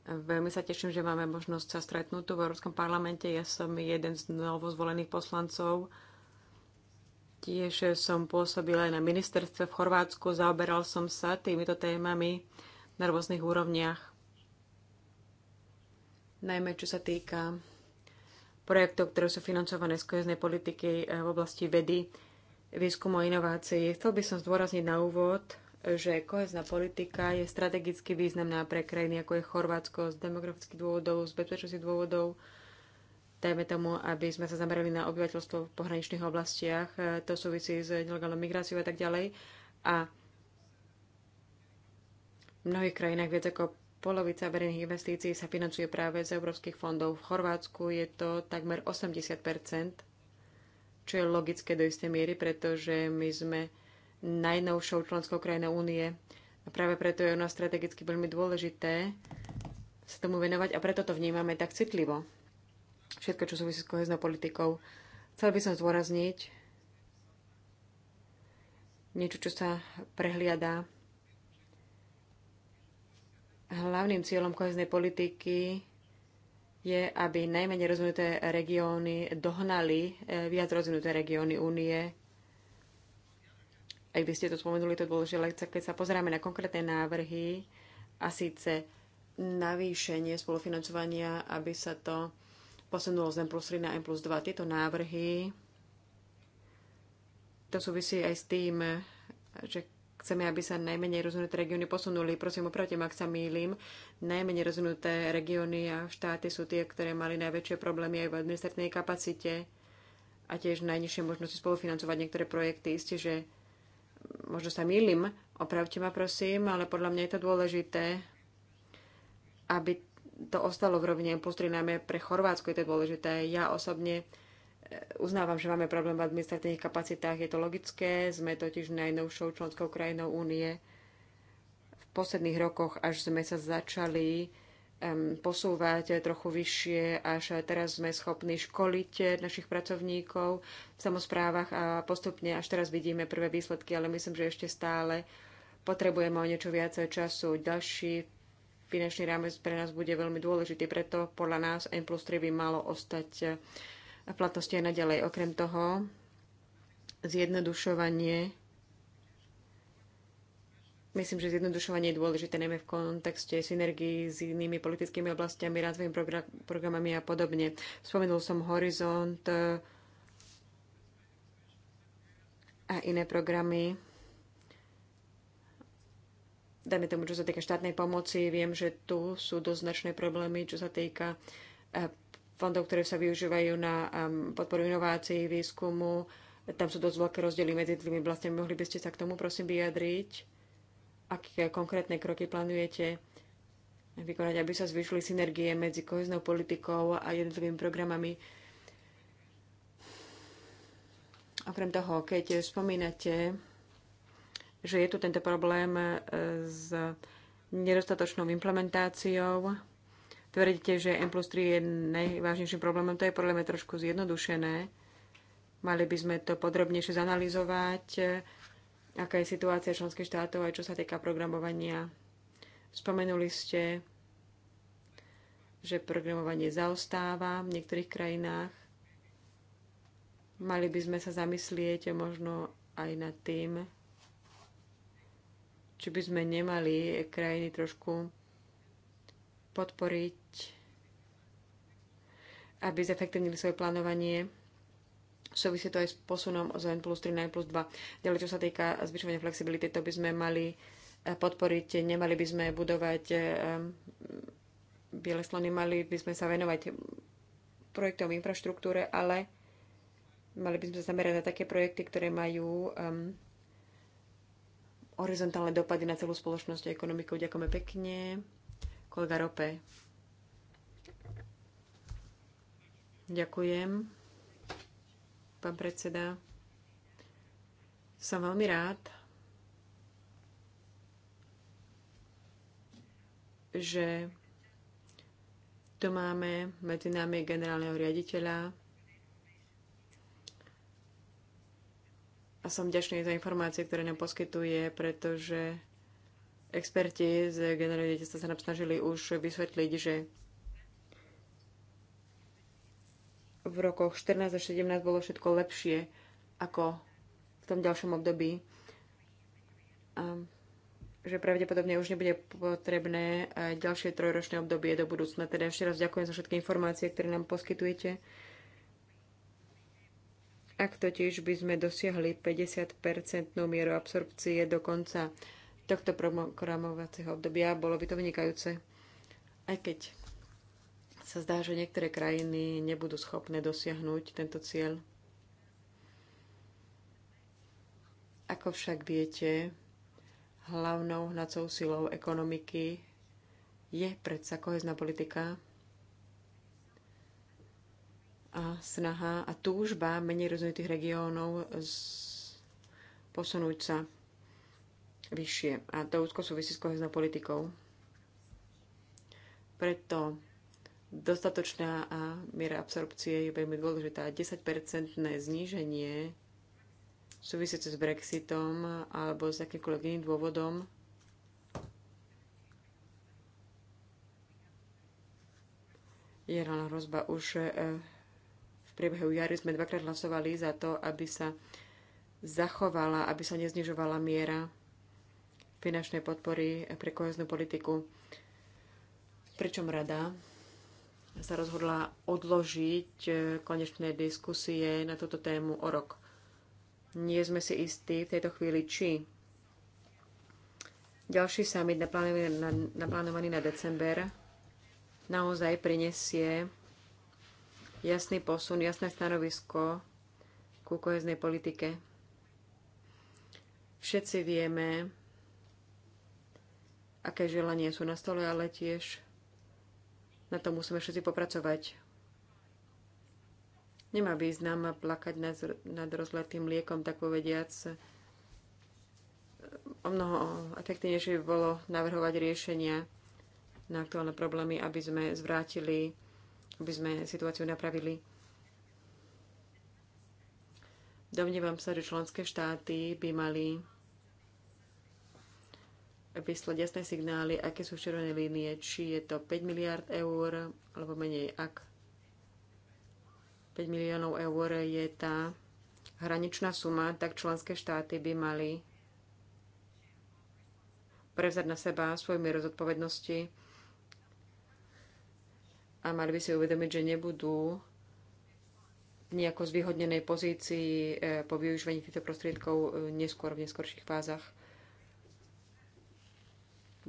Veľmi sa teším, že máme možnosť sa stretnúť tu v Európskom parlamente. Ja som jeden z novozvolených poslancov. Tiež som pôsobila aj na ministerstve v Chorvátsku. Zaoberal som sa týmito témami na rôznych úrovniach. Najmä čo sa týka projektov, ktoré sú financované z kojeznej politiky eh, v oblasti vedy, výskumu a inovácií. Chcel by som zdôrazniť na úvod, že kohezná politika je strategicky významná pre krajiny, ako je Chorvátsko, z demografických dôvodov, z bezpečnostných dôvodov, dajme tomu, aby sme sa zamerali na obyvateľstvo v pohraničných oblastiach, e, to súvisí s nelegálnou migráciou a tak ďalej. A v mnohých krajinách viac ako polovica verejných investícií sa financuje práve z európskych fondov. V Chorvátsku je to takmer 80 čo je logické do istej miery, pretože my sme najnovšou členskou krajinou únie. A práve preto je ono strategicky veľmi dôležité sa tomu venovať a preto to vnímame tak citlivo. Všetko, čo súvisí s koheznou politikou. Chcel by som zdôrazniť niečo, čo sa prehliada. Hlavným cieľom koheznej politiky je, aby najmenej rozvinuté regióny dohnali eh, viac rozvinuté regióny únie aj vy ste to spomenuli, to dôležité, keď sa pozeráme na konkrétne návrhy a síce navýšenie spolufinancovania, aby sa to posunulo z N plus 3 na N plus 2. Tieto návrhy, to súvisí aj s tým, že chceme, aby sa najmenej rozvinuté regióny posunuli. Prosím, opravte ma, ak sa mýlim. Najmenej rozvinuté regióny a štáty sú tie, ktoré mali najväčšie problémy aj v administratívnej kapacite a tiež najnižšie možnosti spolufinancovať niektoré projekty. Isté, že možno sa milím, opravte ma prosím, ale podľa mňa je to dôležité, aby to ostalo v rovine postri, najmä pre Chorvátsko je to dôležité. Ja osobne e, uznávam, že máme problém v administratívnych kapacitách, je to logické, sme totiž najnovšou členskou krajinou únie. V posledných rokoch, až sme sa začali posúvať trochu vyššie, až teraz sme schopní školiť našich pracovníkov v samozprávach a postupne až teraz vidíme prvé výsledky, ale myslím, že ešte stále potrebujeme o niečo viacej času. Ďalší finančný rámec pre nás bude veľmi dôležitý, preto podľa nás N plus 3 by malo ostať v platnosti aj naďalej. Okrem toho, zjednodušovanie Myslím, že zjednodušovanie je dôležité najmä v kontexte synergii s inými politickými oblastiami, rádovými programami a podobne. Spomenul som Horizont e, a iné programy. Dajme tomu, čo sa týka štátnej pomoci, viem, že tu sú dosť značné problémy, čo sa týka e, fondov, ktoré sa využívajú na podporu inovácií, výskumu. Tam sú dosť veľké rozdiely medzi tými oblastiami. Mohli by ste sa k tomu prosím vyjadriť? aké konkrétne kroky plánujete vykonať, aby sa zvýšili synergie medzi koheznou politikou a jednotlivými programami. Okrem toho, keď spomínate, že je tu tento problém e, s nedostatočnou implementáciou, tvrdíte, že M plus 3 je najvážnejším problémom, to je podľa mňa trošku zjednodušené. Mali by sme to podrobnejšie zanalizovať, aká je situácia členských štátov aj čo sa týka programovania. Spomenuli ste, že programovanie zaostáva v niektorých krajinách. Mali by sme sa zamyslieť možno aj nad tým, či by sme nemali krajiny trošku podporiť, aby zefektívnili svoje plánovanie Súvisí to aj s posunom z N plus 3 na N plus 2. Ďalej, čo sa týka zvyšovania flexibility, to by sme mali eh, podporiť. Nemali by sme budovať eh, mm, biele slony, mali by sme sa venovať projektom v infraštruktúre, ale mali by sme sa zamerať na také projekty, ktoré majú um, horizontálne dopady na celú spoločnosť a ekonomiku. Ďakujeme pekne. Kolega Rope. Ďakujem pán predseda. Som veľmi rád, že tu máme medzi nami generálneho riaditeľa a som ďačný za informácie, ktoré nám poskytuje, pretože experti z generálneho riaditeľa sa nám snažili už vysvetliť, že v rokoch 14 a 17 bolo všetko lepšie ako v tom ďalšom období. A že pravdepodobne už nebude potrebné e, ďalšie trojročné obdobie do budúcna. Teda ešte raz ďakujem za všetky informácie, ktoré nám poskytujete. Ak totiž by sme dosiahli 50-percentnú mieru absorpcie do konca tohto programovacieho obdobia, bolo by to vynikajúce. Aj keď sa zdá, že niektoré krajiny nebudú schopné dosiahnuť tento cieľ. Ako však viete, hlavnou hnacou silou ekonomiky je predsa kohezná politika a snaha a túžba menej rozvinutých regiónov posunúť sa vyššie. A to úzko súvisí s kohezná politikou. Preto Dostatočná a miera absorpcie je veľmi dôležitá. 10-percentné zníženie súvisiace s Brexitom alebo s akýmkoľvek iným dôvodom je reálna hrozba. Už e, v priebehu jary sme dvakrát hlasovali za to, aby sa zachovala, aby sa neznižovala miera finančnej podpory pre koheznú politiku. Pričom rada sa rozhodla odložiť e, konečné diskusie na túto tému o rok. Nie sme si istí v tejto chvíli, či ďalší summit naplánovaný na, december naozaj prinesie jasný posun, jasné stanovisko ku koheznej politike. Všetci vieme, aké želania sú na stole, ale tiež na to musíme všetci popracovať. Nemá význam plakať nad, nad rozletým liekom tak povediac. O mnoho efektívnejšie by bolo navrhovať riešenia na aktuálne problémy, aby sme zvrátili, aby sme situáciu napravili. Domnievam sa, že členské štáty by mali vyslať jasné signály, aké sú červené línie, či je to 5 miliard eur alebo menej. Ak 5 miliónov eur je tá hraničná suma, tak členské štáty by mali prevzať na seba svoje mieru zodpovednosti a mali by si uvedomiť, že nebudú v nejako zvýhodnenej pozícii eh, po využívaní týchto prostriedkov eh, neskôr v neskorších fázach.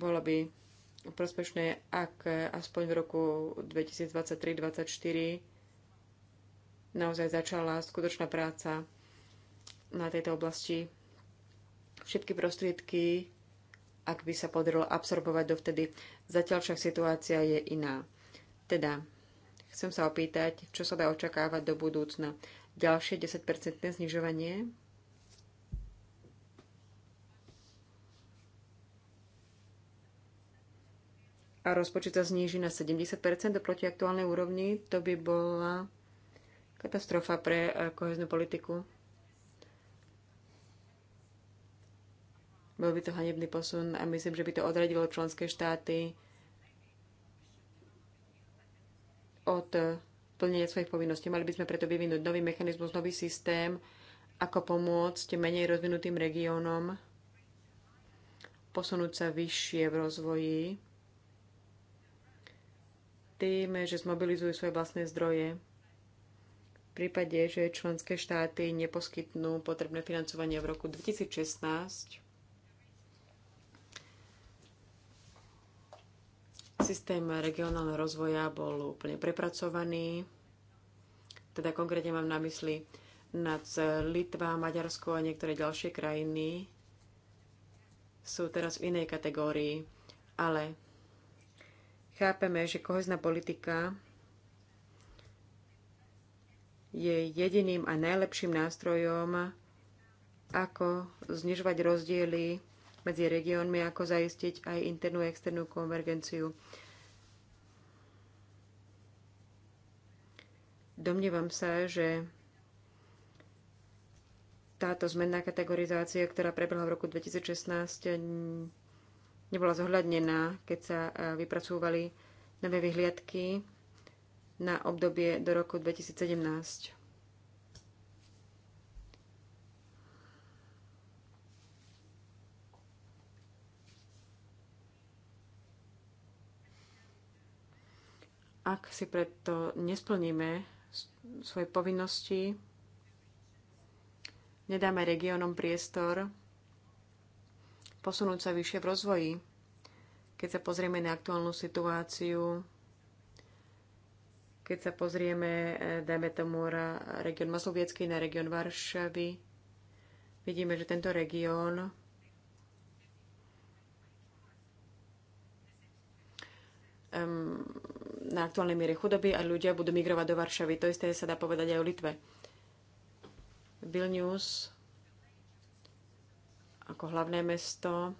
Bolo by prospešné, ak aspoň v roku 2023-2024 naozaj začala skutočná práca na tejto oblasti. Všetky prostriedky, ak by sa podarilo absorbovať dovtedy, zatiaľ však situácia je iná. Teda, chcem sa opýtať, čo sa dá očakávať do budúcna. Ďalšie 10 znižovanie a rozpočet sa zníži na 70 oproti aktuálnej úrovni, to by bola katastrofa pre eh, koheznú politiku. Bol by to hanebný posun a myslím, že by to odradilo členské štáty od eh, plnenia svojich povinností. Mali by sme preto vyvinúť nový mechanizmus, nový systém, ako pomôcť menej rozvinutým regiónom posunúť sa vyššie v rozvoji tým, že zmobilizujú svoje vlastné zdroje. V prípade, že členské štáty neposkytnú potrebné financovanie v roku 2016, systém regionálneho rozvoja bol úplne prepracovaný. Teda konkrétne mám na mysli nad Litva, Maďarsko a niektoré ďalšie krajiny sú teraz v inej kategórii, ale Chápeme, že kohezná politika je jediným a najlepším nástrojom, ako znižovať rozdiely medzi regiónmi, ako zaistiť aj internú a externú konvergenciu. Domnievam sa, že táto zmenná kategorizácia, ktorá prebehla v roku 2016, nebola zohľadnená, keď sa e, vypracúvali nové vyhliadky na obdobie do roku 2017. Ak si preto nesplníme svoje povinnosti, nedáme regiónom priestor, posunúť sa vyššie v rozvoji. Keď sa pozrieme na aktuálnu situáciu, keď sa pozrieme, e, dajme tomu, region Masloviecký na region Varšavy, vidíme, že tento región na aktuálnej miere chudoby a ľudia budú migrovať do Varšavy. To isté sa dá povedať aj o Litve. Vilnius ako hlavné mesto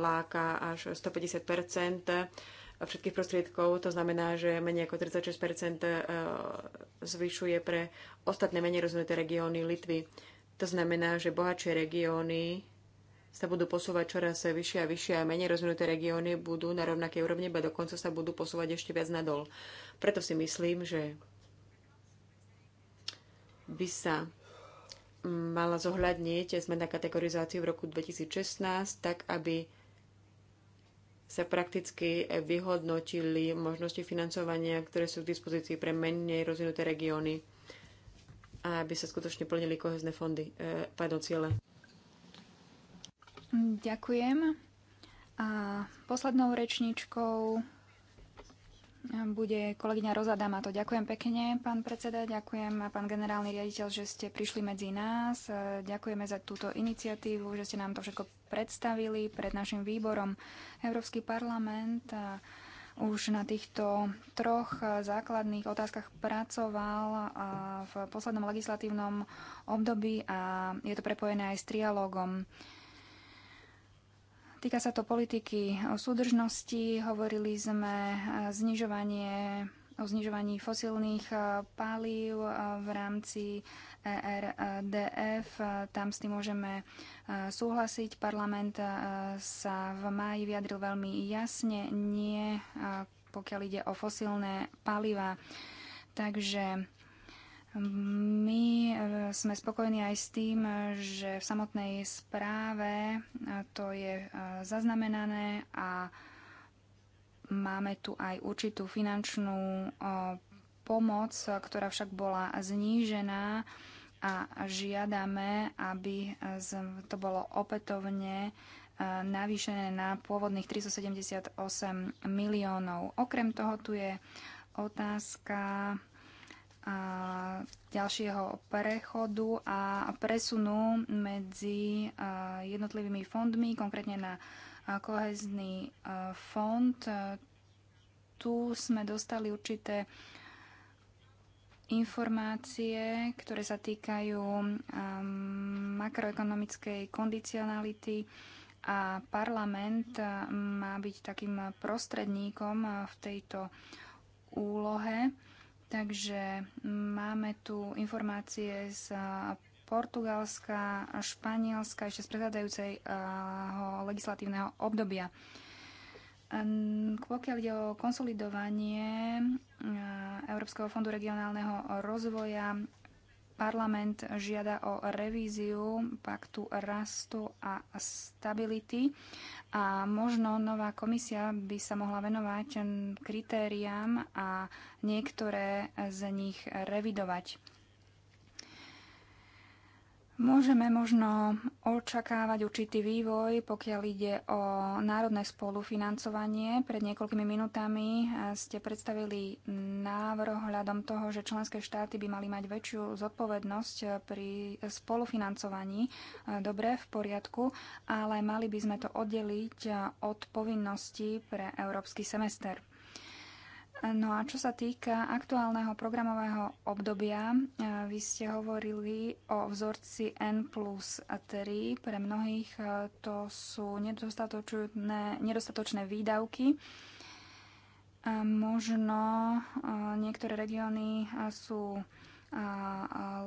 láka až 150 všetkých prostriedkov. To znamená, že menej ako 36 e, zvyšuje pre ostatné menej rozvinuté regióny Litvy. To znamená, že bohatšie regióny sa budú posúvať čoraz vyššie a vyššie a menej rozvinuté regióny budú na rovnakej úrovni, ba dokonca sa budú posúvať ešte viac nadol. Preto si myslím, že by sa mala zohľadniť zmena kategorizáciu v roku 2016, tak aby sa prakticky vyhodnotili možnosti financovania, ktoré sú k dispozícii pre menej rozvinuté regióny a aby sa skutočne plnili kohezné fondy, e, pardon, ciele. Ďakujem. A poslednou rečničkou bude kolegyňa Rozada to. Ďakujem pekne, pán predseda, ďakujem, pán generálny riaditeľ, že ste prišli medzi nás. Ďakujeme za túto iniciatívu, že ste nám to všetko predstavili pred našim výborom. Európsky parlament už na týchto troch základných otázkach pracoval v poslednom legislatívnom období a je to prepojené aj s trialógom. Týka sa to politiky o súdržnosti. Hovorili sme znižovanie o znižovaní fosilných palív v rámci ERDF. Tam s tým môžeme súhlasiť. Parlament sa v máji vyjadril veľmi jasne, nie pokiaľ ide o fosilné paliva. Takže my eh, sme spokojní aj s tým, že v samotnej správe eh, to je eh, zaznamenané a máme tu aj určitú finančnú pomoc, ktorá však bola znížená a žiadame, aby to bolo opätovne navýšené na pôvodných 378 miliónov. Okrem toho tu je otázka ďalšieho prechodu a presunu medzi jednotlivými fondmi, konkrétne na kohezný fond. Tu sme dostali určité informácie, ktoré sa týkajú makroekonomickej kondicionality a parlament má byť takým prostredníkom v tejto úlohe. Takže máme tu informácie z Portugalska, Španielska ešte z predchádzajúceho legislatívneho obdobia. Pokiaľ ide o konsolidovanie Európskeho fondu regionálneho rozvoja, Parlament žiada o revíziu paktu rastu a stability a možno nová komisia by sa mohla venovať kritériám a niektoré z nich revidovať. Môžeme možno očakávať určitý vývoj, pokiaľ ide o národné spolufinancovanie. Pred niekoľkými minutami eh, ste predstavili návrh hľadom toho, že členské štáty by mali mať väčšiu zodpovednosť eh, pri spolufinancovaní. Eh, dobre, v poriadku, ale mali by sme to oddeliť od povinnosti pre európsky semester. No a čo sa týka aktuálneho programového obdobia, e, vy ste hovorili o vzorci N plus 3. Pre mnohých e, to sú nedostatočné, nedostatočné výdavky. E, možno niektoré regióny sú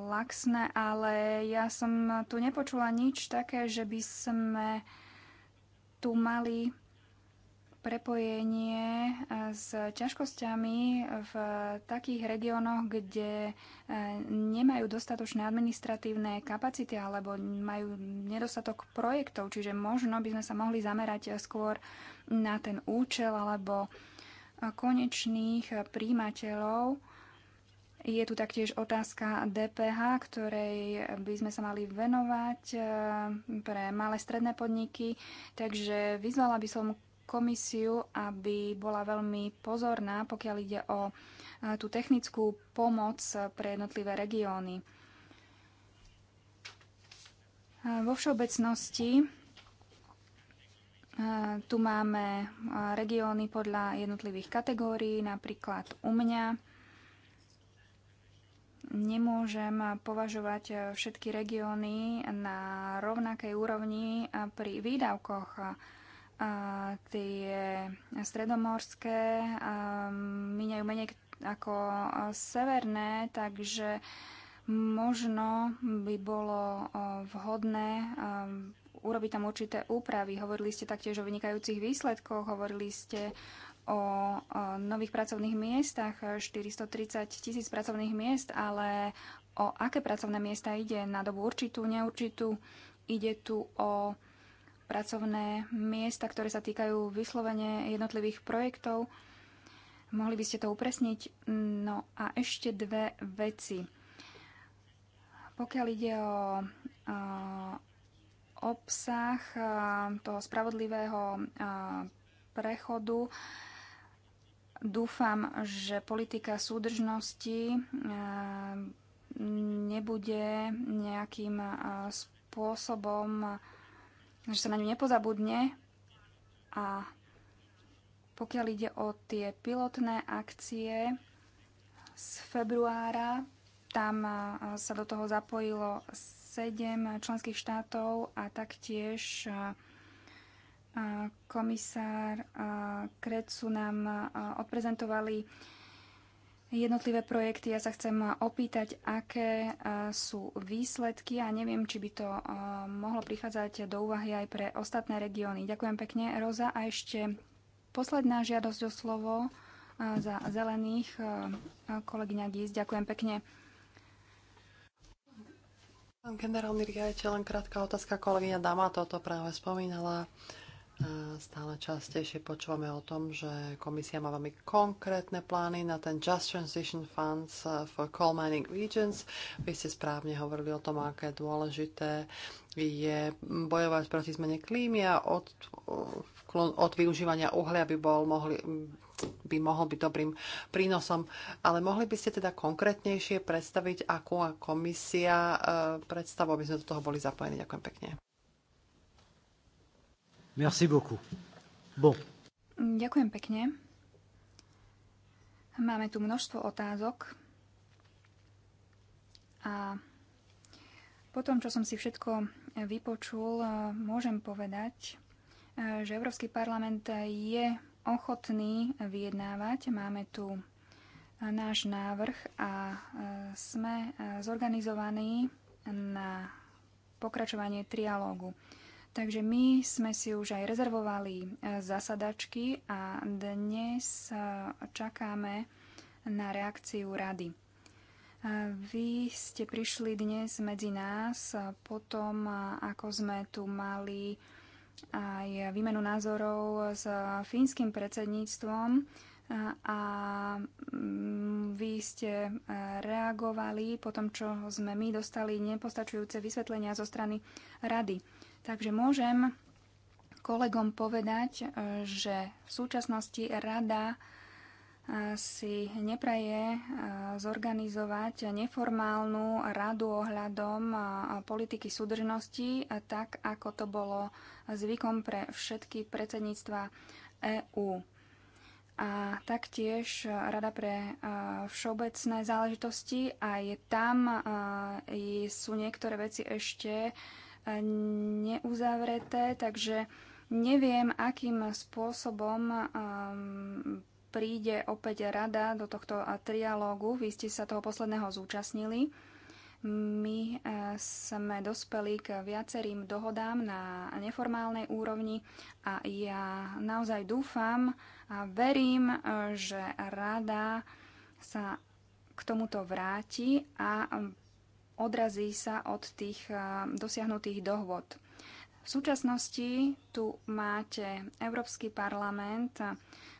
laxné, ale ja som tu nepočula nič také, že by sme tu mali prepojenie e, s ťažkosťami v takých regiónoch, kde e, nemajú dostatočné administratívne kapacity alebo majú nedostatok projektov, čiže možno by sme sa mohli zamerať e, skôr na ten účel alebo konečných príjimateľov. Je tu taktiež otázka DPH, ktorej by sme sa mali venovať pre malé stredné podniky, takže vyzvala by som komisiu, aby bola veľmi pozorná, pokiaľ ide o e, tú technickú pomoc pre jednotlivé regióny. E, vo všeobecnosti e, tu máme regióny podľa jednotlivých kategórií, napríklad u mňa nemôžem považovať všetky regióny na rovnakej úrovni pri výdavkoch a tie stredomorské míňajú menej ako severné, takže možno by bolo vhodné urobiť tam určité úpravy. Hovorili ste taktiež o vynikajúcich výsledkoch, hovorili ste o nových pracovných miestach, 430 tisíc pracovných miest, ale o aké pracovné miesta ide na dobu určitú, neurčitú. Ide tu o pracovné miesta, ktoré sa týkajú vyslovene jednotlivých projektov. Mohli by ste to upresniť? No a ešte dve veci. Pokiaľ ide o obsah toho spravodlivého prechodu, dúfam, že politika súdržnosti nebude nejakým spôsobom že sa na ňu nepozabudne. A pokiaľ ide o tie pilotné akcie z februára, tam sa do toho zapojilo 7 členských štátov a taktiež komisár Krecu nám odprezentovali jednotlivé projekty. Ja sa chcem opýtať, aké sú výsledky a neviem, či by to mohlo prichádzať do úvahy aj pre ostatné regióny. Ďakujem pekne, Roza. A ešte posledná žiadosť o slovo za zelených. Kolegyňa Gís, ďakujem pekne. Pán generálny riaditeľ, len krátka otázka. Kolegyňa Dama toto práve spomínala. E, stále častejšie počúvame o tom, že komisia má veľmi konkrétne plány na ten Just Transition Funds e, for Coal Mining Regions. Vy ste správne hovorili o tom, aké dôležité je bojovať proti zmene klímy a od, od využívania uhlia by, bol, mohli, by mohol byť dobrým prínosom. Ale mohli by ste teda konkrétnejšie predstaviť, akú komisia e, predstavu, aby sme do toho boli zapojení. Ďakujem pekne. Merci beaucoup. Bon. Ďakujem pekne. Máme tu množstvo otázok. A po tom, čo som si všetko vypočul, môžem povedať, že Európsky parlament je ochotný vyjednávať. Máme tu náš návrh a sme zorganizovaní na pokračovanie trialógu. Takže my sme si už aj rezervovali e, zasadačky a dnes e, čakáme na reakciu rady. E, vy ste prišli dnes medzi nás potom, ako sme tu mali aj výmenu názorov s fínskym predsedníctvom a vy ste reagovali po tom, čo sme my dostali nepostačujúce vysvetlenia zo strany rady. Takže môžem kolegom povedať, e, že v súčasnosti rada e, si nepraje e, zorganizovať neformálnu radu ohľadom politiky súdržnosti, tak ako to bolo zvykom pre všetky predsedníctva EÚ. A taktiež Rada pre všeobecné záležitosti a je tam sú niektoré veci ešte neuzavreté, takže neviem, akým spôsobom um, príde opäť rada do tohto trialógu. Vy ste sa toho posledného zúčastnili. My e, sme dospeli k viacerým dohodám na neformálnej úrovni a ja naozaj dúfam a verím, e, že rada sa k tomuto vráti a odrazí sa od tých eh, dosiahnutých dohôd. V súčasnosti tu máte Európsky parlament,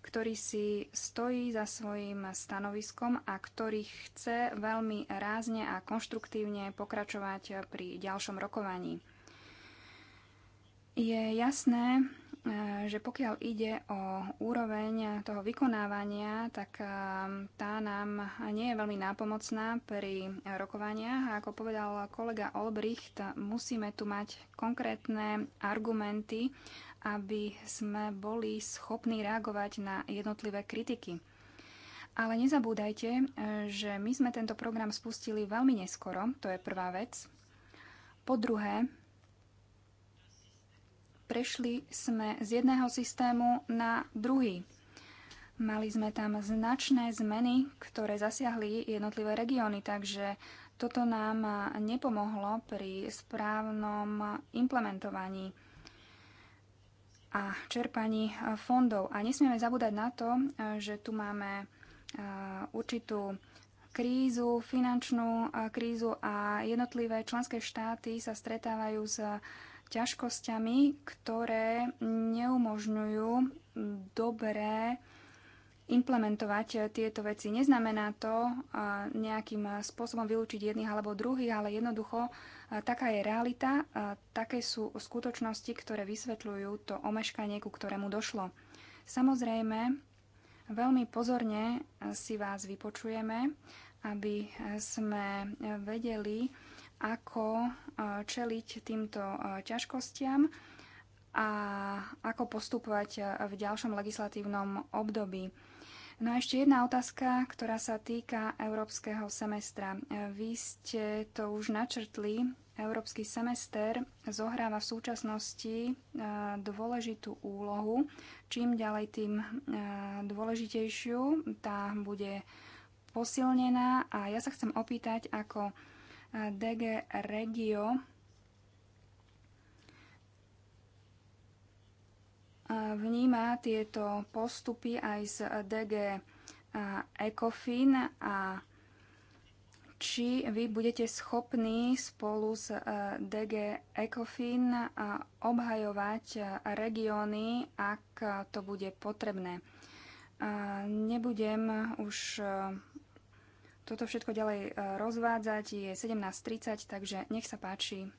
ktorý si stojí za svojim stanoviskom a ktorý chce veľmi rázne a konštruktívne pokračovať pri ďalšom rokovaní. Je jasné, E, že pokiaľ ide o úroveň toho vykonávania, tak e, tá nám nie je veľmi nápomocná pri rokovaniach. A ako povedal kolega Olbricht, musíme tu mať konkrétne argumenty, aby sme boli schopní reagovať na jednotlivé kritiky. Ale nezabúdajte, e, že my sme tento program spustili veľmi neskoro, to je prvá vec. Po druhé, Prešli sme z jedného systému na druhý. Mali sme tam značné zmeny, ktoré zasiahli jednotlivé regióny, takže toto nám nepomohlo pri správnom implementovaní a čerpaní fondov. A nesmieme zabúdať na to, že tu máme e, určitú krízu, finančnú e, krízu a jednotlivé členské štáty sa stretávajú s ťažkosťami, ktoré neumožňujú dobré implementovať tieto veci. Neznamená to nejakým spôsobom vylúčiť jedných alebo druhých, ale jednoducho taká je realita, také sú skutočnosti, ktoré vysvetľujú to omeškanie, ku ktorému došlo. Samozrejme, veľmi pozorne si vás vypočujeme, aby sme vedeli, ako e, čeliť týmto e, ťažkostiam a ako postupovať e, v ďalšom legislatívnom období. No a ešte jedna otázka, ktorá sa týka európskeho semestra. Vy ste to už načrtli. Európsky semester zohráva v súčasnosti dôležitú úlohu. Čím ďalej, tým dôležitejšiu. Tá bude posilnená a ja sa chcem opýtať, ako DG Regio vníma tieto postupy aj z DG Ecofin a či vy budete schopní spolu s e, DG Ecofin e, obhajovať e, regióny, ak to bude potrebné. Nebudem už toto všetko ďalej e, rozvádzať. Je 17.30, takže nech sa páči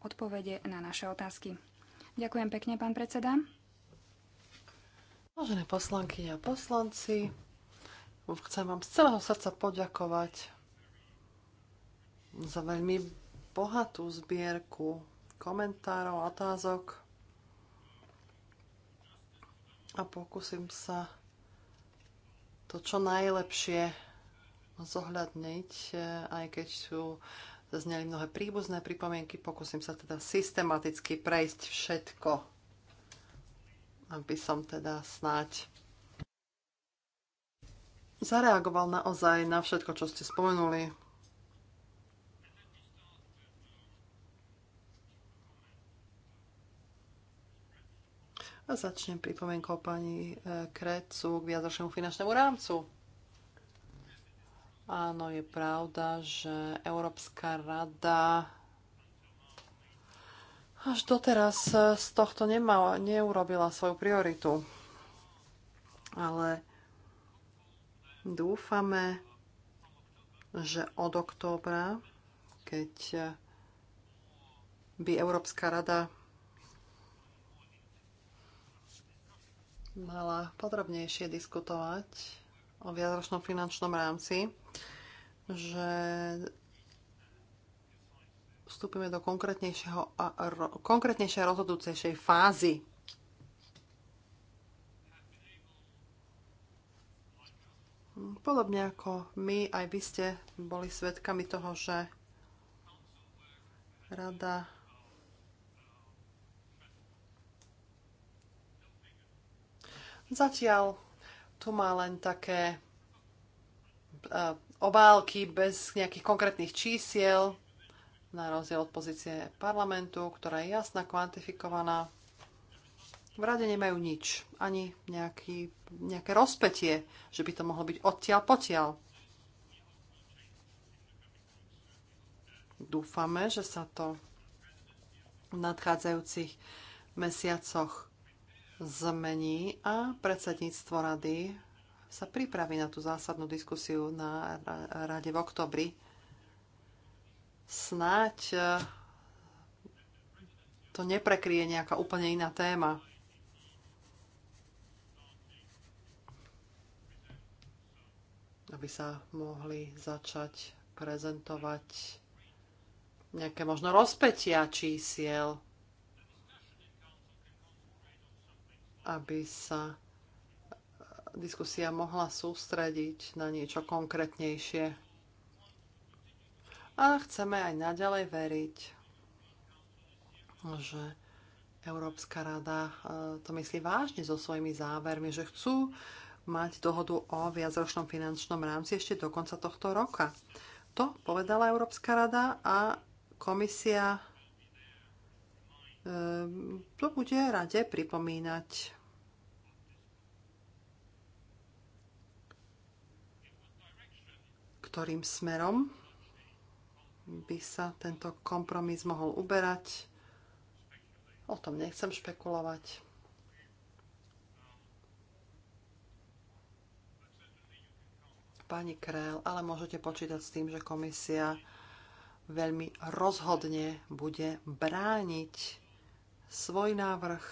odpovede na naše otázky. Ďakujem pekne, pán predseda. Vážené poslanky a poslanci, chcem vám z celého srdca poďakovať za veľmi bohatú zbierku komentárov, otázok a pokúsim sa to čo najlepšie zohľadniť, e, aj keď sú zazneli mnohé príbuzné pripomienky, pokúsim sa teda systematicky prejsť všetko, aby som teda snáď zareagoval naozaj na všetko, čo ste spomenuli. A začnem pripomienkou pani e, Krecu k viadršnému finančnému rámcu. Áno, je pravda, že Európska rada až doteraz z tohto nemala, neurobila svoju prioritu. Ale dúfame, že od októbra, keď by Európska rada mala podrobnejšie diskutovať o viacročnom finančnom rámci, že vstúpime do konkrétnejšieho a ro, konkrétnejšej rozhodujúcejšej fázy. Podobne ako my, aj vy ste boli svedkami toho, že rada Zatiaľ tu má len také obálky bez nejakých konkrétnych čísiel, na rozdiel od pozície parlamentu, ktorá je jasná, kvantifikovaná. V rade nemajú nič, ani nejaký, nejaké rozpetie, že by to mohlo byť odtiaľ potiaľ. Dúfame, že sa to v nadchádzajúcich mesiacoch zmení a predsedníctvo rady sa pripraví na tú zásadnú diskusiu na rade v oktobri. Snáď eh, to neprekrie nejaká úplne iná téma. Aby sa mohli začať prezentovať nejaké možno rozpetia čísiel, aby sa diskusia mohla sústrediť na niečo konkrétnejšie. A chceme aj naďalej veriť, že Európska rada e, to myslí vážne so svojimi závermi, že chcú mať dohodu o viacročnom finančnom rámci ešte do konca tohto roka. To povedala Európska rada a komisia e, to bude rade pripomínať ktorým smerom by sa tento kompromis mohol uberať. O tom nechcem špekulovať. Pani Krél, ale môžete počítať s tým, že komisia veľmi rozhodne bude brániť svoj návrh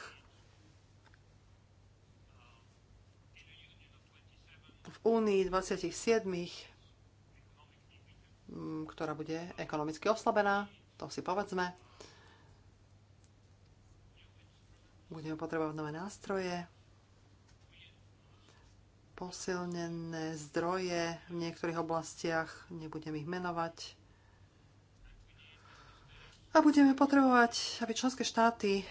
v Únii 27 ktorá bude ekonomicky oslabená, to si povedzme. Budeme potrebovať nové nástroje, posilnené zdroje v niektorých oblastiach, nebudem ich menovať. A budeme potrebovať, aby členské štáty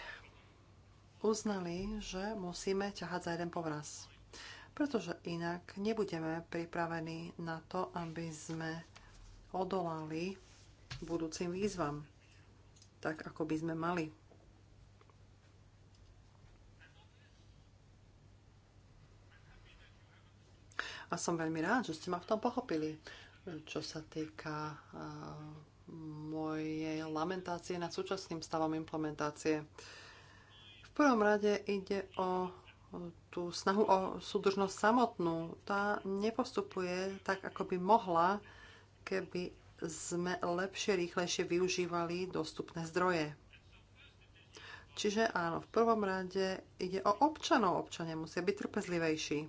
uznali, že musíme ťahať za jeden povraz. Pretože inak nebudeme pripravení na to, aby sme odolali budúcim výzvam, tak ako by sme mali. A som veľmi rád, že ste ma v tom pochopili, čo sa týka uh, mojej lamentácie nad súčasným stavom implementácie. V prvom rade ide o tú snahu o súdržnosť samotnú. Tá nepostupuje tak, ako by mohla, keby sme lepšie, rýchlejšie využívali dostupné zdroje. Čiže áno, v prvom rade ide o občanov. Občania musia byť trpezlivejší.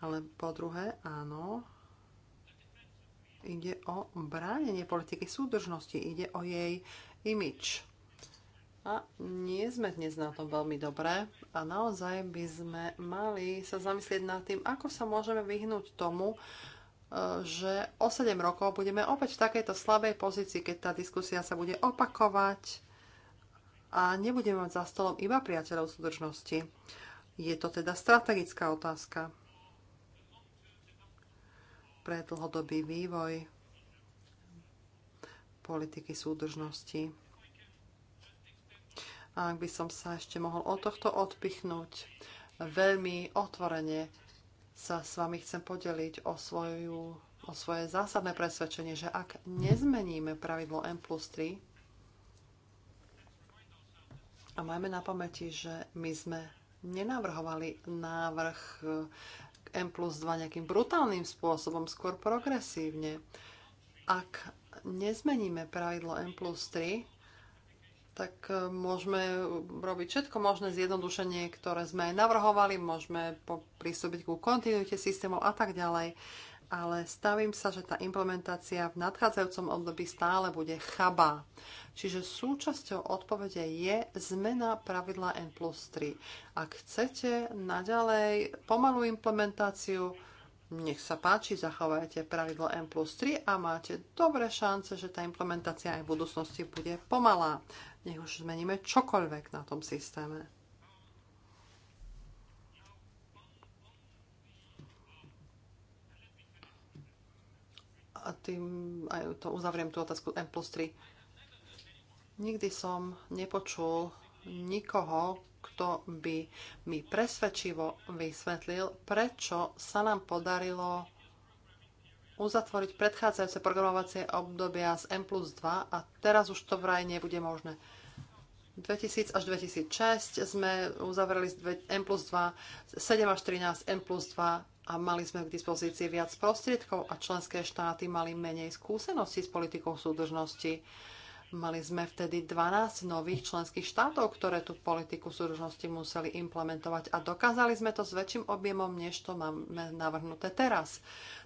Ale po druhé, áno, ide o bránenie politiky súdržnosti, ide o jej imič. A nie sme dnes na tom veľmi dobré a naozaj by sme mali sa zamyslieť nad tým, ako sa môžeme vyhnúť tomu, že o 7 rokov budeme opäť v takejto slabej pozícii, keď tá diskusia sa bude opakovať a nebudeme mať za stolom iba priateľov súdržnosti. Je to teda strategická otázka pre dlhodobý vývoj politiky súdržnosti. A ak by som sa ešte mohol od tohto odpichnúť veľmi otvorene, sa s vami chcem podeliť o, svoju, o svoje zásadné presvedčenie, že ak nezmeníme pravidlo M plus 3, a majme na pamäti, že my sme nenavrhovali návrh k M plus 2 nejakým brutálnym spôsobom, skôr progresívne. Ak nezmeníme pravidlo M plus 3, tak e, môžeme robiť všetko možné zjednodušenie, ktoré sme navrhovali, môžeme pristúpiť ku kontinuite systémov a tak ďalej, ale stavím sa, že tá implementácia v nadchádzajúcom období stále bude chabá. Čiže súčasťou odpovede je zmena pravidla N plus 3. Ak chcete naďalej pomalú implementáciu, nech sa páči, zachovajte pravidlo M plus 3 a máte dobré šance, že tá implementácia aj v budúcnosti bude pomalá. Nech už zmeníme čokoľvek na tom systéme. A tým aj to uzavriem tú otázku M plus 3. Nikdy som nepočul nikoho, kto by mi presvedčivo vysvetlil, prečo sa nám podarilo uzatvoriť predchádzajúce programovacie obdobia z M plus 2 a teraz už to vraj nebude možné. 2000 až 2006 sme uzavreli M plus 2, 7 až 13 M plus 2 a mali sme k dispozícii viac prostriedkov a členské štáty mali menej skúseností s politikou súdržnosti. Mali sme vtedy 12 nových členských štátov, ktoré tú politiku súdržnosti museli implementovať a dokázali sme to s väčším objemom, než to máme navrhnuté teraz.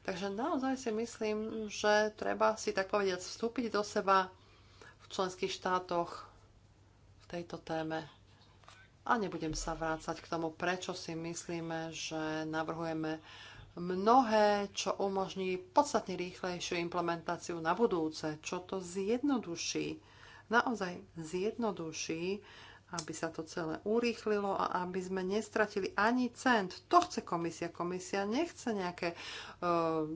Takže naozaj si myslím, že treba si tak povediať vstúpiť do seba v členských štátoch v tejto téme. A nebudem sa vrácať k tomu, prečo si myslíme, že navrhujeme mnohé, čo umožní podstatne rýchlejšiu implementáciu na budúce, čo to zjednoduší, naozaj zjednoduší, aby sa to celé urýchlilo a aby sme nestratili ani cent. To chce komisia. Komisia nechce nejaké uh,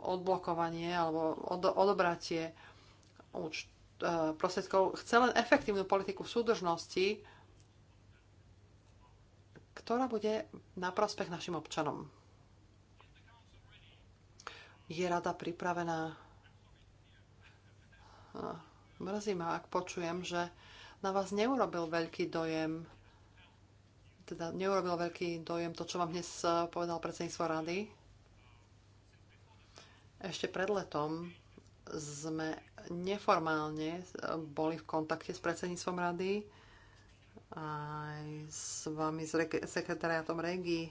odblokovanie alebo od, odobratie účtu e, prostriedkov, chce len efektívnu politiku v súdržnosti, ktorá bude na prospech našim občanom. Je rada pripravená? Mrzí ma, ak počujem, že na vás neurobil veľký dojem, teda neurobil veľký dojem to, čo vám dnes e, povedal predsedníctvo rady. Ešte pred letom sme neformálne e, boli v kontakte s predsedníctvom rady aj s vami, s sekretariátom regii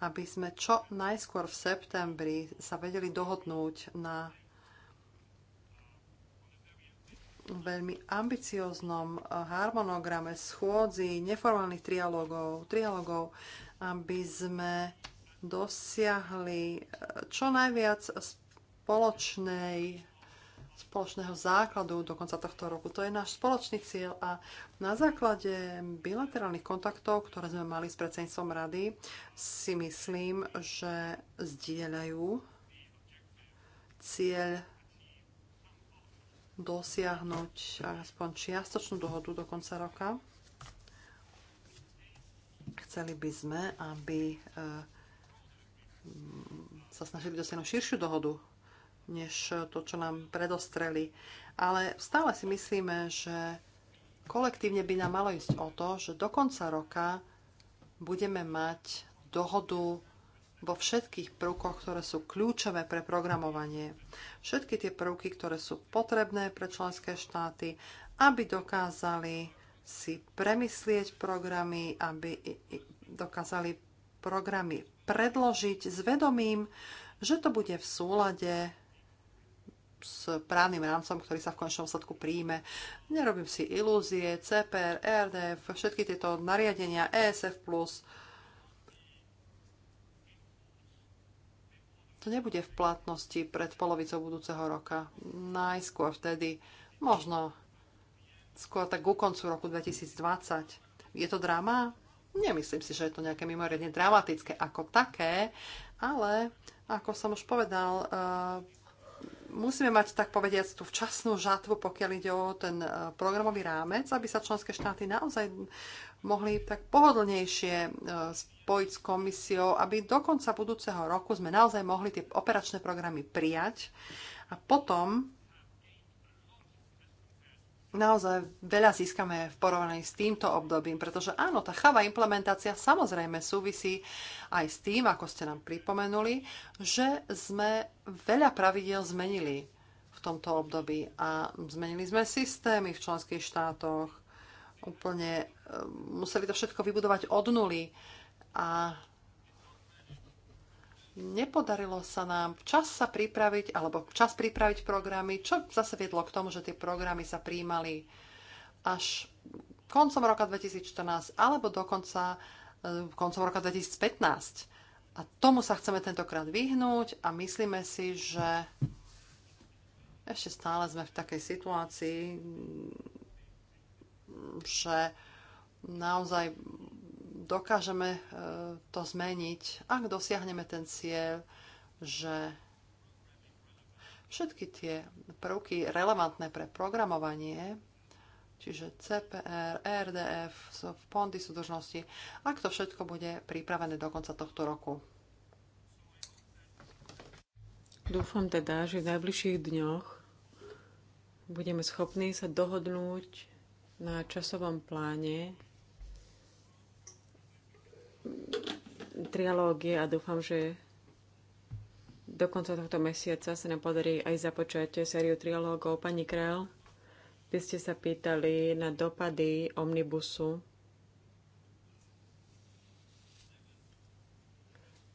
aby sme čo najskôr v septembri sa vedeli dohodnúť na veľmi ambicióznom eh, harmonograme schôdzi, neformálnych trialogov, trialogov, aby sme dosiahli eh, čo najviac spoločnej spoločného základu do konca tohto roku. To je náš spoločný cieľ a na základe bilaterálnych kontaktov, ktoré sme mali s predsedníctvom rady, si myslím, že zdieľajú cieľ dosiahnuť aspoň čiastočnú dohodu do konca roka. Chceli by sme, aby eh, sa snažili dosiahnuť širšiu dohodu než to, čo nám predostreli. Ale stále si myslíme, že kolektívne by nám malo ísť o to, že do konca roka budeme mať dohodu vo všetkých prvkoch, ktoré sú kľúčové pre programovanie. Všetky tie prvky, ktoré sú potrebné pre členské štáty, aby dokázali si premyslieť programy, aby dokázali programy predložiť s vedomím, že to bude v súlade s právnym rámcom, ktorý sa v končnom sledku príjme. Nerobím si ilúzie, CPR, e RDF, všetky tieto nariadenia, ESF+, to nebude v platnosti pred polovicou budúceho roka. Najskôr vtedy, možno skôr tak ku koncu roku 2020. Je to drama? Nemyslím si, že je to nejaké mimoriadne dramatické ako také, ale ako som už povedal, musíme mať, tak povediať, tú včasnú žatvu, pokiaľ ide o ten e, programový rámec, aby sa členské štáty naozaj mohli tak pohodlnejšie e, spojiť s komisiou, aby do konca budúceho roku sme naozaj mohli tie operačné programy prijať a potom naozaj veľa získame v porovnaní s týmto obdobím, pretože áno, tá cháva implementácia samozrejme súvisí aj s tým, ako ste nám pripomenuli, že sme veľa pravidel zmenili v tomto období a zmenili sme systémy v členských štátoch, úplne eh, museli to všetko vybudovať od nuly a nepodarilo sa nám včas sa pripraviť, alebo včas pripraviť programy, čo zase viedlo k tomu, že tie programy sa príjmali až koncom roka 2014 alebo dokonca e, koncom roka 2015. A tomu sa chceme tentokrát vyhnúť a myslíme si, že ešte stále sme v takej situácii, mm, že naozaj dokážeme e, to zmeniť, ak dosiahneme ten cieľ, že všetky tie prvky relevantné pre programovanie, čiže CPR, RDF, fondy súdržnosti, ak to všetko bude pripravené do konca tohto roku. Dúfam teda, že v najbližších dňoch budeme schopní sa dohodnúť na časovom pláne trialógy a dúfam, že do konca tohto mesiaca sa nám podarí aj započať sériu trialógov. Pani Král, by ste sa pýtali na dopady omnibusu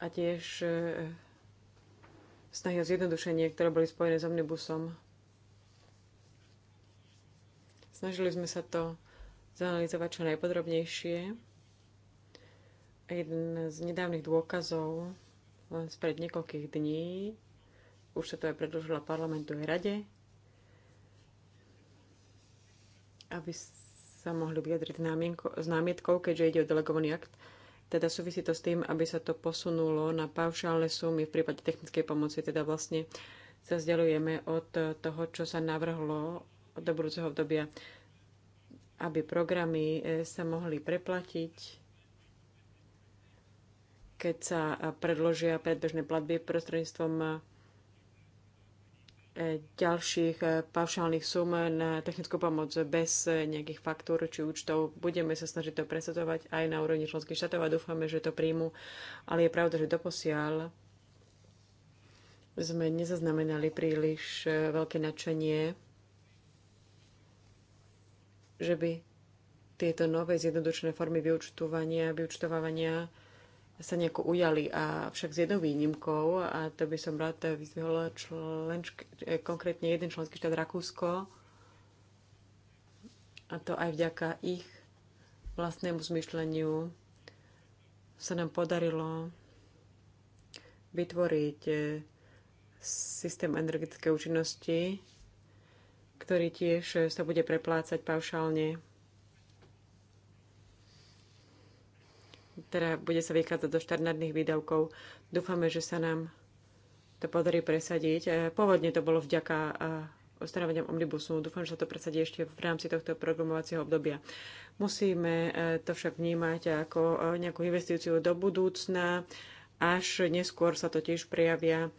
a tiež e, snahy o zjednodušenie, ktoré boli spojené s omnibusom. Snažili sme sa to zanalizovať čo najpodrobnejšie Jeden z nedávnych dôkazov, len spred niekoľkých dní, už sa to aj predložila parlamentu aj rade, aby sa mohli vyjadriť s námietkou, keďže ide o delegovaný akt. Teda súvisí to s tým, aby sa to posunulo na paušálne sumy v prípade technickej pomoci. Teda vlastne sa vzdialujeme od toho, čo sa navrhlo do budúceho obdobia, aby programy eh, sa mohli preplatiť keď sa predložia predbežné platby prostredníctvom eh, ďalších eh, paušálnych sum na technickú pomoc bez eh, nejakých faktúr či účtov. Budeme sa snažiť to presadovať aj na úrovni členských štátov a dúfame, že to príjmu. Ale je pravda, že doposiaľ sme nezaznamenali príliš veľké nadšenie, že by tieto nové zjednodušené formy vyučtovania, vyučtovávania sa nejako ujali. A však s jednou výnimkou, a to by som rád vyzvihol konkrétne jeden členský štát Rakúsko, a to aj vďaka ich vlastnému zmyšľaniu sa nám podarilo vytvoriť e, systém energetickej účinnosti, ktorý tiež e, sa bude preplácať paušálne teda bude sa vychádzať do štandardných výdavkov. Dúfame, že sa nám to podarí presadiť. E, pôvodne to bolo vďaka e, ustanoveniam omnibusu. Dúfam, že sa to presadí ešte v rámci tohto programovacieho obdobia. Musíme e, to však vnímať ako nejakú investíciu do budúcna, až neskôr sa totiž prejavia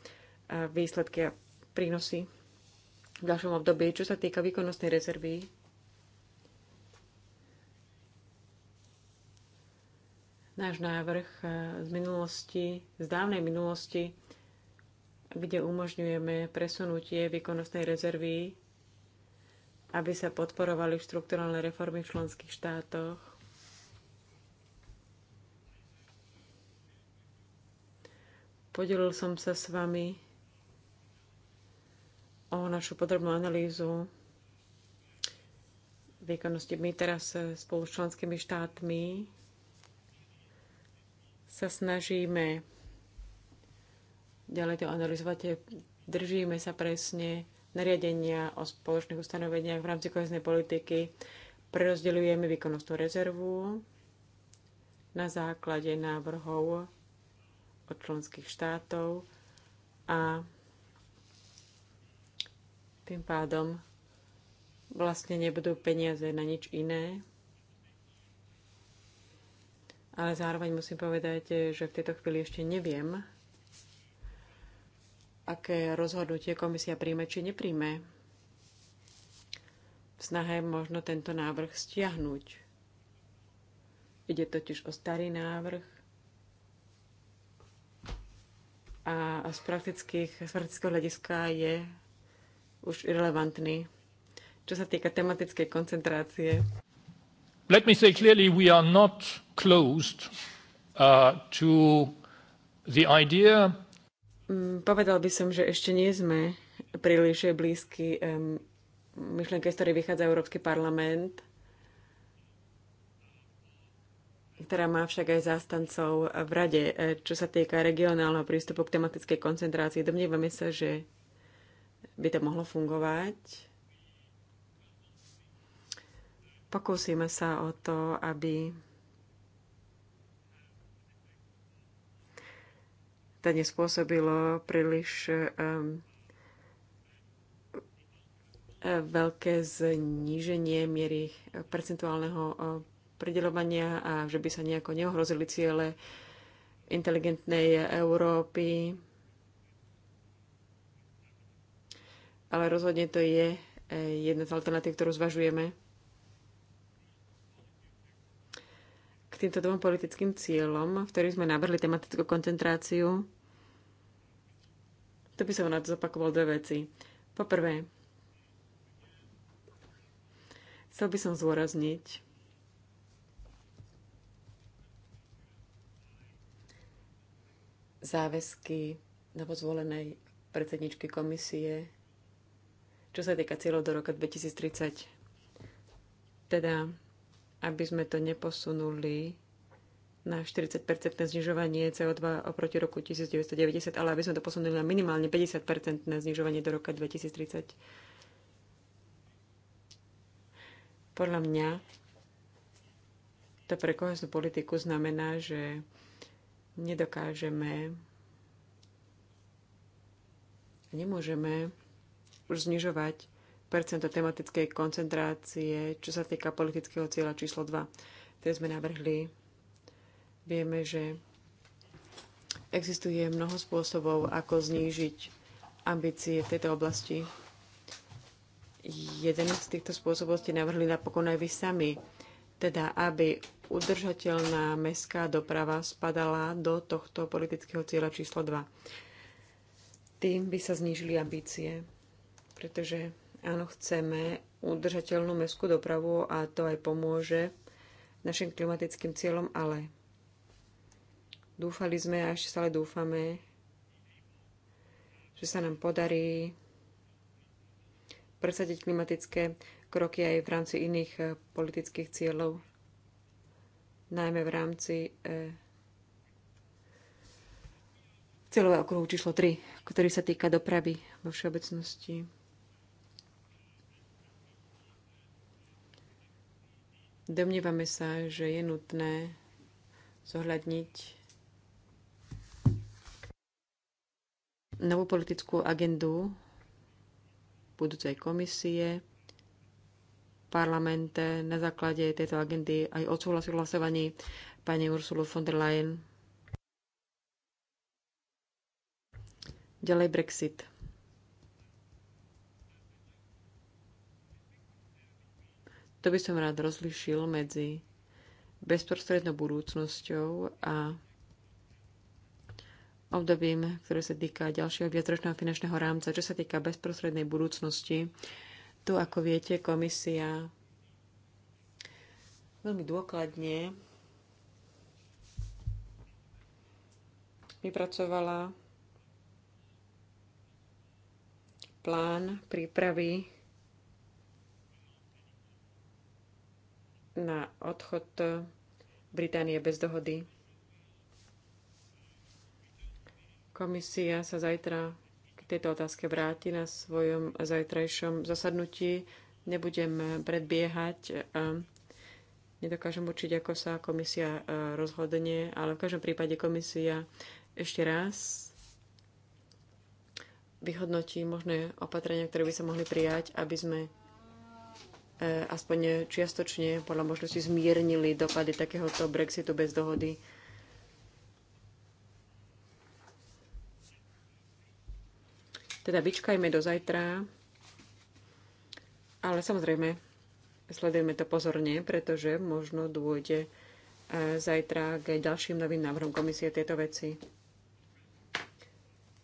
výsledky a prínosy v ďalšom období. Čo sa týka výkonnostnej rezervy, náš návrh e, z minulosti, z dávnej minulosti, kde umožňujeme presunutie výkonnostnej rezervy, aby sa podporovali štrukturálne reformy v členských štátoch. Podelil som sa s vami o našu podrobnú analýzu výkonnosti. My teraz e, spolu s členskými štátmi sa snažíme ďalej to analyzovať. Držíme sa presne nariadenia o spoločných ustanoveniach v rámci koheznej politiky. Prerozdeľujeme výkonnostnú rezervu na základe návrhov od členských štátov a tým pádom vlastne nebudú peniaze na nič iné, ale zároveň musím povedať, že v tejto chvíli ešte neviem, aké rozhodnutie komisia príjme či nepríjme v snahe možno tento návrh stiahnuť. Ide totiž o starý návrh a z, praktických, z praktického hľadiska je už irrelevantný. Čo sa týka tematickej koncentrácie, Let me say clearly, we are not closed uh, to the idea. Mm, povedal by som, že ešte nie sme príliš blízky um, myšlenke, z ktorej vychádza Európsky parlament, ktorá má však aj zástancov v rade, e, čo sa týka regionálneho prístupu k tematickej koncentrácii. Domnievame sa, že by to mohlo fungovať Pokúsime sa o to, aby to nespôsobilo príliš um, veľké zníženie miery percentuálneho pridelovania a že by sa nejako neohrozili ciele inteligentnej Európy. Ale rozhodne to je eh, jedna z alternatív, ktorú zvažujeme. týmto dvom politickým cieľom, v ktorých sme navrhli tematickú koncentráciu, to by som to zopakoval dve veci. Poprvé, chcel by som zôrazniť, záväzky novozvolenej predsedničky komisie, čo sa týka cieľov do roka 2030. Teda aby sme to neposunuli na 40 znižovanie CO2 oproti roku 1990, ale aby sme to posunuli na minimálne 50-percentné znižovanie do roka 2030. Podľa mňa to pre kohesnú politiku znamená, že nedokážeme a nemôžeme už znižovať percento tematickej koncentrácie, čo sa týka politického cieľa číslo 2, ktoré sme navrhli. Vieme, že existuje mnoho spôsobov, ako znížiť ambície v tejto oblasti. Jeden z týchto spôsobov ste navrhli napokon aj vy sami, teda aby udržateľná mestská doprava spadala do tohto politického cieľa číslo 2. Tým by sa znížili ambície, pretože Áno, chceme udržateľnú mestskú dopravu a to aj pomôže našim klimatickým cieľom, ale dúfali sme a ešte stále dúfame, že sa nám podarí presadiť klimatické kroky aj v rámci iných eh, politických cieľov, najmä v rámci eh, cieľového okruhu číslo 3, ktorý sa týka dopravy vo všeobecnosti. Domnievame sa, že je nutné zohľadniť novú politickú agendu budúcej komisie. parlamente, na základe tejto agendy aj odsúhlasiť hlasovaní pani Ursulu von der Leyen. Ďalej Brexit. To by som rád rozlišil medzi bezprostrednou budúcnosťou a obdobím, ktoré sa týka ďalšieho viacročného finančného rámca. Čo sa týka bezprostrednej budúcnosti, tu, ako viete, komisia veľmi dôkladne vypracovala plán prípravy na odchod Británie bez dohody. Komisia sa zajtra k tejto otázke vráti na svojom zajtrajšom zasadnutí. Nebudem predbiehať. Nedokážem určiť, ako sa komisia e, rozhodne, ale v každom prípade komisia ešte raz vyhodnotí možné opatrenia, ktoré by sa mohli prijať, aby sme E, aspoň čiastočne podľa možnosti zmiernili dopady takéhoto Brexitu bez dohody. Teda vyčkajme do zajtra, ale samozrejme sledujeme to pozorne, pretože možno dôjde e, zajtra k ďalším novým návrhom komisie tieto veci.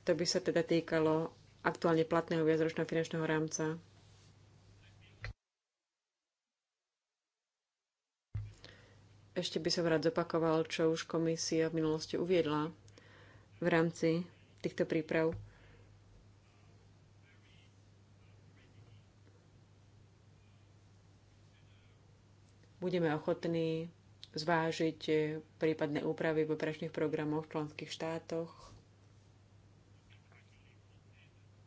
To by sa teda týkalo aktuálne platného viacročného finančného rámca. Ešte by som rád zopakoval, čo už komisia v minulosti uviedla v rámci týchto príprav. budeme ochotní zvážiť prípadné úpravy v operačných programoch v členských štátoch,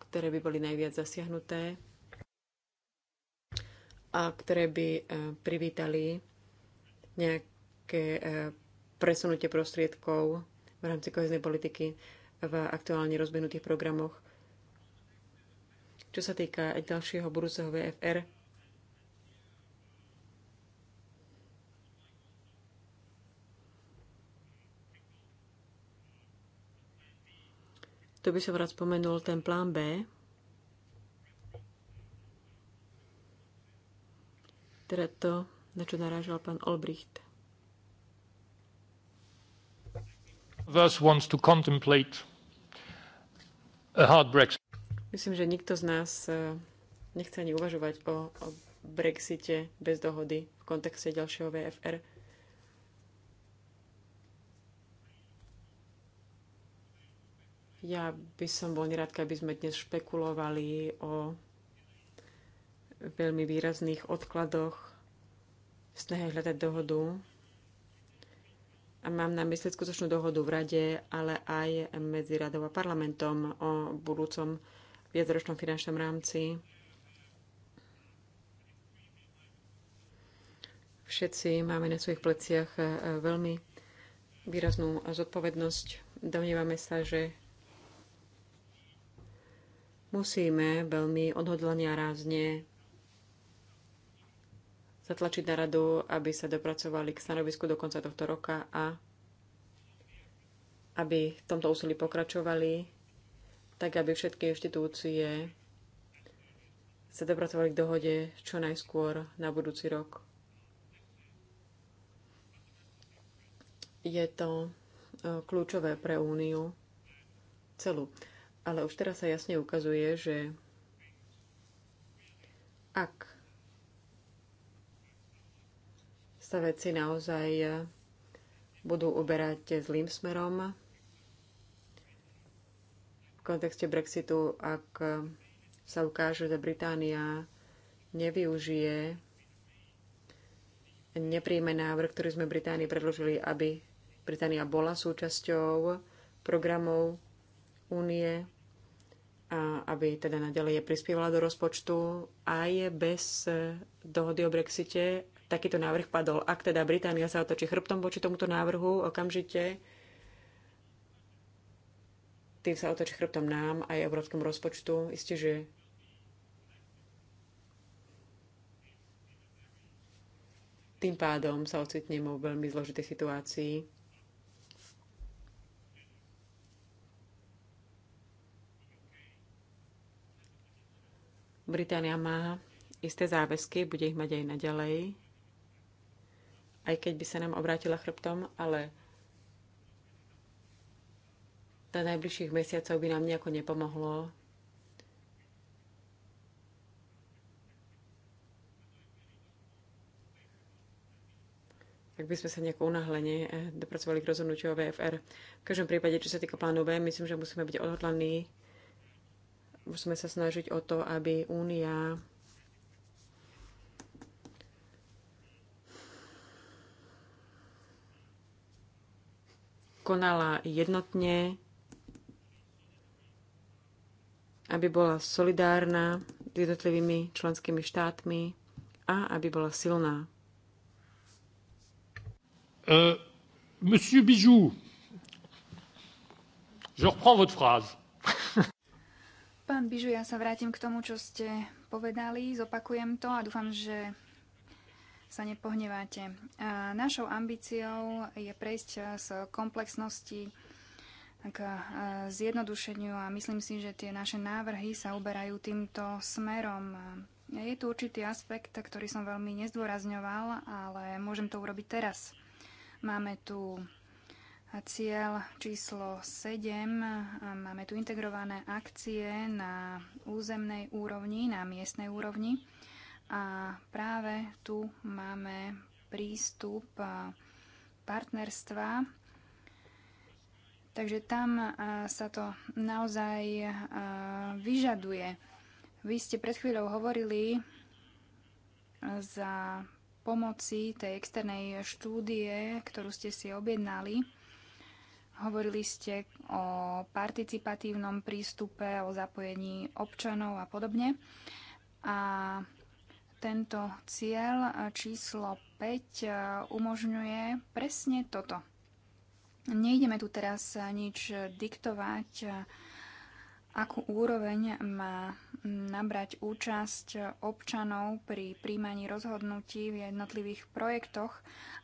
ktoré by boli najviac zasiahnuté a ktoré by eh, privítali nejak ke presunutie prostriedkov v rámci koheznej politiky v aktuálne rozbehnutých programoch. Čo sa týka ďalšieho budúceho VFR, tu by som rád spomenul ten plán B, teda to, na čo narážal pán Olbricht. Myslím, že nikto z nás eh, nechce ani uvažovať o, o Brexite bez dohody v kontexte ďalšieho VFR. Ja by som bol nerád, aby sme dnes špekulovali o veľmi výrazných odkladoch v snahe hľadať dohodu a mám na mysli skutočnú dohodu v rade, ale aj medzi radou a parlamentom o budúcom viacročnom finančnom rámci. Všetci máme na svojich pleciach e, veľmi výraznú zodpovednosť. Domnievame sa, že musíme veľmi odhodlania rázne zatlačiť na radu, aby sa dopracovali k stanovisku do konca tohto roka a aby v tomto úsilí pokračovali, tak aby všetky inštitúcie sa dopracovali k dohode čo najskôr na budúci rok. Je to e, kľúčové pre Úniu celú. Ale už teraz sa jasne ukazuje, že ak sa veci naozaj eh, budú uberať zlým smerom v kontexte Brexitu, ak eh, sa ukáže, že Británia nevyužije nepríjme návrh, ktorý sme Británii predložili, aby Británia bola súčasťou programov únie a aby teda naďalej prispievala do rozpočtu aj bez eh, dohody o Brexite takýto návrh padol. Ak teda Británia sa otočí chrbtom voči tomuto návrhu okamžite, tým sa otočí chrbtom nám aj európskom rozpočtu. Isté, že tým pádom sa ocitneme v veľmi zložitej situácii. Británia má isté záväzky, bude ich mať aj naďalej aj keď by sa nám obrátila chrbtom, ale na najbližších mesiacov by nám nejako nepomohlo. Ak by sme sa nejako unáhlene eh, dopracovali k rozhodnutiu o VFR. V každom prípade, čo sa týka plánu B, myslím, že musíme byť odhodlaní. Musíme sa snažiť o to, aby Únia konala jednotne, aby bola solidárna s jednotlivými členskými štátmi a aby bola silná. Uh, monsieur Bijou, je reprends votre phrase. Pán Bižu, ja sa vrátim k tomu, čo ste povedali, zopakujem to a dúfam, že sa nepohneváte. Našou ambíciou je prejsť e, z komplexnosti k e, zjednodušeniu a myslím si, že tie naše návrhy sa uberajú týmto smerom. E, je tu určitý aspekt, ktorý som veľmi nezdôrazňoval, ale môžem to urobiť teraz. Máme tu cieľ číslo 7, máme tu integrované akcie na územnej úrovni, na miestnej úrovni. A práve tu máme prístup partnerstva. Takže tam sa to naozaj vyžaduje. Vy ste pred chvíľou hovorili za pomoci tej externej štúdie, ktorú ste si objednali. Hovorili ste o participatívnom prístupe, o zapojení občanov a podobne. A tento cieľ e, číslo 5 e, umožňuje presne toto. Nejdeme tu teraz e, nič diktovať, akú úroveň má nabrať účasť občanov pri príjmaní rozhodnutí v jednotlivých projektoch,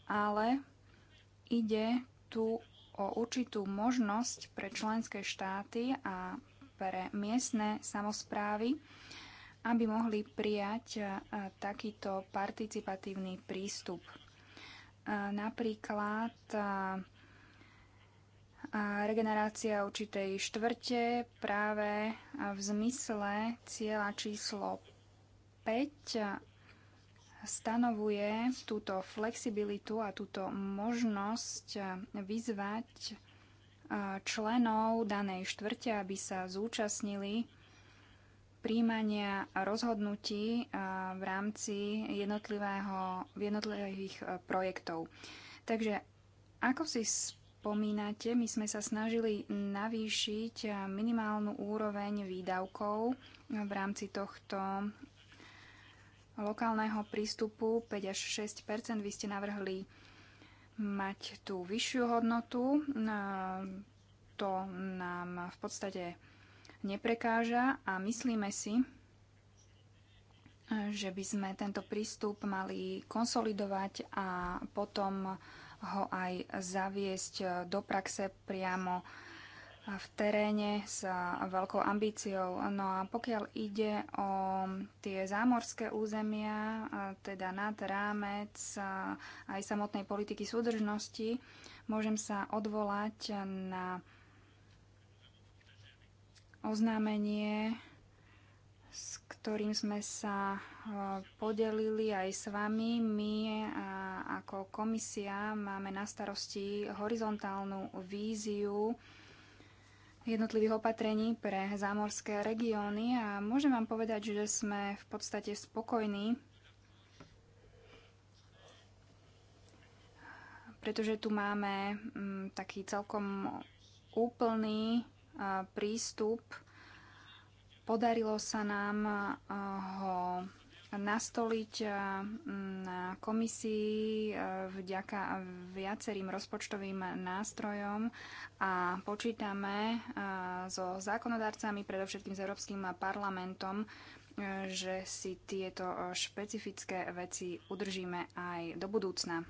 ale ide tu o určitú možnosť pre členské štáty a pre miestne samozprávy aby mohli prijať e, takýto participatívny prístup. E, napríklad e, regenerácia určitej štvrte práve v zmysle cieľa číslo 5 stanovuje túto flexibilitu a túto možnosť vyzvať členov danej štvrte, aby sa zúčastnili príjmania rozhodnutí v rámci jednotlivého, jednotlivých e, projektov. Takže ako si spomínate, my sme sa snažili navýšiť e, minimálnu úroveň výdavkov e, v rámci tohto lokálneho prístupu 5 až 6 Vy ste navrhli mať tú vyššiu hodnotu. To nám v podstate neprekáža a myslíme si, že by sme tento prístup mali konsolidovať a potom ho aj zaviesť do praxe priamo v teréne s veľkou ambíciou. No a pokiaľ ide o tie zámorské územia, teda nad rámec aj samotnej politiky súdržnosti, môžem sa odvolať na oznámenie, s ktorým sme sa e, podelili aj s vami. My e, ako komisia máme na starosti horizontálnu víziu jednotlivých opatrení pre zámorské regióny a môžem vám povedať, že sme v podstate spokojní, pretože tu máme mm, taký celkom úplný prístup. Podarilo sa nám ho nastoliť na komisii vďaka viacerým rozpočtovým nástrojom a počítame so zákonodarcami, predovšetkým s Európskym parlamentom, e, že si tieto špecifické veci udržíme aj do budúcna.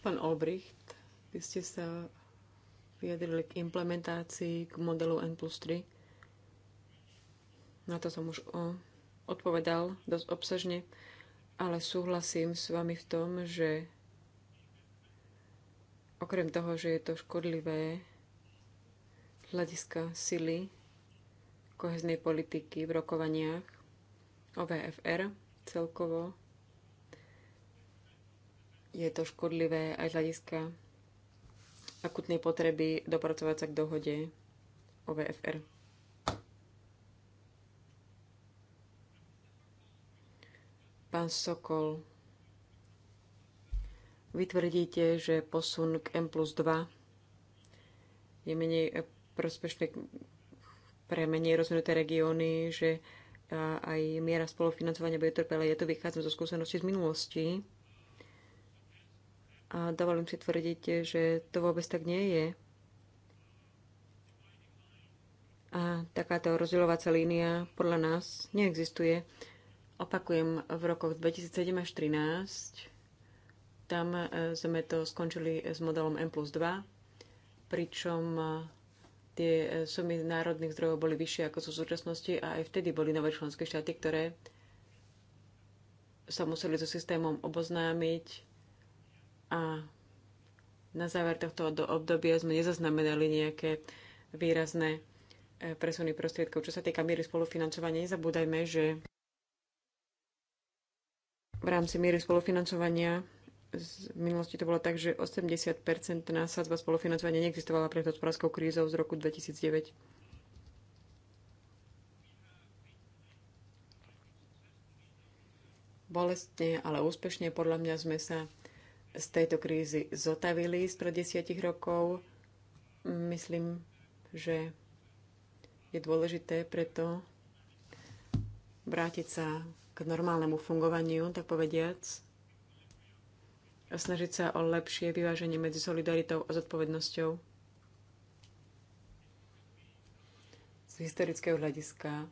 Pán Olbricht, vy ste sa vyjadrili k implementácii, k modelu N plus 3. Na to som už odpovedal dosť obsažne, ale súhlasím s vami v tom, že okrem toho, že je to škodlivé z hľadiska sily koheznej politiky v rokovaniach o VFR celkovo, je to škodlivé aj z hľadiska akutnej potreby dopracovať sa k dohode o VFR. Pán Sokol, vy tvrdíte, že posun k M plus 2 je menej prospešný pre menej rozvinuté regióny, že aj miera spolufinancovania bude trpela. Je to vychádzam zo skúsenosti z minulosti. A dovolím si tvrdiť, že to vôbec tak nie je. A takáto rozdielovacia línia podľa nás neexistuje. Opakujem, v rokoch 2007 až 2013 tam e, sme to skončili s modelom M plus 2, pričom e, tie e, sumy národných zdrojov boli vyššie ako sú v súčasnosti a aj vtedy boli nové členské štáty, ktoré sa museli so systémom oboznámiť a na záver tohto obdobia sme nezaznamenali nejaké výrazné e, presuny prostriedkov. Čo sa týka miery spolufinancovania, nezabúdajme, že v rámci miery spolufinancovania z minulosti to bolo tak, že 80-percentná sadzba spolufinancovania neexistovala pred hospodárskou krízou z roku 2009. Bolestne, ale úspešne podľa mňa sme sa z tejto krízy zotavili spred desiatich rokov. Myslím, že je dôležité preto vrátiť sa k normálnemu fungovaniu, tak povediac, a snažiť sa o lepšie vyváženie medzi solidaritou a zodpovednosťou. Z historického hľadiska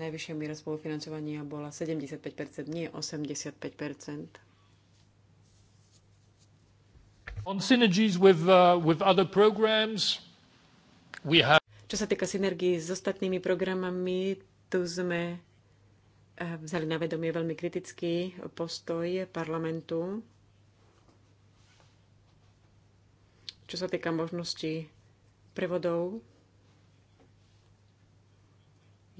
najvyššia miera spolufinancovania bola 75%, nie 85%. On synergies with, uh, with other programs, we have... Čo sa týka synergii s ostatnými programami, tu sme eh, vzali na vedomie veľmi kritický postoj parlamentu, čo sa týka možnosti prevodov,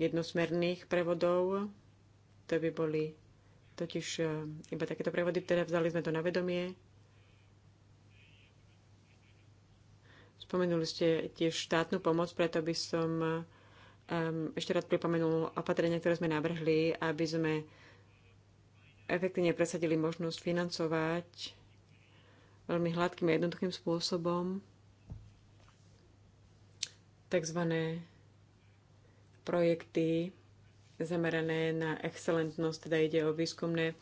jednosmerných prevodov, to by boli totiž eh, iba takéto prevody, ktoré vzali sme to na vedomie. Spomenuli ste tiež štátnu pomoc, preto by som ešte rád pripomenul opatrenia, ktoré sme navrhli, aby sme efektívne presadili možnosť financovať veľmi hladkým a jednoduchým spôsobom tzv. projekty zamerané na excelentnosť, teda ide o výskumné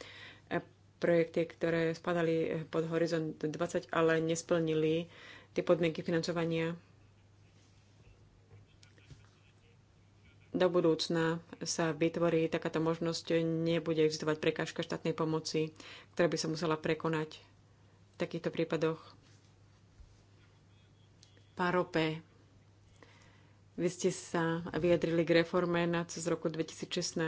eh, projekty, ktoré spadali eh, pod horizont 20, ale nesplnili tie podmienky financovania. Do budúcna sa vytvorí takáto možnosť, nebude existovať prekážka štátnej pomoci, ktorá by sa musela prekonať v takýchto prípadoch. Parope. Vy ste sa vyjadrili k reforme na cez roku 2016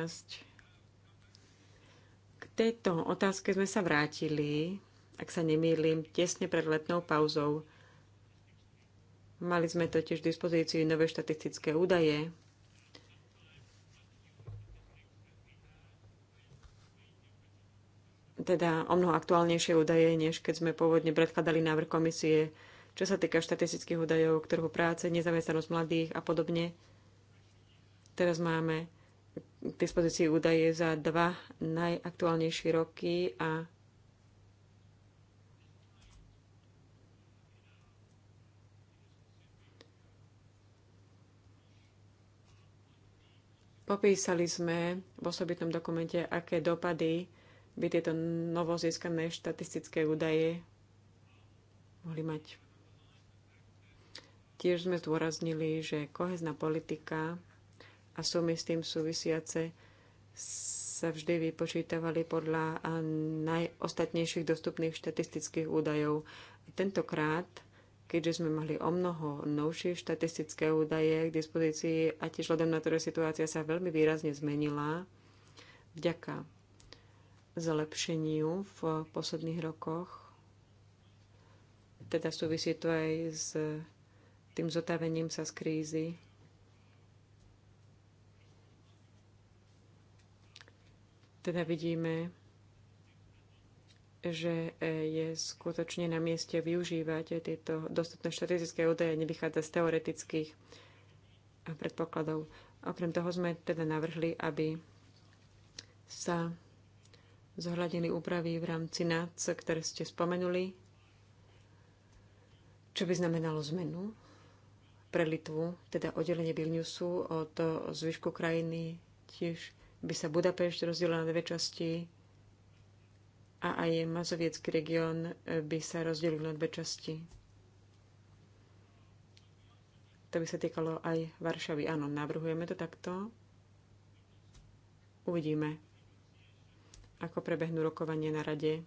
K tejto otázke sme sa vrátili, ak sa nemýlim, tesne pred letnou pauzou. Mali sme totiž v dispozícii nové štatistické údaje. Teda o mnoho aktuálnejšie údaje, než keď sme pôvodne predkladali návrh komisie, čo sa týka štatistických údajov, trhu práce, nezamestnanosť mladých a podobne. Teraz máme k dispozícii údaje za dva najaktuálnejšie roky a Popísali sme v osobitnom dokumente, aké dopady by tieto novozískané štatistické údaje mohli mať. Tiež sme zdôraznili, že kohezná politika a sumy s tým súvisiace sa vždy vypočítavali podľa najostatnejších dostupných štatistických údajov. Tentokrát keďže sme mali o mnoho novšie štatistické údaje k dispozícii a tiež hľadom na to, že situácia sa veľmi výrazne zmenila vďaka zlepšeniu v posledných rokoch. Teda súvisí to aj s tým zotavením sa z krízy. Teda vidíme, že e, je skutočne na mieste využívať tieto dostupné štatistické údaje, nevychádza z teoretických e, predpokladov. Okrem toho sme teda navrhli, aby sa zohľadili úpravy v rámci NAC, ktoré ste spomenuli, čo by znamenalo zmenu pre Litvu, teda oddelenie Vilniusu od zvyšku krajiny, tiež by sa Budapešť rozdielala na dve časti, a aj mazoviecký región eh, by sa rozdelil na dve časti. To by sa týkalo aj Varšavy. Áno, navrhujeme to takto. Uvidíme, ako prebehnú rokovanie na rade.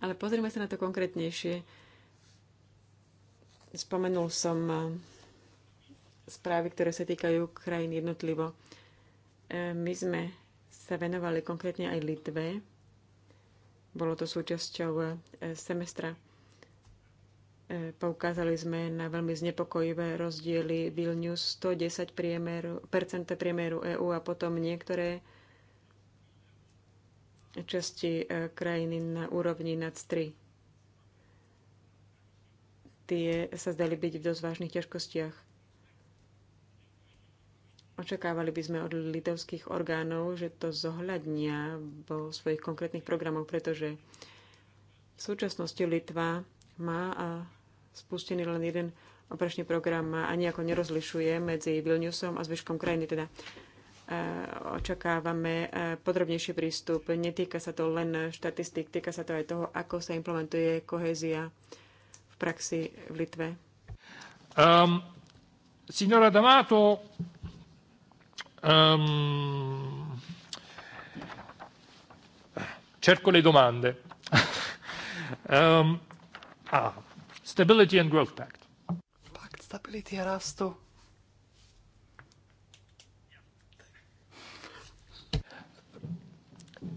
Ale pozrieme sa na to konkrétnejšie. Spomenul som eh, správy, ktoré sa týkajú krajín jednotlivo. E, my sme sa venovali konkrétne aj Litve. Bolo to súčasťou e, semestra. E, poukázali sme na veľmi znepokojivé rozdiely Vilnius 110 priemeru, percenta priemeru EÚ a potom niektoré časti krajiny na úrovni nad 3. Tie sa zdali byť v dosť vážnych ťažkostiach Očakávali by sme od litovských orgánov, že to zohľadnia vo svojich konkrétnych programoch, pretože v súčasnosti Litva má a spustený len jeden operačný program a ako nerozlišuje medzi Vilniusom a zvyškom krajiny. Teda e, očakávame e, podrobnejší prístup. Netýka sa to len štatistik, týka sa to aj toho, ako sa implementuje kohézia v praxi v Litve. Um, signora D'Amato Um, cerco le domande. um, (laughs) ah, Stability and Growth Pact. Pact stability a rastu.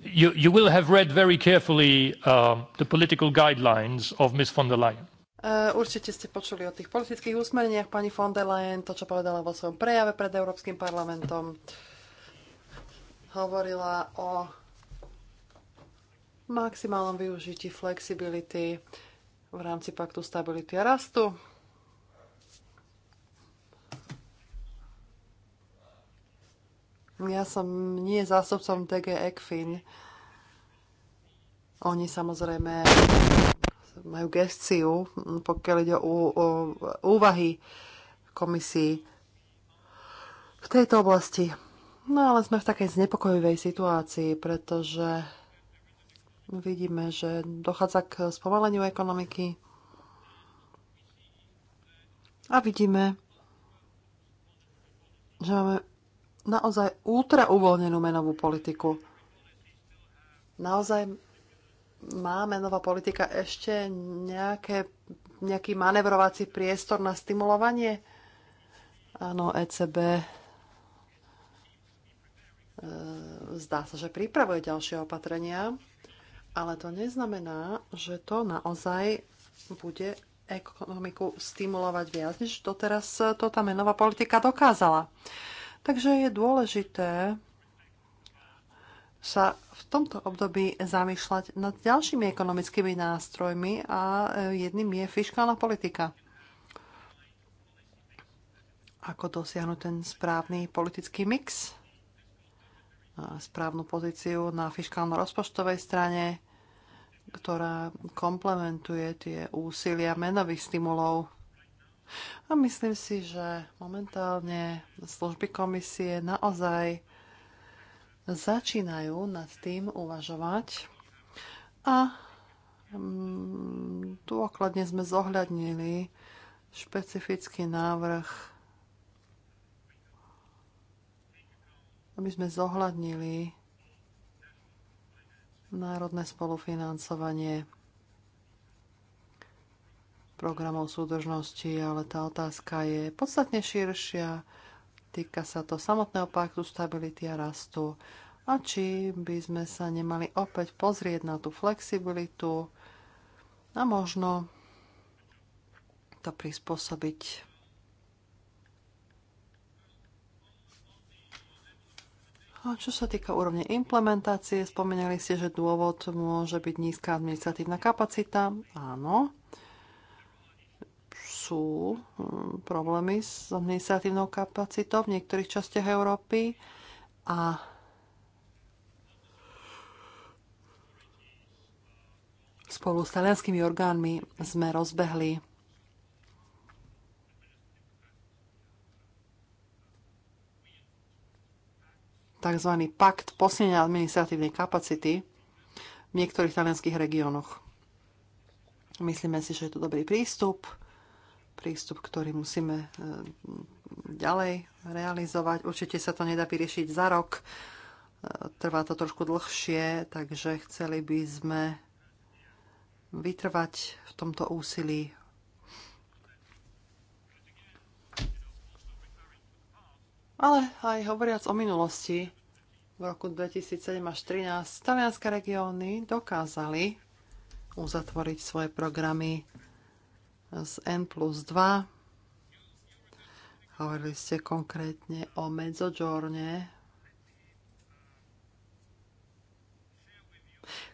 You, you will have read very carefully uh, the political guidelines of Ms. von der Leyen Eh, určite ste počuli o tých politických úsmereniach pani von der Leyen, to, čo povedala vo svojom prejave pred Európskym parlamentom. Hovorila o maximálnom využití flexibility v rámci paktu stability a rastu. Ja som nie zásobcom DG ECFIN. Oni samozrejme majú gestiu, pokiaľ ide o, o úvahy komisii v tejto oblasti. No ale sme v takej znepokojivej situácii, pretože vidíme, že dochádza k spomaleniu ekonomiky a vidíme, že máme naozaj ultra uvoľnenú menovú politiku. Naozaj má menová politika ešte nejaké, nejaký manevrovací priestor na stimulovanie? Áno, ECB e, zdá sa, že pripravuje ďalšie opatrenia, ale to neznamená, že to naozaj bude ekonomiku stimulovať viac, než doteraz to tá menová politika dokázala. Takže je dôležité sa v tomto období zamýšľať nad ďalšími ekonomickými nástrojmi a e, jedným je fiskálna politika. Ako dosiahnuť ten správny politický mix, správnu pozíciu na fiskálno-rozpočtovej strane, ktorá komplementuje tie úsilia menových stimulov. A myslím si, že momentálne služby komisie naozaj začínajú nad tým uvažovať a mm, dôkladne sme zohľadnili špecifický návrh, aby sme zohľadnili národné spolufinancovanie programov súdržnosti, ale tá otázka je podstatne širšia Týka sa to samotného paktu stability a rastu. A či by sme sa nemali opäť pozrieť na tú flexibilitu a možno to prispôsobiť A čo sa týka úrovne implementácie, spomínali ste, že dôvod môže byť nízka administratívna kapacita. Áno sú hm, problémy s administratívnou kapacitou v niektorých častiach Európy a spolu s talianskými orgánmi sme rozbehli tzv. pakt posilnenia administratívnej kapacity v niektorých talianských regiónoch. Myslíme si, že je to dobrý prístup prístup, ktorý musíme e, ďalej realizovať. Určite sa to nedá vyriešiť za rok. E, trvá to trošku dlhšie, takže chceli by sme vytrvať v tomto úsilí. Ale aj hovoriac o minulosti, v roku 2007 až 2013 talianské regióny dokázali uzatvoriť svoje programy z N plus 2. Hovorili ste konkrétne o medzodžorne.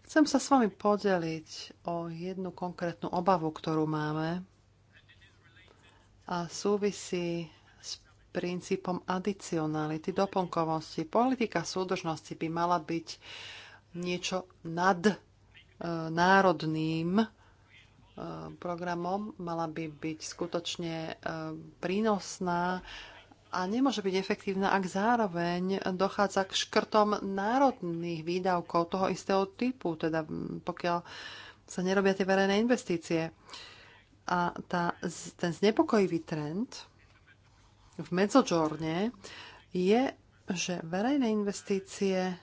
Chcem sa s vami podeliť o jednu konkrétnu obavu, ktorú máme a súvisí s princípom adicionality, doplnkovosti. Politika súdržnosti by mala byť niečo nad e, národným programom mala by byť skutočne e, prínosná a nemôže byť efektívna, ak zároveň dochádza k škrtom národných výdavkov toho istého typu, teda pokiaľ sa nerobia tie verejné investície. A tá, ten znepokojivý trend v medzodžorne je, že verejné investície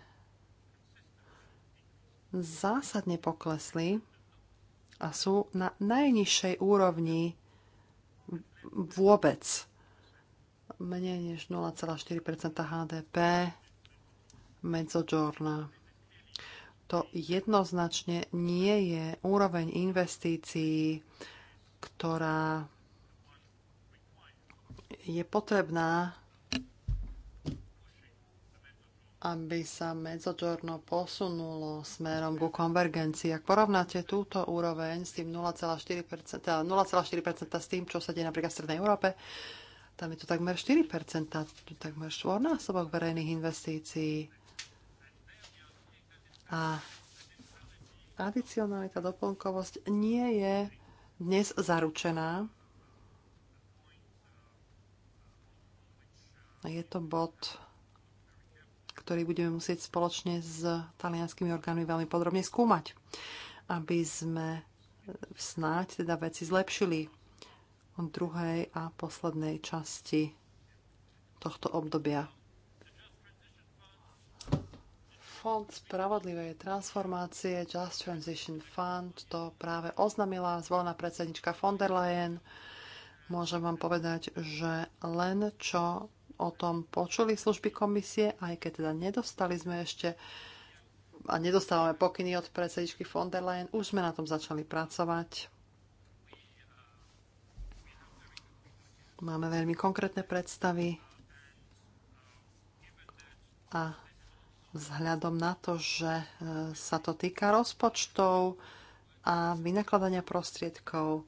zásadne poklesli a sú na najnižšej úrovni vôbec. Menej než 0,4 HDP medzodžorna. To jednoznačne nie je úroveň investícií, ktorá je potrebná aby sa medzočorno posunulo smerom ku konvergencii. Ak porovnáte túto úroveň s tým 0,4%, 0,4% teda s tým, čo sa deje napríklad v Strednej Európe, tam je to takmer 4%, takmer štvornásobok verejných investícií. A adicionalita, doplnkovosť nie je dnes zaručená. Je to bod, ktorý budeme musieť spoločne s talianskými orgánmi veľmi podrobne skúmať, aby sme e, snáď teda veci zlepšili v druhej a poslednej časti tohto obdobia. Fond spravodlivej transformácie Just Transition Fund to práve oznamila zvolená predsednička von der Leyen. Môžem vám povedať, že len čo o tom počuli služby komisie, aj keď teda nedostali sme ešte a nedostávame pokyny od predsedičky von der Leyen, už sme na tom začali pracovať. Máme veľmi konkrétne predstavy a vzhľadom na to, že e, sa to týka rozpočtov a vynakladania prostriedkov,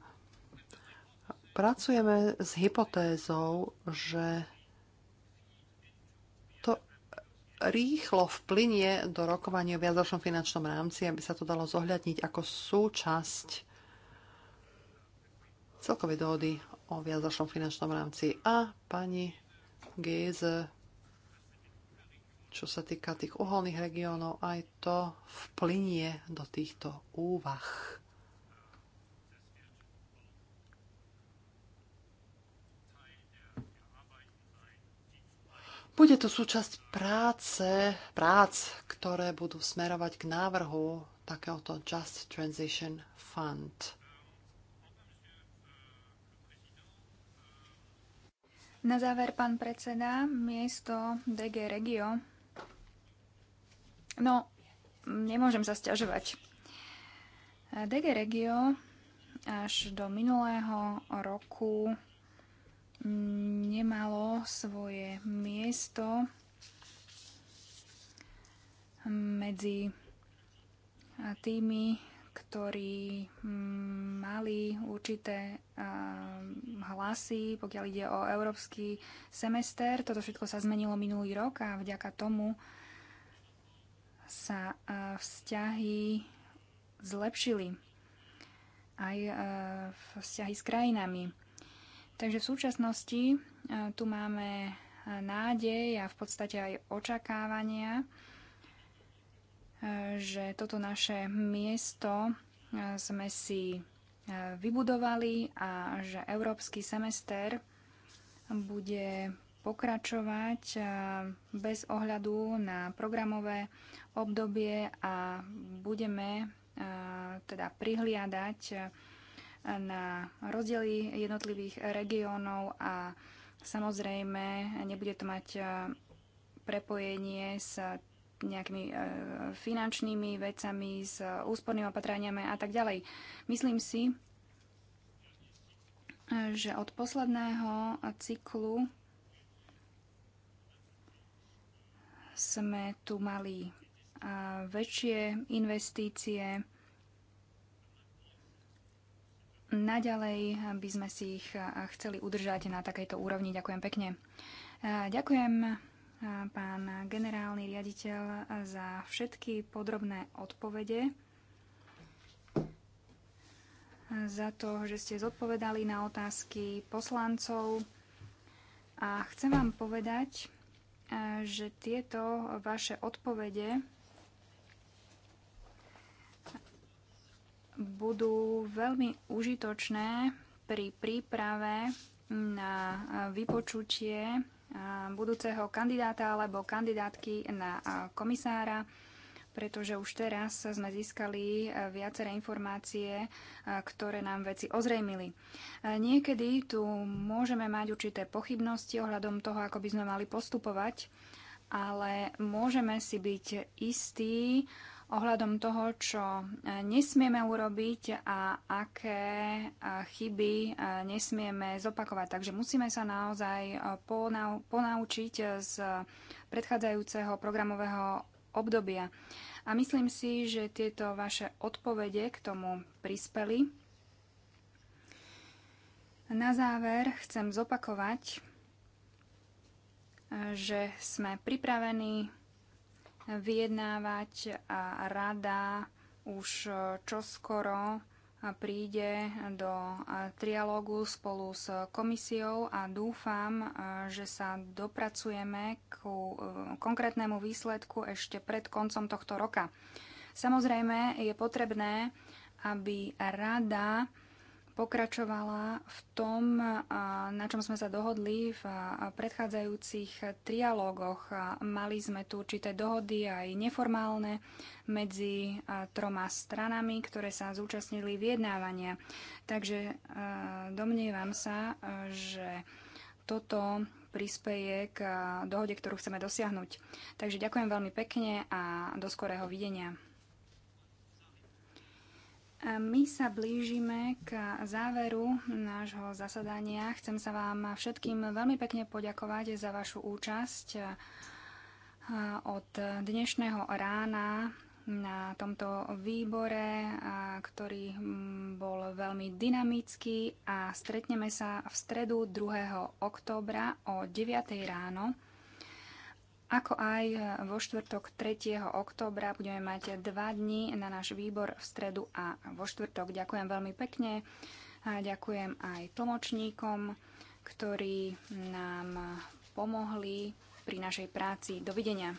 pracujeme s hypotézou, že rýchlo vplynie do rokovania o viacročnom finančnom rámci, aby sa to dalo zohľadniť ako súčasť celkovej dohody o viacročnom finančnom rámci. A pani Géze, čo sa týka tých uholných regiónov, aj to vplynie do týchto úvah. Bude to súčasť práce, prác, ktoré budú smerovať k návrhu takéhoto Just Transition Fund. Na záver, pán predseda, miesto DG Regio. No, nemôžem sa stiažovať. DG Regio až do minulého roku nemalo svoje miesto medzi tými, ktorí mm, mali určité hlasy, pokiaľ ide o európsky semester. Toto všetko sa zmenilo minulý rok a vďaka tomu sa vzťahy zlepšili aj vzťahy s krajinami. Takže v súčasnosti e, tu máme e, nádej a v podstate aj očakávania, e, že toto naše miesto sme si vybudovali a že európsky semester bude pokračovať bez ohľadu na programové obdobie a budeme teda prihliadať na rozdiely jednotlivých regiónov a samozrejme nebude to mať e, prepojenie s nejakými e, finančnými vecami, s úspornými opatreniami a tak ďalej. Myslím si, že od posledného cyklu sme tu mali e, väčšie investície, Naďalej by sme si ich chceli udržať na takejto úrovni. Ďakujem pekne. Ďakujem pán generálny riaditeľ za všetky podrobné odpovede, za to, že ste zodpovedali na otázky poslancov. A chcem vám povedať, že tieto vaše odpovede budú veľmi užitočné pri príprave na vypočutie budúceho kandidáta alebo kandidátky na komisára, pretože už teraz sme získali viaceré informácie, ktoré nám veci ozrejmili. Niekedy tu môžeme mať určité pochybnosti ohľadom toho, ako by sme mali postupovať, ale môžeme si byť istí, ohľadom toho, čo e, nesmieme urobiť a aké e, chyby e, nesmieme zopakovať. Takže musíme sa naozaj ponaučiť z predchádzajúceho programového obdobia. A myslím si, že tieto vaše odpovede k tomu prispeli. Na záver chcem zopakovať, že sme pripravení vyjednávať a rada už eh, čoskoro eh, príde do eh, trialógu spolu s komisiou a dúfam, že sa dopracujeme ku konkrétnemu výsledku ešte pred koncom tohto roka. Samozrejme je potrebné, aby rada pokračovala v tom, na čom sme sa dohodli v predchádzajúcich trialógoch. Mali sme tu určité dohody aj neformálne medzi troma stranami, ktoré sa zúčastnili vyjednávania. Takže domnievam sa, že toto prispeje k dohode, ktorú chceme dosiahnuť. Takže ďakujem veľmi pekne a do skorého videnia. My sa blížime k záveru nášho zasadania. Chcem sa vám všetkým veľmi pekne poďakovať za vašu účasť od dnešného rána na tomto výbore, ktorý bol veľmi dynamický a stretneme sa v stredu 2. oktobra o 9. ráno. Ako aj e, vo štvrtok 3. októbra budeme mať dva dní na náš výbor v stredu a vo štvrtok. Ďakujem veľmi pekne a ďakujem aj tlmočníkom, ktorí nám pomohli pri našej práci. Dovidenia.